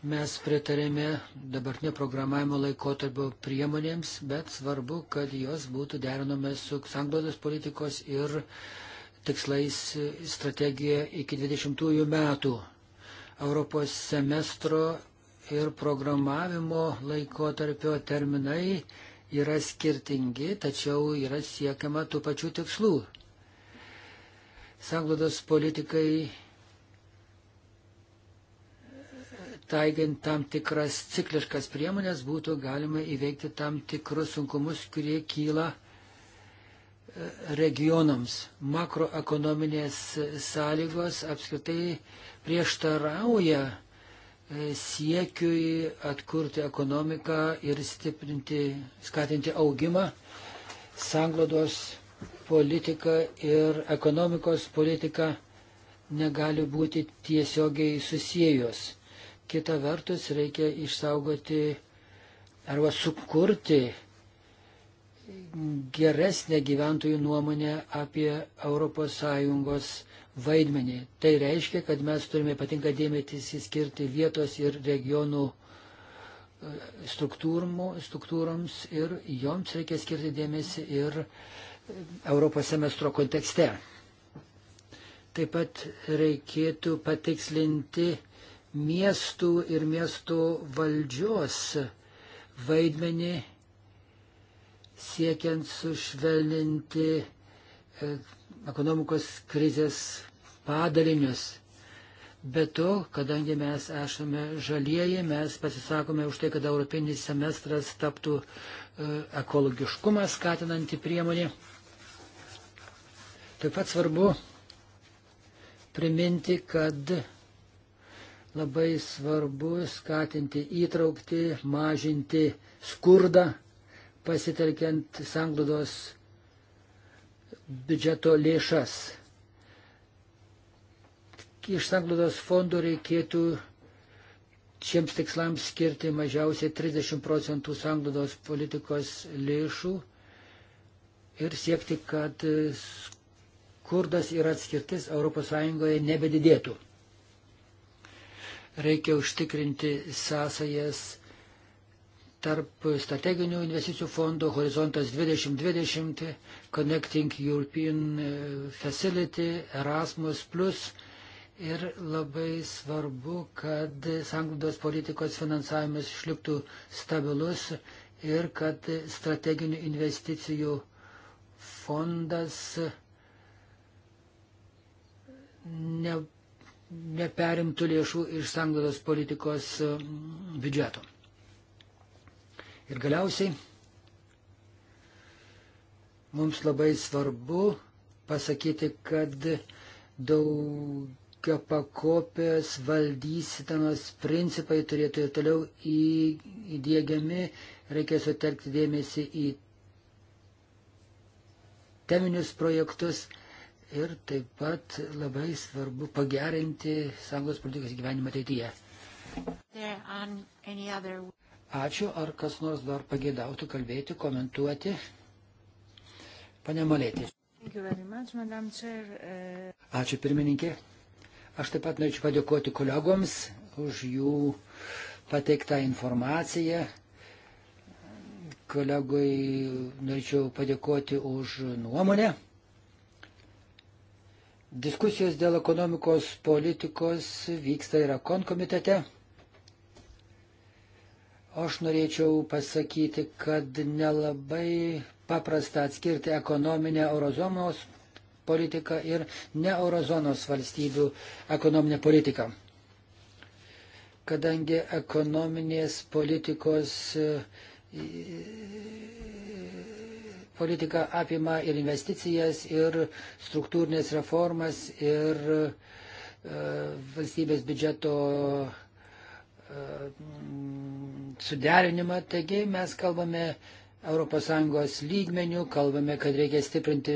Mes pritarėme dabartinio programavimo laikotarpio priemonėms, bet svarbu, kad jos būtų derinome su sanglaudos politikos ir tikslais strategija iki 20 metų. Europos semestro ir programavimo laikotarpio terminai yra skirtingi, tačiau yra siekiama tų pačių tikslų. Sanglaudos politikai taigint tam tikras cikliškas priemonės būtų galima įveikti tam tikrus sunkumus, kurie kyla e, regionams. Makroekonominės sąlygos apskritai prieštarauja e, siekiui atkurti ekonomiką ir stiprinti, skatinti augimą. Sanglodos politika ir ekonomikos politika negali būti tiesiogiai susijęs. Kita vertus reikia išsaugoti arba sukurti geresnę gyventojų nuomonę apie ES vaidmenį. Tai reiškia, kad mes turime ypatingą dėmesį skirti vietos ir regionų e, struktūroms ir joms reikia skirti dėmesį ir Europos semestro kontekste. Taip pat reikėtų patikslinti miestų ir miestų valdžios vaidmenį siekiant sušvelninti e, ekonomikos krizės padarinius. Be to, kadangi mes esame žalieji, mes pasisakome už tai, kad europinis semestras taptų e, ekologiškumą skatinanti priemonė. Taip pat svarbu priminti, kad Labai svarbu skatinti įtraukti, mažinti skurdą, pasitelkiant sanglodos biudžeto lėšas. Iš sanglodos fondų reikėtų šiems tikslams skirti mažiausiai 30 procentų sanglodos politikos lėšų ir siekti, kad skurdas ir atskirtis ES nebedidėtų reikia užtikrinti sąsajas tarp strateginių investicijų fondų Horizontas 2020, Connecting European e, Facility, Erasmus. Ir labai svarbu, kad sanglaudos politikos finansavimas išliktų stabilus ir kad strateginių investicijų fondas ne neperimtų lėšų iš sanglaudos politikos mm, biudžeto. Ir galiausiai mums labai svarbu pasakyti, kad daugia pakopės valdysinos principai turėtų ir toliau įdėgiami, reikia sutelkti dėmesį į teminius projektus, ir taip pat labai svarbu pagerinti sąjungos politikos gyvenimą ateityje. Other... Ačiū, ar kas nors dar pagėdautų kalbėti, komentuoti. Pane Molėti. Uh, Ačiū pirmininkė. Aš taip pat norėčiau padėkoti kolegoms už jų pateiktą informaciją. Kolegui norėčiau padėkoti už nuomonę. Diskusijos dėl ekonomikos politikos vyksta ir Akon komitete. Aš norėčiau pasakyti, kad nelabai paprasta atskirti ekonominę eurozonos politiką ir ne eurozonos valstybių ekonominę politiką. Kadangi ekonominės politikos politika apima ir investicijas, ir struktūrinės reformas, ir e, valstybės biudžeto e, suderinimą. Taigi mes kalbame ES lygmenių, kalbame, kad reikia stiprinti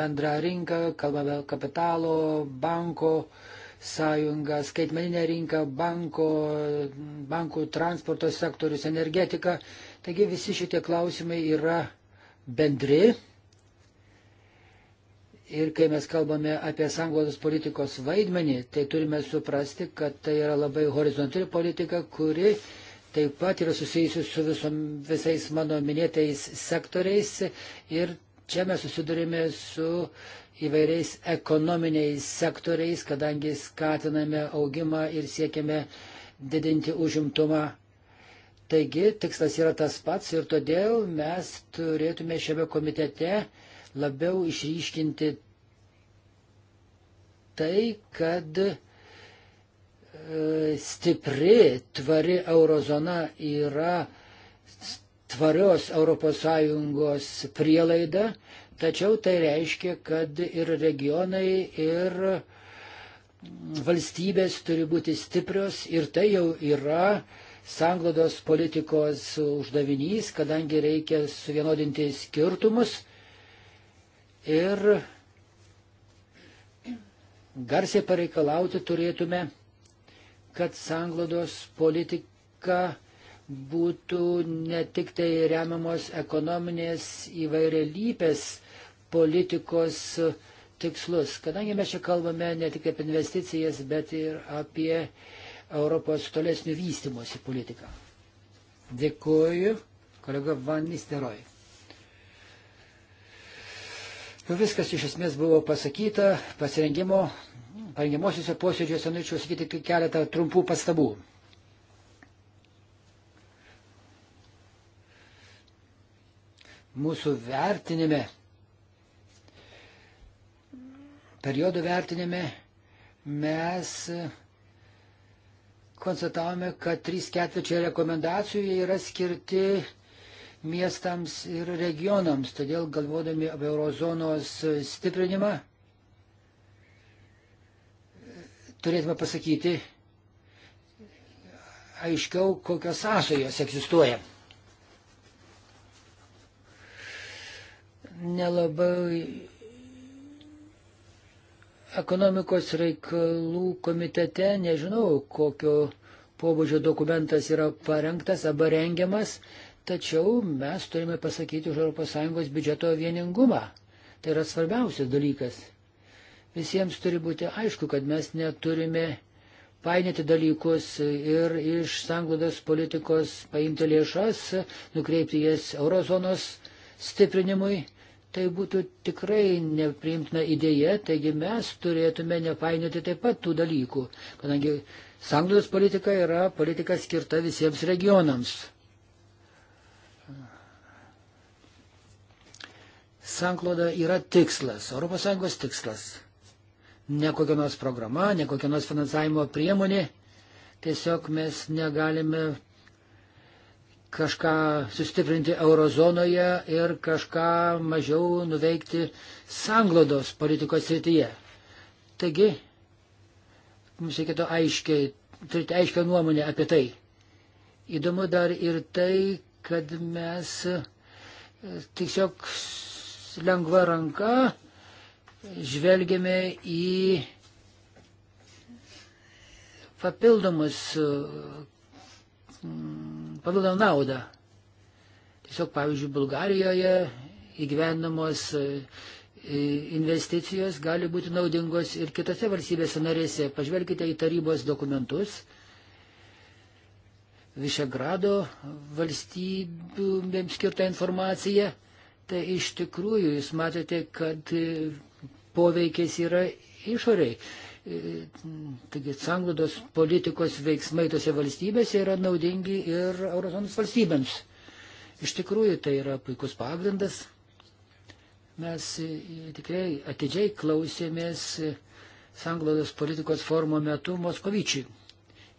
bendrą rinką, kalbame kapitalo, banko sąjungą, skaitmeninę rinką, banko, bankų transporto sektorius, energetiką. Taigi visi šitie klausimai yra bendri. Ir kai mes kalbame apie sanglaudos politikos vaidmenį, tai turime suprasti, kad tai yra labai horizontali politika, kuri taip pat yra susijusi su visom, visais mano minėtais sektoriais. Ir čia mes susidurime su įvairiais ekonominiais sektoriais, kadangi skatiname augimą ir siekiame didinti užimtumą Taigi tikslas yra tas pats ir todėl mes turėtume šiame komitete labiau išryškinti tai, kad e, stipri, tvari eurozona yra tvarios ES prielaida, tačiau tai reiškia, kad ir regionai, ir valstybės turi būti stiprios ir tai jau yra uh, sanglodos politikos uždavinys, kadangi reikia suvienodinti skirtumus ir garsiai pareikalauti turėtume, kad sanglodos politika būtų ne tik tai remiamos ekonominės įvairialypės politikos tikslus. Kadangi mes čia kalbame ne tik apie investicijas, bet ir apie Europos tolesnio vystimosi politiką. Dėkuoju, kolega Van Nisteroj. Jau nu, viskas iš esmės buvo pasakyta pasirengimo, parengimuosiuose posėdžiuose, norėčiau sakyti tik keletą trumpų pastabų. Mūsų vertinime, periodo vertinime mes konstatavome, kad trys ketvirčiai rekomendacijų yra skirti miestams ir regionams. Todėl galvodami apie eurozonos stiprinimą, turėtume pasakyti aiškiau, kokios sąsajos egzistuoja. Nelabai Ekonomikos reikalų komitete nežinau, kokio pobūdžio dokumentas yra parengtas arba rengiamas, tačiau mes turime pasakyti už ES biudžeto vieningumą. Tai yra svarbiausias dalykas. Visiems turi būti aišku, kad mes neturime painėti dalykus ir iš sanglodos politikos paimti lėšas, nukreipti jas eurozonos stiprinimui, Tai būtų tikrai nepriimtina idėja, taigi mes turėtume nepainioti taip pat tų dalykų, kadangi sanglūdos politika yra politika skirta visiems regionams. Sankloda yra tikslas, ES tikslas. Ne kokia nors programa, ne kokia nors finansavimo priemonė. Tiesiog mes negalime kažką sustiprinti eurozonoje ir kažką mažiau nuveikti sanglodos politikos srityje. Taigi, mums reikėtų aiškiai, turite aiškę nuomonę apie tai. Įdomu dar ir tai, kad mes e, tiesiog lengva ranka žvelgiame į papildomus e, pagal naudą. Tiesiog, pavyzdžiui, Bulgarijoje įgyvenamos e, e, investicijos gali būti naudingos ir kitose valstybėse narėse. Pažvelkite į tarybos dokumentus. Višegrado valstybėms skirtą informaciją. Tai iš tikrųjų jūs matote, kad poveikis yra išoriai. E, taigi sanglaudos politikos veiksmai tose valstybėse yra naudingi ir eurozonos valstybėms. Iš tikrųjų tai yra puikus pagrindas. Mes e, tikrai atidžiai klausėmės sanglaudos politikos formo metu Moskovičiui.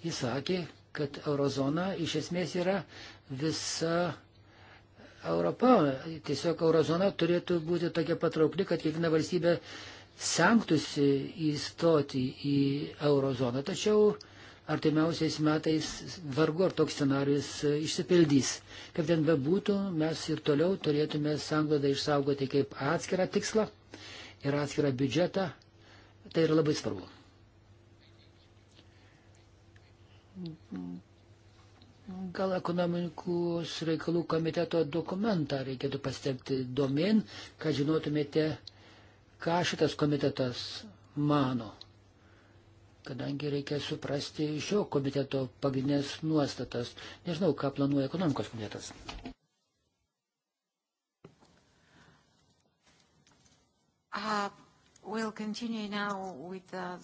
Jis sakė, kad eurozona iš esmės yra visa Europa. Tiesiog eurozona turėtų būti tokia patraukli, kad kiekviena valstybė semtųsi įstoti į eurozoną, tačiau artimiausiais metais vargu ar toks scenarius išsipildys. Kaip ten bebūtų, mes ir toliau turėtume sangladą išsaugoti kaip atskirą tikslą ir atskirą biudžetą. Tai yra labai svarbu. Gal ekonomikos reikalų komiteto dokumentą reikėtų pasiekti domin, kad žinotumėte, ką šitas komitetas mano, kadangi reikia suprasti šio komiteto pagrindinės nuostatas. Nežinau, ką planuoja ekonomikos komitetas.
Uh, we'll uh,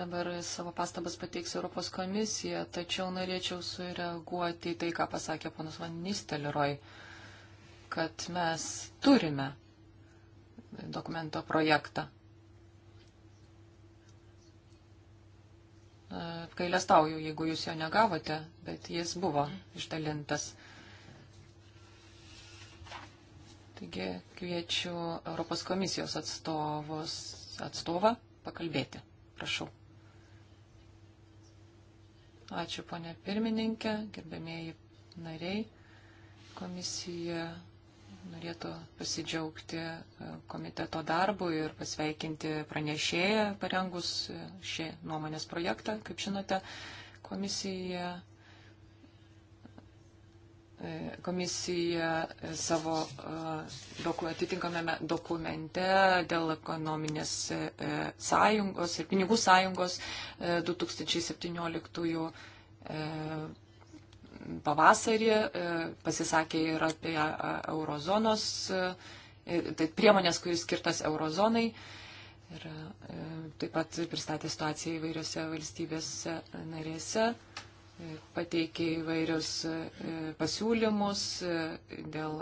Dabar savo pastabas pateiks Europos komisija, tačiau norėčiau sureaguoti į tai, ką pasakė ponas Van Nistelroj, kad mes turime dokumento projektą. Kailestauju, e, jeigu jūs jo negavote, bet jis buvo išdalintas. Taigi kviečiu Europos komisijos atstovos, atstovą pakalbėti. Prašau. Ačiū, ponė pirmininkė, gerbėmėjai nariai. Komisija norėtų pasidžiaugti e, komiteto darbu ir pasveikinti pranešėją parengus e, šį nuomonės projektą. Kaip žinote, komisija, e, komisija savo doku, atitinkamame dokumente dėl ekonominės sąjungos ir pinigų sąjungos 2017 pavasarį, e, pasisakė ir apie eurozonos, e, tai priemonės, kuris skirtas eurozonai. Ir e, taip pat pristatė situaciją įvairiose valstybėse narėse, pateikė įvairius pasiūlymus dėl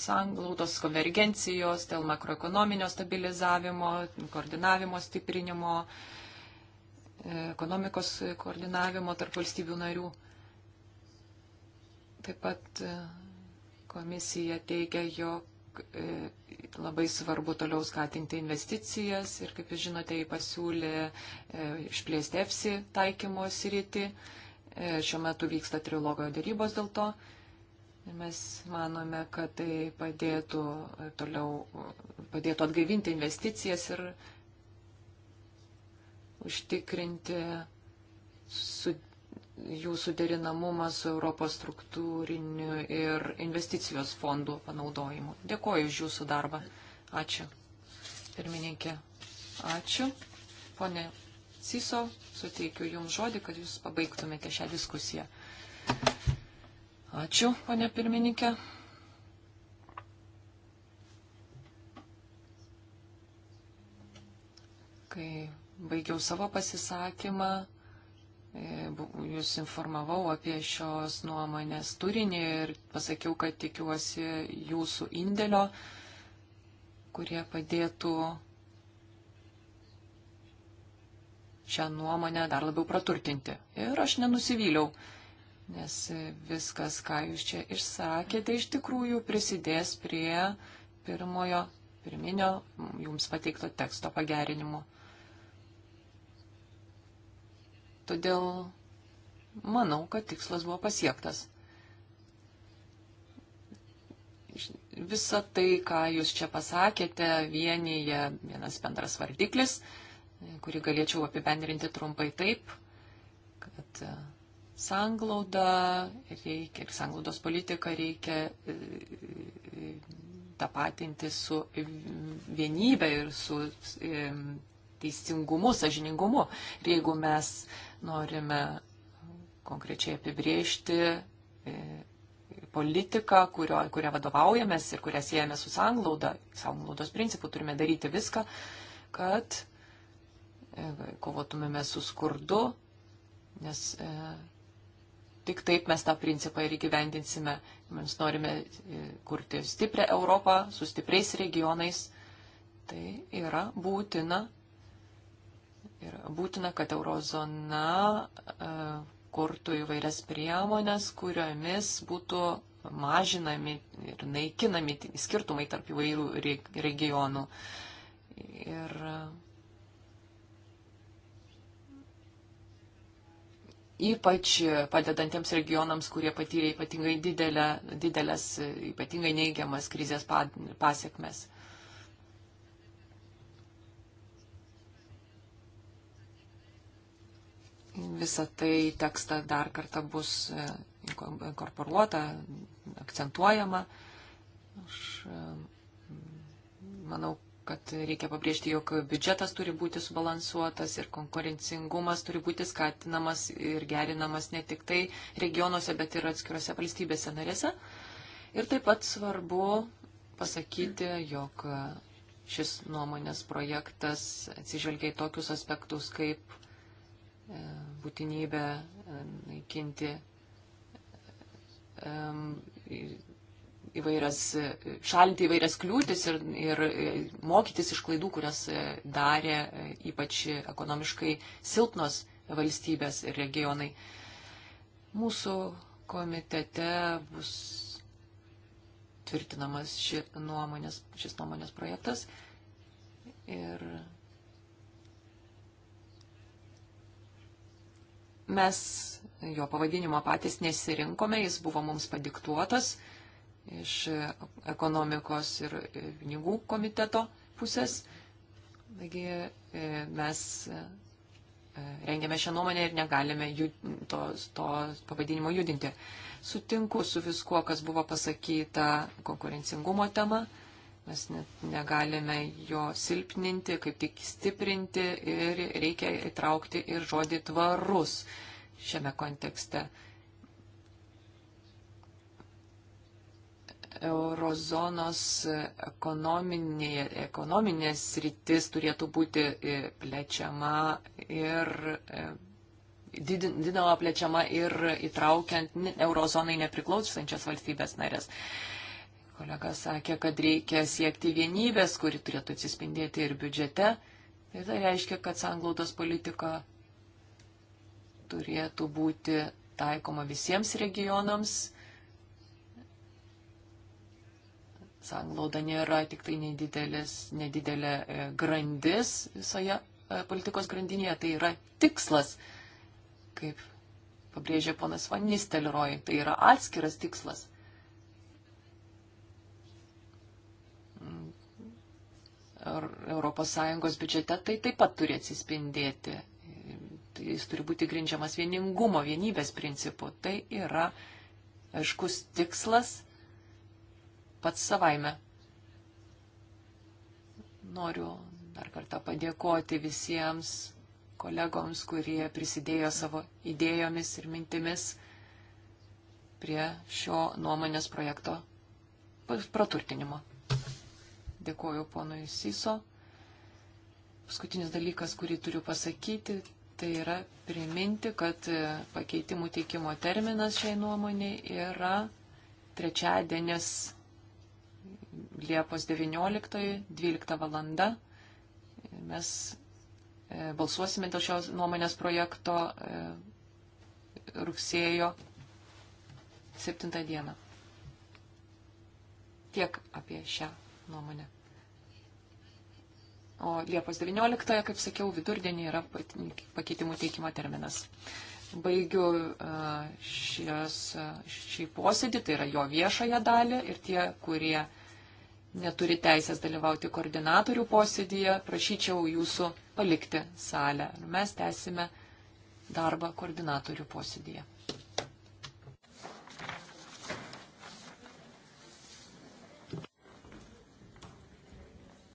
sanglautos konvergencijos, dėl makroekonominio stabilizavimo, koordinavimo stiprinimo, ekonomikos koordinavimo tarp valstybių narių. Taip pat e, komisija teigia, jog e, labai svarbu toliau skatinti investicijas ir, kaip jūs žinote, jį pasiūlė e, išplėsti EFSI taikymo sritį. Šiuo metu vyksta trilogo dėrybos dėl to. Ir mes manome, kad tai padėtų toliau, padėtų atgaivinti investicijas ir užtikrinti su, jų suderinamumas su Europos struktūriniu ir investicijos fondų panaudojimu. Dėkoju už jūsų darbą. Ačiū. Pirmininkė, ačiū. Pone Siso, suteikiu Jums žodį, kad Jūs pabaigtumėte šią diskusiją. Ačiū, ponė pirmininkė. Kai baigiau savo pasisakymą, E, jūs informavau apie šios nuomonės turinį ir pasakiau, kad tikiuosi jūsų indėlio, kurie padėtų šią nuomonę dar labiau praturtinti. Ir aš nenusivyliau, nes viskas, ką jūs čia išsakėte, iš tikrųjų prisidės prie pirmojo, pirminio jums pateikto teksto pagerinimo. Todėl manau, kad tikslas buvo pasiektas. Visa tai, ką jūs čia pasakėte, vienyje vienas bendras vardiklis, kurį galėčiau apibendrinti trumpai taip, kad e, sanglauda reikia ir sanglaudos politika reikia e, e, tapatinti su vienybė ir su teisingumu, sažiningumu. Ir jeigu mes norime konkrečiai apibriežti e, politiką, kurio, kurią vadovaujamės ir kurią siejame su sanglauda, sanglaudos principu, turime daryti viską, kad e, kovotumėme su skurdu, nes e, tik taip mes tą principą ir įgyvendinsime. Mes norime e, kurti stiprią Europą su stipriais regionais. Tai yra būtina Ir būtina, kad eurozona e, kurtų įvairias priemonės, kuriomis būtų mažinami ir naikinami skirtumai tarp įvairių regionų. Ir ypač padedantiems regionams, kurie patyrė ypatingai didelę, didelės, ypatingai neigiamas krizės pasiekmes. Visą tai tekstą dar kartą bus e, inkorporuota, akcentuojama. Aš e, manau, kad reikia pabrėžti, jog biudžetas turi būti subalansuotas ir konkurencingumas turi būti skatinamas ir gerinamas ne tik tai regionuose, bet ir atskiruose valstybėse narėse. Ir taip pat svarbu pasakyti, jog šis nuomonės projektas atsižvelgia į tokius aspektus kaip e, būtinybę e, naikinti įvairias, e, šalinti įvairias kliūtis ir, ir e, mokytis iš klaidų, kurias darė ypač ekonomiškai silpnos valstybės ir regionai. Mūsų komitete bus tvirtinamas ši nuomonės, šis nuomonės projektas ir Mes jo pavadinimo patys nesirinkome, jis buvo mums padiktuotas iš ekonomikos ir pinigų komiteto pusės. Taigi e, mes e, rengėme šią nuomonę ir negalime jud, to, to pavadinimo judinti. Sutinku su viskuo, kas buvo pasakyta konkurencingumo tema. Mes net negalime jo silpninti, kaip tik stiprinti ir reikia įtraukti ir žodį tvarus šiame kontekste. eurozonos ekonominė, ekonominės rytis turėtų būti e, plečiama ir e, didinama plečiama ir įtraukiant eurozoną nepriklausančias valstybės narės. Kolega sakė, kad reikia siekti vienybės, kuri turėtų atsispindėti ir biudžete. Ir tai reiškia, kad sanglaudos politika turėtų būti taikoma visiems regionams. Sanglauda nėra tik tai nedidelis, nedidelė e, grandis visoje e, politikos grandinėje, tai yra tikslas, kaip pabrėžė ponas Van Nistelroj, tai yra atskiras tikslas. ES biudžete, tai taip pat turi atsispindėti. Tai jis turi būti grindžiamas vieningumo, vienybės principu. Tai yra aiškus tikslas pats savaime. Noriu dar kartą padėkoti visiems kolegoms, kurie prisidėjo savo idėjomis ir mintimis prie šio nuomonės projekto praturtinimo. Dėkuoju ponui Siso. Paskutinis dalykas, kurį turiu pasakyti, tai yra priminti, kad e, pakeitimų teikimo terminas šiai nuomonė yra trečiadienis Liepos 19.12 valanda. Mes e, balsuosime dėl šios nuomonės projekto e, rugsėjo 7 dieną. Tiek apie šią nuomonė. O Liepos 19, kaip sakiau, vidurdienį yra pakeitimų teikimo terminas. Baigiu šios, šį posėdį, tai yra jo viešąją dalį ir tie, kurie neturi teisės dalyvauti koordinatorių posėdėje, prašyčiau jūsų palikti salę. Mes tęsime darbą koordinatorių posėdėje.